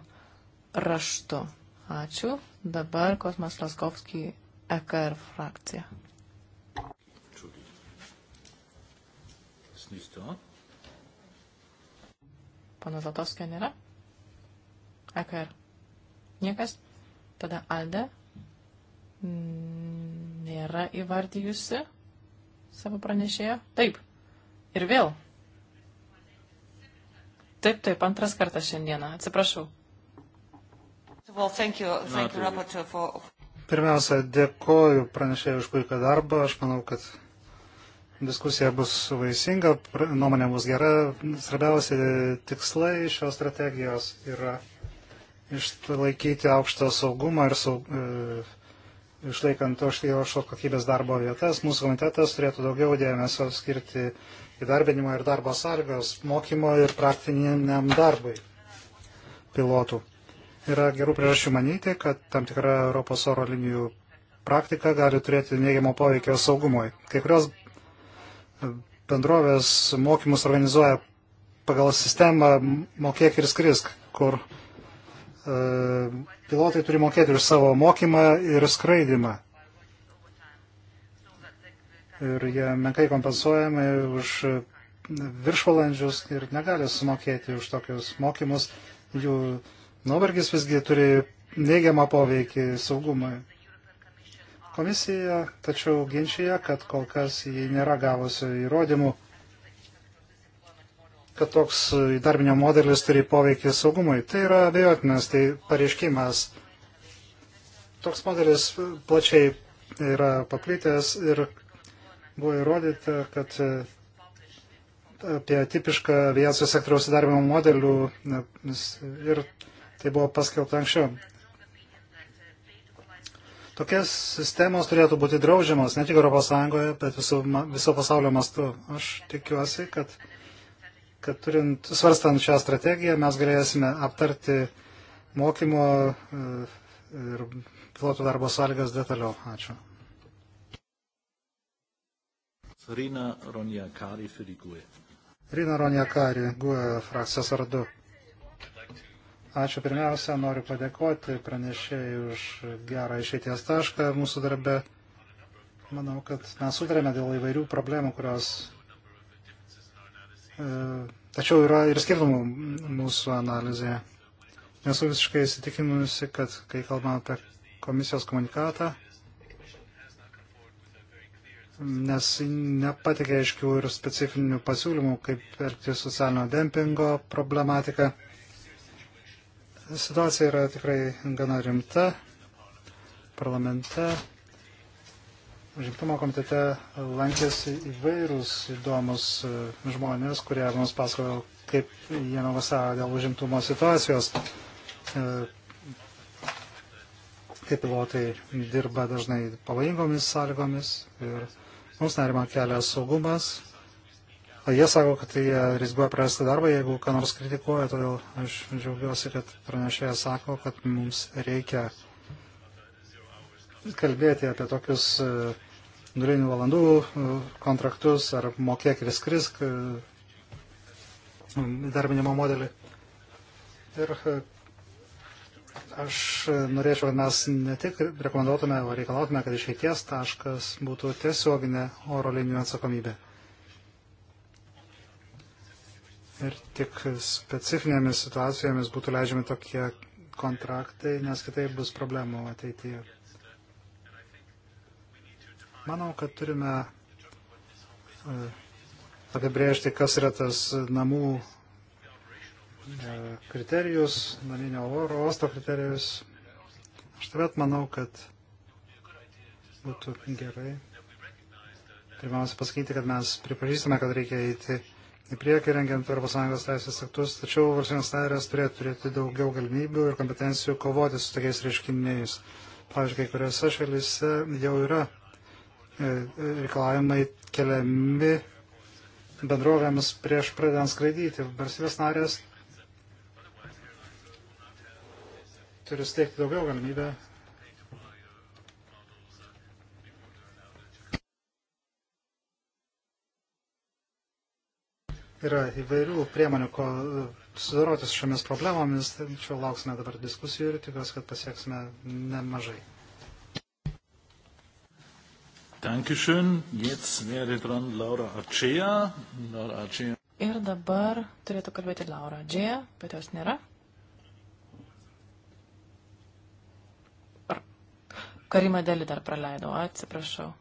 raštu. Ačiū. Dabar Kosmas Laskovski, EKR frakcija. Pana Zatovskio nėra? EKR. Niekas? Tada Alde mm, nėra įvardijusi savo pranešėjo. Taip. Ir vėl. Taip, taip, antras kartas šiandieną. Atsiprašau. Well, thank you, thank you, rapporteur, for... Pirmiausia, dėkoju pranešėjai už puiką darbą. Aš manau, kad diskusija bus vaisinga, nuomonė bus gera. Svarbiausia tikslai šios strategijos yra išlaikyti aukštą saugumą ir saug, e, išlaikant aukštos kokybės darbo vietas. Mūsų komitetas turėtų daugiau dėmesio skirti įdarbinimo ir darbo sąlygos, mokymo ir praktiniam darbui pilotų. Yra gerų priežasčių manyti, kad tam tikra Europos oro linijų praktika gali turėti neigiamo poveikio saugumui. Kai kurios e, bendrovės mokymus organizuoja pagal sistemą mokėk ir skrisk, kur e, pilotai turi mokėti už savo mokymą ir skraidimą. Ir jie menkai kompensuojami už viršvalandžius ir negali sumokėti už tokius mokymus. Jų Nuovargis visgi turi neigiamą poveikį saugumui. Komisija tačiau ginčia, kad kol kas jį nėra gavusi įrodymų, kad toks įdarbinio modelis turi poveikį saugumui. Tai yra abejotinas, tai pareiškimas. Toks modelis plačiai yra paplitęs ir buvo įrodyta, kad apie tipišką aviacijos sektoriaus įdarbinimo modelių ir Tai buvo paskelbta anksčiau. Tokias sistemos turėtų būti draudžiamas ne tik ES, bet viso, viso pasaulio mastu. Aš tikiuosi, kad, kad turint, svarstant šią strategiją mes galėsime aptarti mokymo e, ir pilotų darbo sąlygas detaliau. Ačiū. Rina Ronjakari Firigue. Rina Ronjakari, GUE frakcijos vardu. Ačiū pirmiausia, noriu padėkoti pranešėjai už gerą išeities tašką mūsų darbe. Manau, kad mes sutarėme dėl įvairių problemų, kurios. E, tačiau yra ir skirtumų mūsų analizėje. Nesu visiškai įsitikinusi, kad kai kalbame apie komisijos komunikatą, nes nepatikė aiškių ir specifinių pasiūlymų, kaip elgti socialinio dempingo problematiką. Situacija yra tikrai gana rimta. Parlamente, žimtumo komitete lankėsi įvairūs įdomus e, žmonės, kurie mums pasakojo, kaip jie nuvasajo dėl užimtumo situacijos, e, kaip pilotai dirba dažnai pavojingomis sąlygomis ir mums nerima kelia saugumas, O jie sako, kad jie tai, rizikuoja prarasti darbą, jeigu ką nors kritikuoja, todėl aš džiaugiuosi, kad pranešėjas sako, kad mums reikia kalbėti apie tokius e, nulinių valandų e, kontraktus ar mokėk ir skrisk e, darbinimo modelį. Ir aš norėčiau, kad mes ne tik rekomenduotume, o reikalautume, kad išeities taškas būtų tiesioginė oro linijų atsakomybė. ir tik specifinėmis situacijomis būtų leidžiami tokie kontraktai, nes kitaip bus problemų ateityje. Manau, kad turime e, apibrėžti, kas yra tas namų e, kriterijus, naminio oro uosto kriterijus. Aš taip manau, kad būtų gerai. Pirmiausia pasakyti, kad mes pripažįstame, kad reikia eiti į priekį rengiant ES teisės aktus, tačiau valstybės narės turėtų turėti daugiau galimybių ir kompetencijų kovoti su tokiais reiškiniais. Pavyzdžiui, kai kuriuose šalyse jau yra e, e, reikalavimai keliami bendrovėms prieš pradedant skraidyti. Valstybės narės turi steigti daugiau galimybę Yra įvairių priemonių, ko sudaroti su šiomis problemomis, tačiau lauksime dabar diskusijų ir tikiuosi, kad pasieksime nemažai. Dankeschön. Jetzt wäre dran Laura Acea. Laura Acea. Ir dabar turėtų kalbėti Laura Acea, bet jos nėra. Karimą Delį dar praleidau, atsiprašau.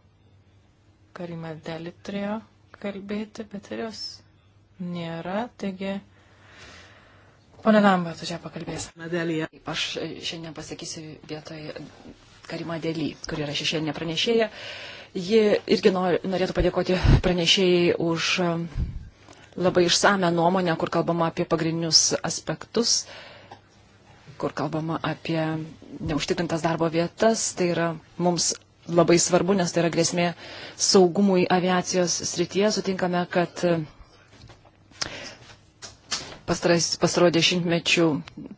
Karimą Delį turėjo kalbėti, bet ir jos nėra, taigi Pone Lamba, tu čia pakalbės. Medelija. Taip, aš šiandien pasakysiu vietoj Karima Dėly, kuri yra šešėlinė pranešėja. Ji irgi norėtų padėkoti pranešėjai už um, labai išsame nuomonę, kur kalbama apie pagrindinius aspektus, kur kalbama apie neužtikrintas darbo vietas. Tai yra mums labai svarbu, nes tai yra grėsmė saugumui aviacijos srityje. Sutinkame, kad pastarodė šimtmečių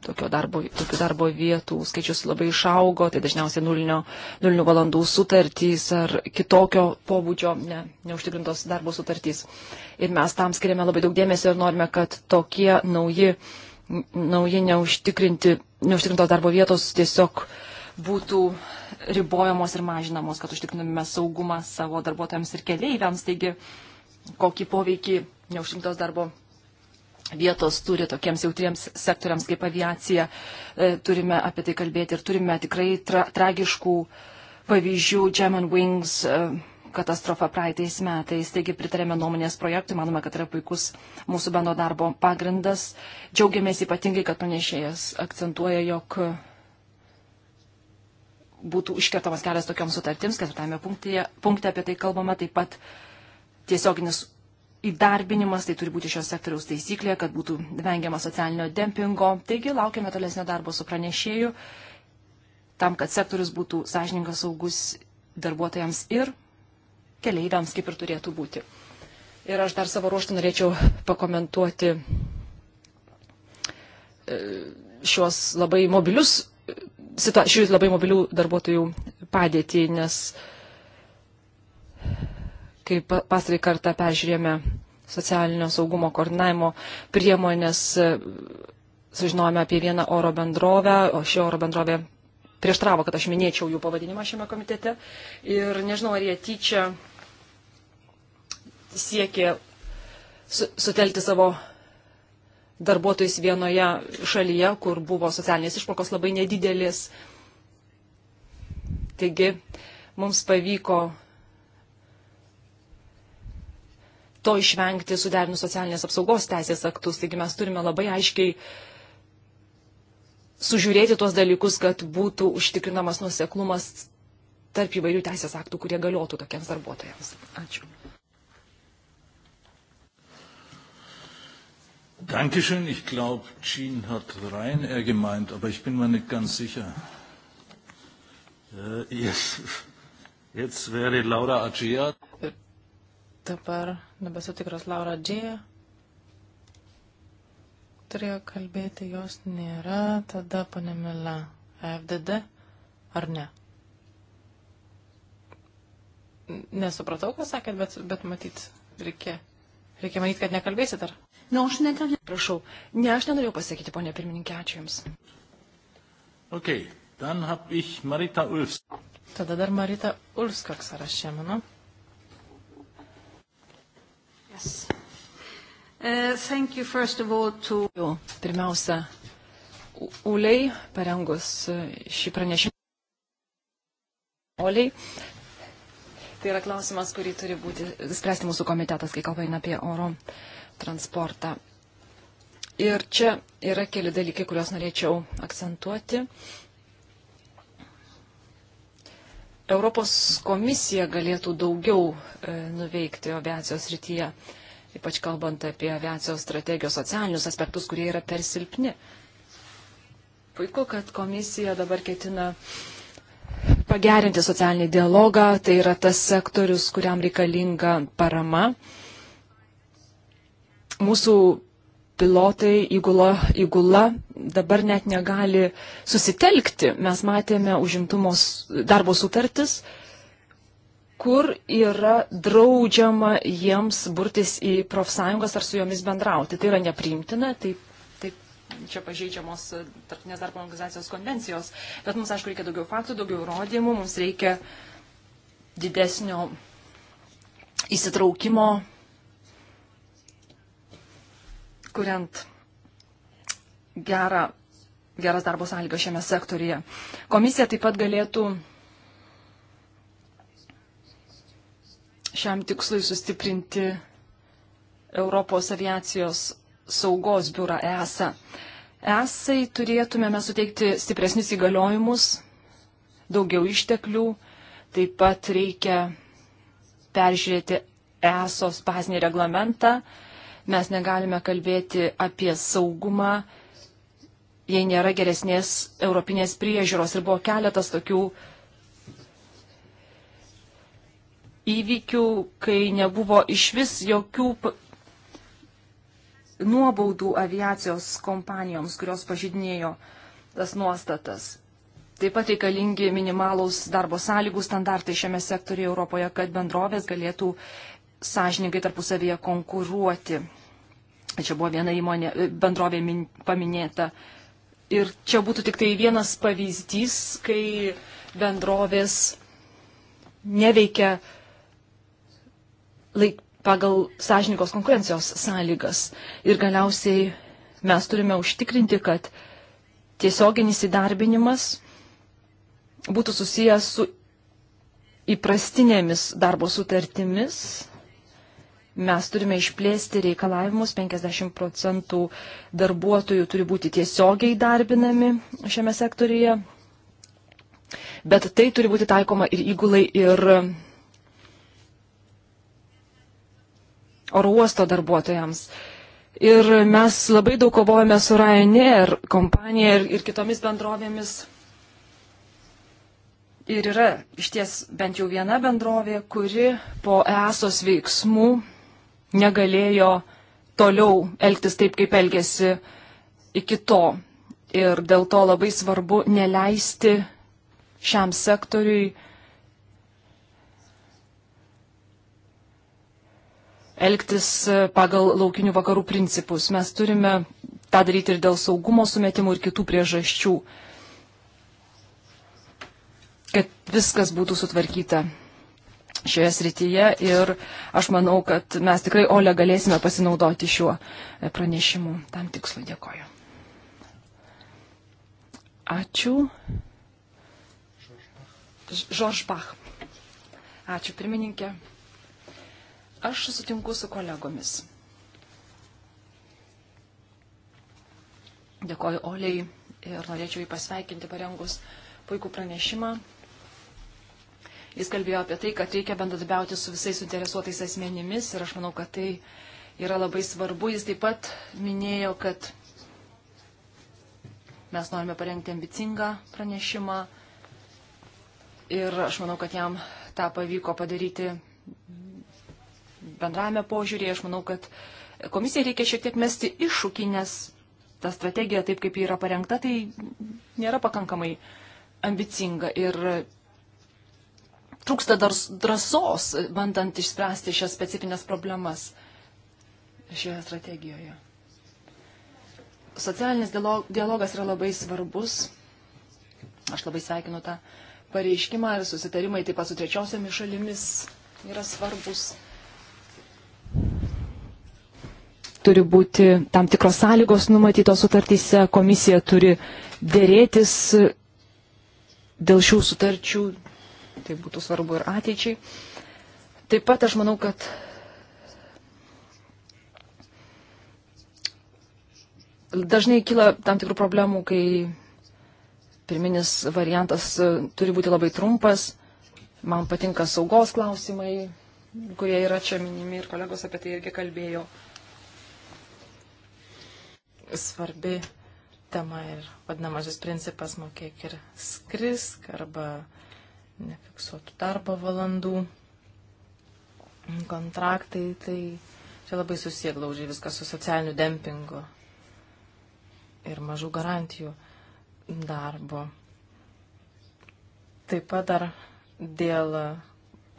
tokio darbo, tokių darbo vietų skaičius labai išaugo, tai dažniausiai nulinio, nulinių valandų sutartys ar kitokio pobūdžio ne, neužtikrintos darbo sutartys. Ir mes tam skiriame labai daug dėmesio ir norime, kad tokie nauji, nauji neužtikrintos darbo vietos tiesiog būtų ribojamos ir mažinamos, kad užtikrintume saugumą savo darbuotojams ir keleiviams. Taigi, kokį poveikį neužtikrintos darbo vietos vietos turi tokiems jautriems sektoriams kaip aviacija. E, turime apie tai kalbėti ir turime tikrai tra tragiškų pavyzdžių German Wings e, katastrofa praeitais metais. Taigi pritarėme nuomonės projektui, manome, kad yra puikus mūsų bendro darbo pagrindas. Džiaugiamės ypatingai, kad panešėjas akcentuoja, jog būtų iškertamas kelias tokioms sutartims, ketvirtame punkte apie tai kalbama, taip pat tiesioginis įdarbinimas, tai turi būti šios sektoriaus taisyklė, kad būtų vengiama socialinio dempingo. Taigi laukiame tolesnio darbo su pranešėju, tam, kad sektorius būtų sąžininkas saugus darbuotojams ir keleiviams, kaip ir turėtų būti. Ir aš dar savo ruoštų norėčiau pakomentuoti e, šios labai mobilius, šių labai mobilių darbuotojų padėtį, nes uh, kaip pastarį kartą peržiūrėjome socialinio saugumo koordinavimo priemonės, sužinojome apie vieną oro bendrovę, o ši oro bendrovė prieštravo, kad aš minėčiau jų pavadinimą šiame komitete. Ir nežinau, ar jie tyčia siekė su, sutelkti savo darbuotojus vienoje šalyje, kur buvo socialinės išmokos labai nedidelis. Taigi mums pavyko to išvengti suderinus socialinės apsaugos teisės aktus. Taigi mes turime labai aiškiai sužiūrėti tuos dalykus, kad būtų užtikrinamas nuseklumas tarp įvairių teisės aktų, kurie galiotų tokiems darbuotojams. Ačiū. Dankeschön. Ich glaube, Jean hat Ryanair er gemeint, aber ich bin mir nicht ganz sicher. Äh, jetzt, jetzt wäre Laura Agea. Dabar nebesu tikras, Laura Džėja turėjo kalbėti, jos nėra, tada panemila FDD ar ne? Nesupratau, ką sakėt, bet, bet matyt, reikia, reikia manyti, kad nekalbėsit ar? Na, nu, aš nekalbėjau. Prašau, ne, aš nenorėjau pasakyti, ponė pirmininkė, ačiū Jums. Ok, dann hab ich Marita Ulfs. Tada dar Marita Ulfskak sąraše, manau. Yes. Uh, thank you first of all to... Pirmiausia, Uliai parengus uh, šį pranešimą. Uliai. Tai yra klausimas, kurį turi būti spręsti mūsų komitetas, kai kalba eina apie oro transportą. Ir čia yra keli dalykai, kuriuos norėčiau akcentuoti. Uh, Europos komisija galėtų daugiau e, nuveikti aviacijos rytyje, ypač kalbant apie aviacijos strategijos socialinius aspektus, kurie yra per silpni. Puiku, kad komisija dabar ketina pagerinti socialinį dialogą, tai yra tas sektorius, kuriam reikalinga parama. Mūsų pilotai įgula, įgula dabar net negali susitelkti. Mes matėme užimtumos darbo sutartis, kur yra draudžiama jiems burtis į profsąjungas ar su jomis bendrauti. Tai yra nepriimtina, taip, taip čia pažeidžiamos tarptinės darbo organizacijos konvencijos. Bet mums, aišku, reikia daugiau faktų, daugiau įrodymų, mums reikia didesnio įsitraukimo kuriant gerą, geras darbo sąlygas šiame sektorije. Komisija taip pat galėtų šiam tikslui sustiprinti Europos aviacijos saugos biurą ESA. ESAI turėtumėme suteikti stipresnius įgaliojimus, daugiau išteklių, taip pat reikia peržiūrėti ESOS bazinį reglamentą, Mes negalime kalbėti apie saugumą, jei nėra geresnės europinės priežiūros. Ir buvo keletas tokių įvykių, kai nebuvo iš vis jokių nuobaudų aviacijos kompanijoms, kurios pažydinėjo tas nuostatas. Taip pat reikalingi minimalūs darbo sąlygų standartai šiame sektoriuje Europoje, kad bendrovės galėtų sąžininkai tarpusavėje konkuruoti. Čia buvo viena įmonė, e, bendrovė min, paminėta. Ir čia būtų tik tai vienas pavyzdys, kai bendrovės neveikia laik, pagal sąžininkos konkurencijos sąlygas. Ir galiausiai mes turime užtikrinti, kad tiesioginis įdarbinimas būtų susijęs su įprastinėmis darbo sutartimis mes turime išplėsti reikalavimus, 50 procentų darbuotojų turi būti tiesiogiai darbinami šiame sektoriuje, bet tai turi būti taikoma ir įgulai, ir oro uosto darbuotojams. Ir mes labai daug kovojame su Ryanair kompanija ir, ir kitomis bendrovėmis. Ir yra iš ties bent jau viena bendrovė, kuri po ESOS veiksmų negalėjo toliau elgtis taip, kaip elgėsi iki to. Ir dėl to labai svarbu neleisti šiam sektoriui elgtis pagal laukinių vakarų principus. Mes turime tą daryti ir dėl saugumo sumetimų ir kitų priežasčių, kad viskas būtų sutvarkyta šioje srityje ir aš manau, kad mes tikrai Ole galėsime pasinaudoti šiuo e, pranešimu. Tam tikslui dėkoju. Ačiū. Žorž Bach. Ačiū pirmininkė. Aš sutinku su kolegomis. Dėkoju Oliai ir norėčiau jį pasveikinti parengus puikų pranešimą. Jis kalbėjo apie tai, kad reikia bendradarbiauti su visais suinteresuotais asmenimis ir aš manau, kad tai yra labai svarbu. Jis taip pat minėjo, kad mes norime parengti ambicingą pranešimą ir aš manau, kad jam tą pavyko padaryti bendrame požiūrėje. Aš manau, kad komisijai reikia šiek tiek mesti iššūkį, nes ta strategija, taip kaip ji yra parengta, tai nėra pakankamai ambicinga. Ir trūksta dar drąsos, e, bandant išspręsti šias specifines problemas šioje strategijoje. Socialinis dialogas yra labai svarbus. Aš labai sveikinu tą pareiškimą ir susitarimai taip pat su trečiosiamis šalimis yra svarbus. Turi būti tam tikros sąlygos numatytos sutartyse, komisija turi dėrėtis dėl šių sutarčių tai būtų svarbu ir ateičiai. Taip pat aš manau, kad dažnai kyla tam tikrų problemų, kai pirminis variantas e, turi būti labai trumpas. Man patinka saugos klausimai, kurie yra čia minimi ir kolegos apie tai irgi kalbėjo. Svarbi tema ir vadinamasis principas mokėk ir skrisk arba nefiksuotų darbo valandų, kontraktai, tai čia labai susieglaužiai viskas su socialiniu dempingu ir mažų garantijų darbo. Taip pat dar dėl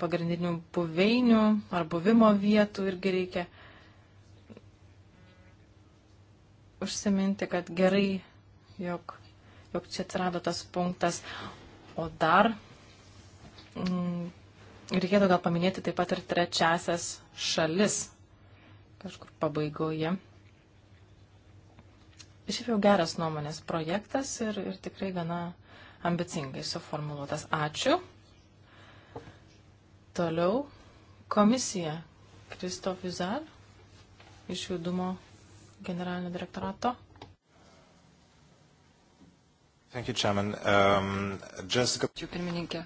pagrindinių buveinių ar buvimo vietų irgi reikia užsiminti, kad gerai, jog, jog čia atsirado tas punktas. O dar Mm, reikėtų gal paminėti taip pat ir trečiasias šalis kažkur pabaigoje. Šiaip jau geras nuomonės projektas ir, ir tikrai gana ambicingai suformuluotas. Ačiū. Toliau komisija Kristof Vizar iš judumo generalinio direktorato. Thank you, Chairman. Um, just... Ačiū pirmininkė.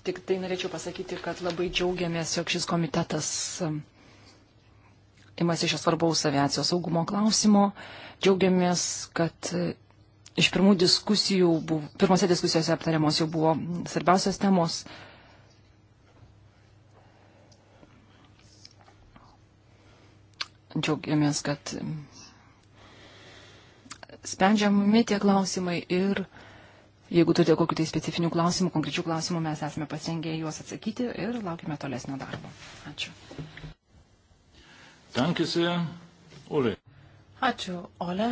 Tik tai norėčiau pasakyti, kad labai džiaugiamės, jog šis komitetas um, imasi šios svarbaus aviacijos saugumo klausimo. Džiaugiamės, kad uh, iš pirmų diskusijų, buvo, pirmose diskusijose aptariamos jau buvo svarbiausios temos. Džiaugiamės, kad um, sprendžiami tie klausimai ir uh, Jeigu turite kokių tai specifinių klausimų, konkrečių klausimų, mes esame pasirengę juos atsakyti ir laukime tolesnio darbo. Ačiū. Tankisi, Uli. Ačiū, Ole.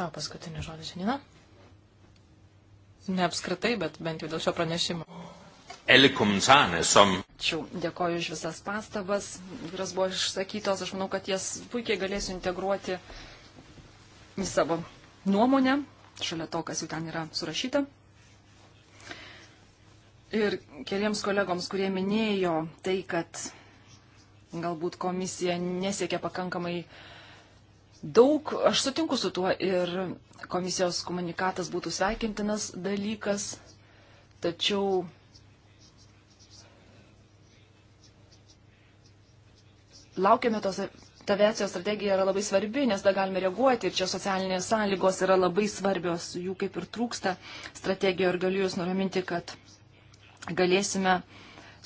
Tau paskutinį žodį šiandieną. Ne apskritai, bet bent jau dėl šio pranešimo. Ačiū, dėkoju už visas pastabas, kurios buvo išsakytos. Aš manau, kad jas puikiai galėsiu integruoti į savo nuomonę, šalia to, kas jau ten yra surašyta ir keliems kolegoms, kurie minėjo tai, kad galbūt komisija nesiekia pakankamai daug, aš sutinku su tuo ir komisijos komunikatas būtų sveikintinas dalykas, tačiau laukiame tos aviacijos strategija yra labai svarbi, nes da galime reaguoti ir čia socialinės sąlygos yra labai svarbios, jų kaip ir trūksta strategijoje ir galiu Jūs nuraminti, kad galėsime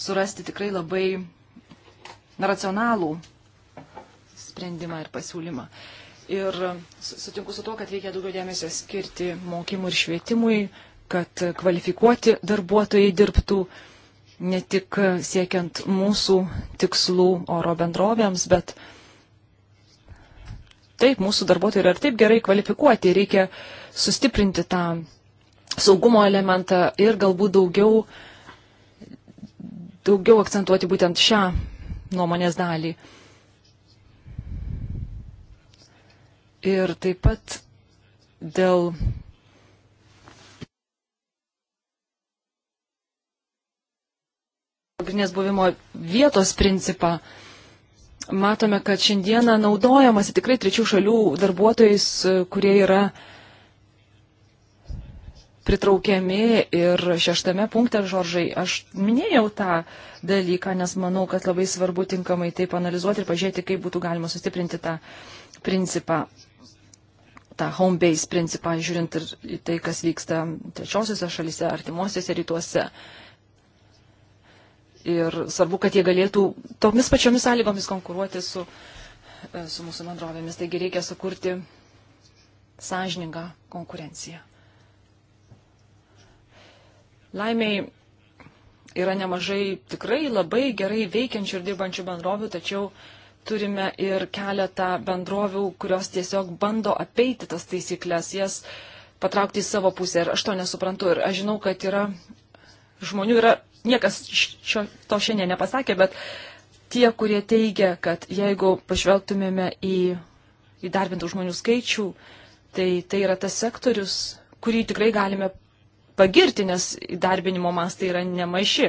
surasti tikrai labai racionalų sprendimą ir pasiūlymą. Ir sutinku su to, kad reikia daugiau dėmesio skirti mokymui ir švietimui, kad kvalifikuoti darbuotojai dirbtų ne tik siekiant mūsų tikslų oro bendrovėms, bet taip, mūsų darbuotojai yra ir taip gerai kvalifikuoti, reikia sustiprinti tą saugumo elementą ir galbūt daugiau uh, daugiau akcentuoti būtent šią nuomonės dalį. Ir taip pat dėl pagrindinės buvimo vietos principą. Matome, kad šiandieną naudojamasi tikrai trečių šalių darbuotojais, kurie yra uh, pritraukiami ir šeštame punkte, Žoržai, aš minėjau tą dalyką, nes manau, kad labai svarbu tinkamai tai panalizuoti ir pažiūrėti, kaip būtų galima sustiprinti tą principą, tą home base principą, žiūrint ir į tai, kas vyksta trečiosiuose šalise, artimuosiuose rytuose. Ir svarbu, kad jie galėtų tomis pačiomis sąlygomis konkuruoti su, e, su mūsų bendrovėmis. Taigi reikia sukurti sąžiningą konkurenciją. Laimiai yra nemažai tikrai labai gerai veikiančių ir dirbančių bendrovių, tačiau turime ir keletą bendrovių, kurios tiesiog bando apeiti tas taisyklės, jas patraukti į savo pusę. Ir aš to nesuprantu. Ir aš žinau, kad yra žmonių, yra, niekas šio, to šiandien nepasakė, bet tie, kurie teigia, kad jeigu pažvelgtumėme į įdarbintų žmonių skaičių, tai tai yra tas sektorius, kurį tikrai galime pagirti, nes įdarbinimo mastai yra nemaži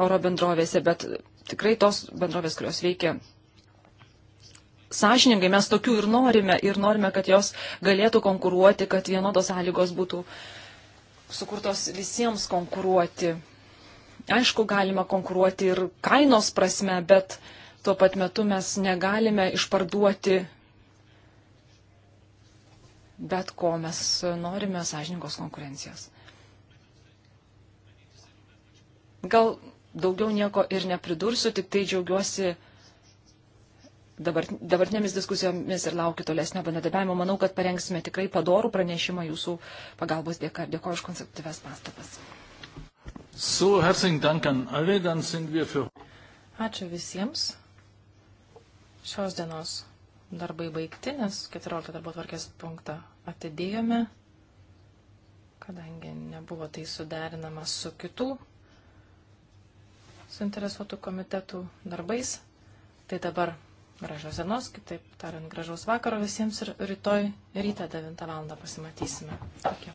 oro bendrovėse, bet tikrai tos bendrovės, kurios veikia sąžiningai, mes tokių ir norime, ir norime, kad jos galėtų konkuruoti, kad vienodos sąlygos būtų sukurtos visiems konkuruoti. Aišku, galima konkuruoti ir kainos prasme, bet tuo pat metu mes negalime išparduoti bet ko mes norime sąžiningos konkurencijos. Gal daugiau nieko ir nepridursiu, tik tai džiaugiuosi dabar, dabartinėmis diskusijomis ir laukiu tolesnio bendradarbiavimo. Manau, kad parengsime tikrai padorų pranešimą jūsų pagalbos dėka. Dėkoju už konstruktyves pastabas. So, Ačiū visiems. Šios dienos darbai baigti, nes 14 darbo tvarkės punktą atidėjome, kadangi nebuvo tai suderinama su kitų suinteresuotų komitetų darbais. Tai dabar gražios dienos, kitaip tariant, gražaus vakaro visiems ir rytoj ryte 9 val. pasimatysime. Tokia.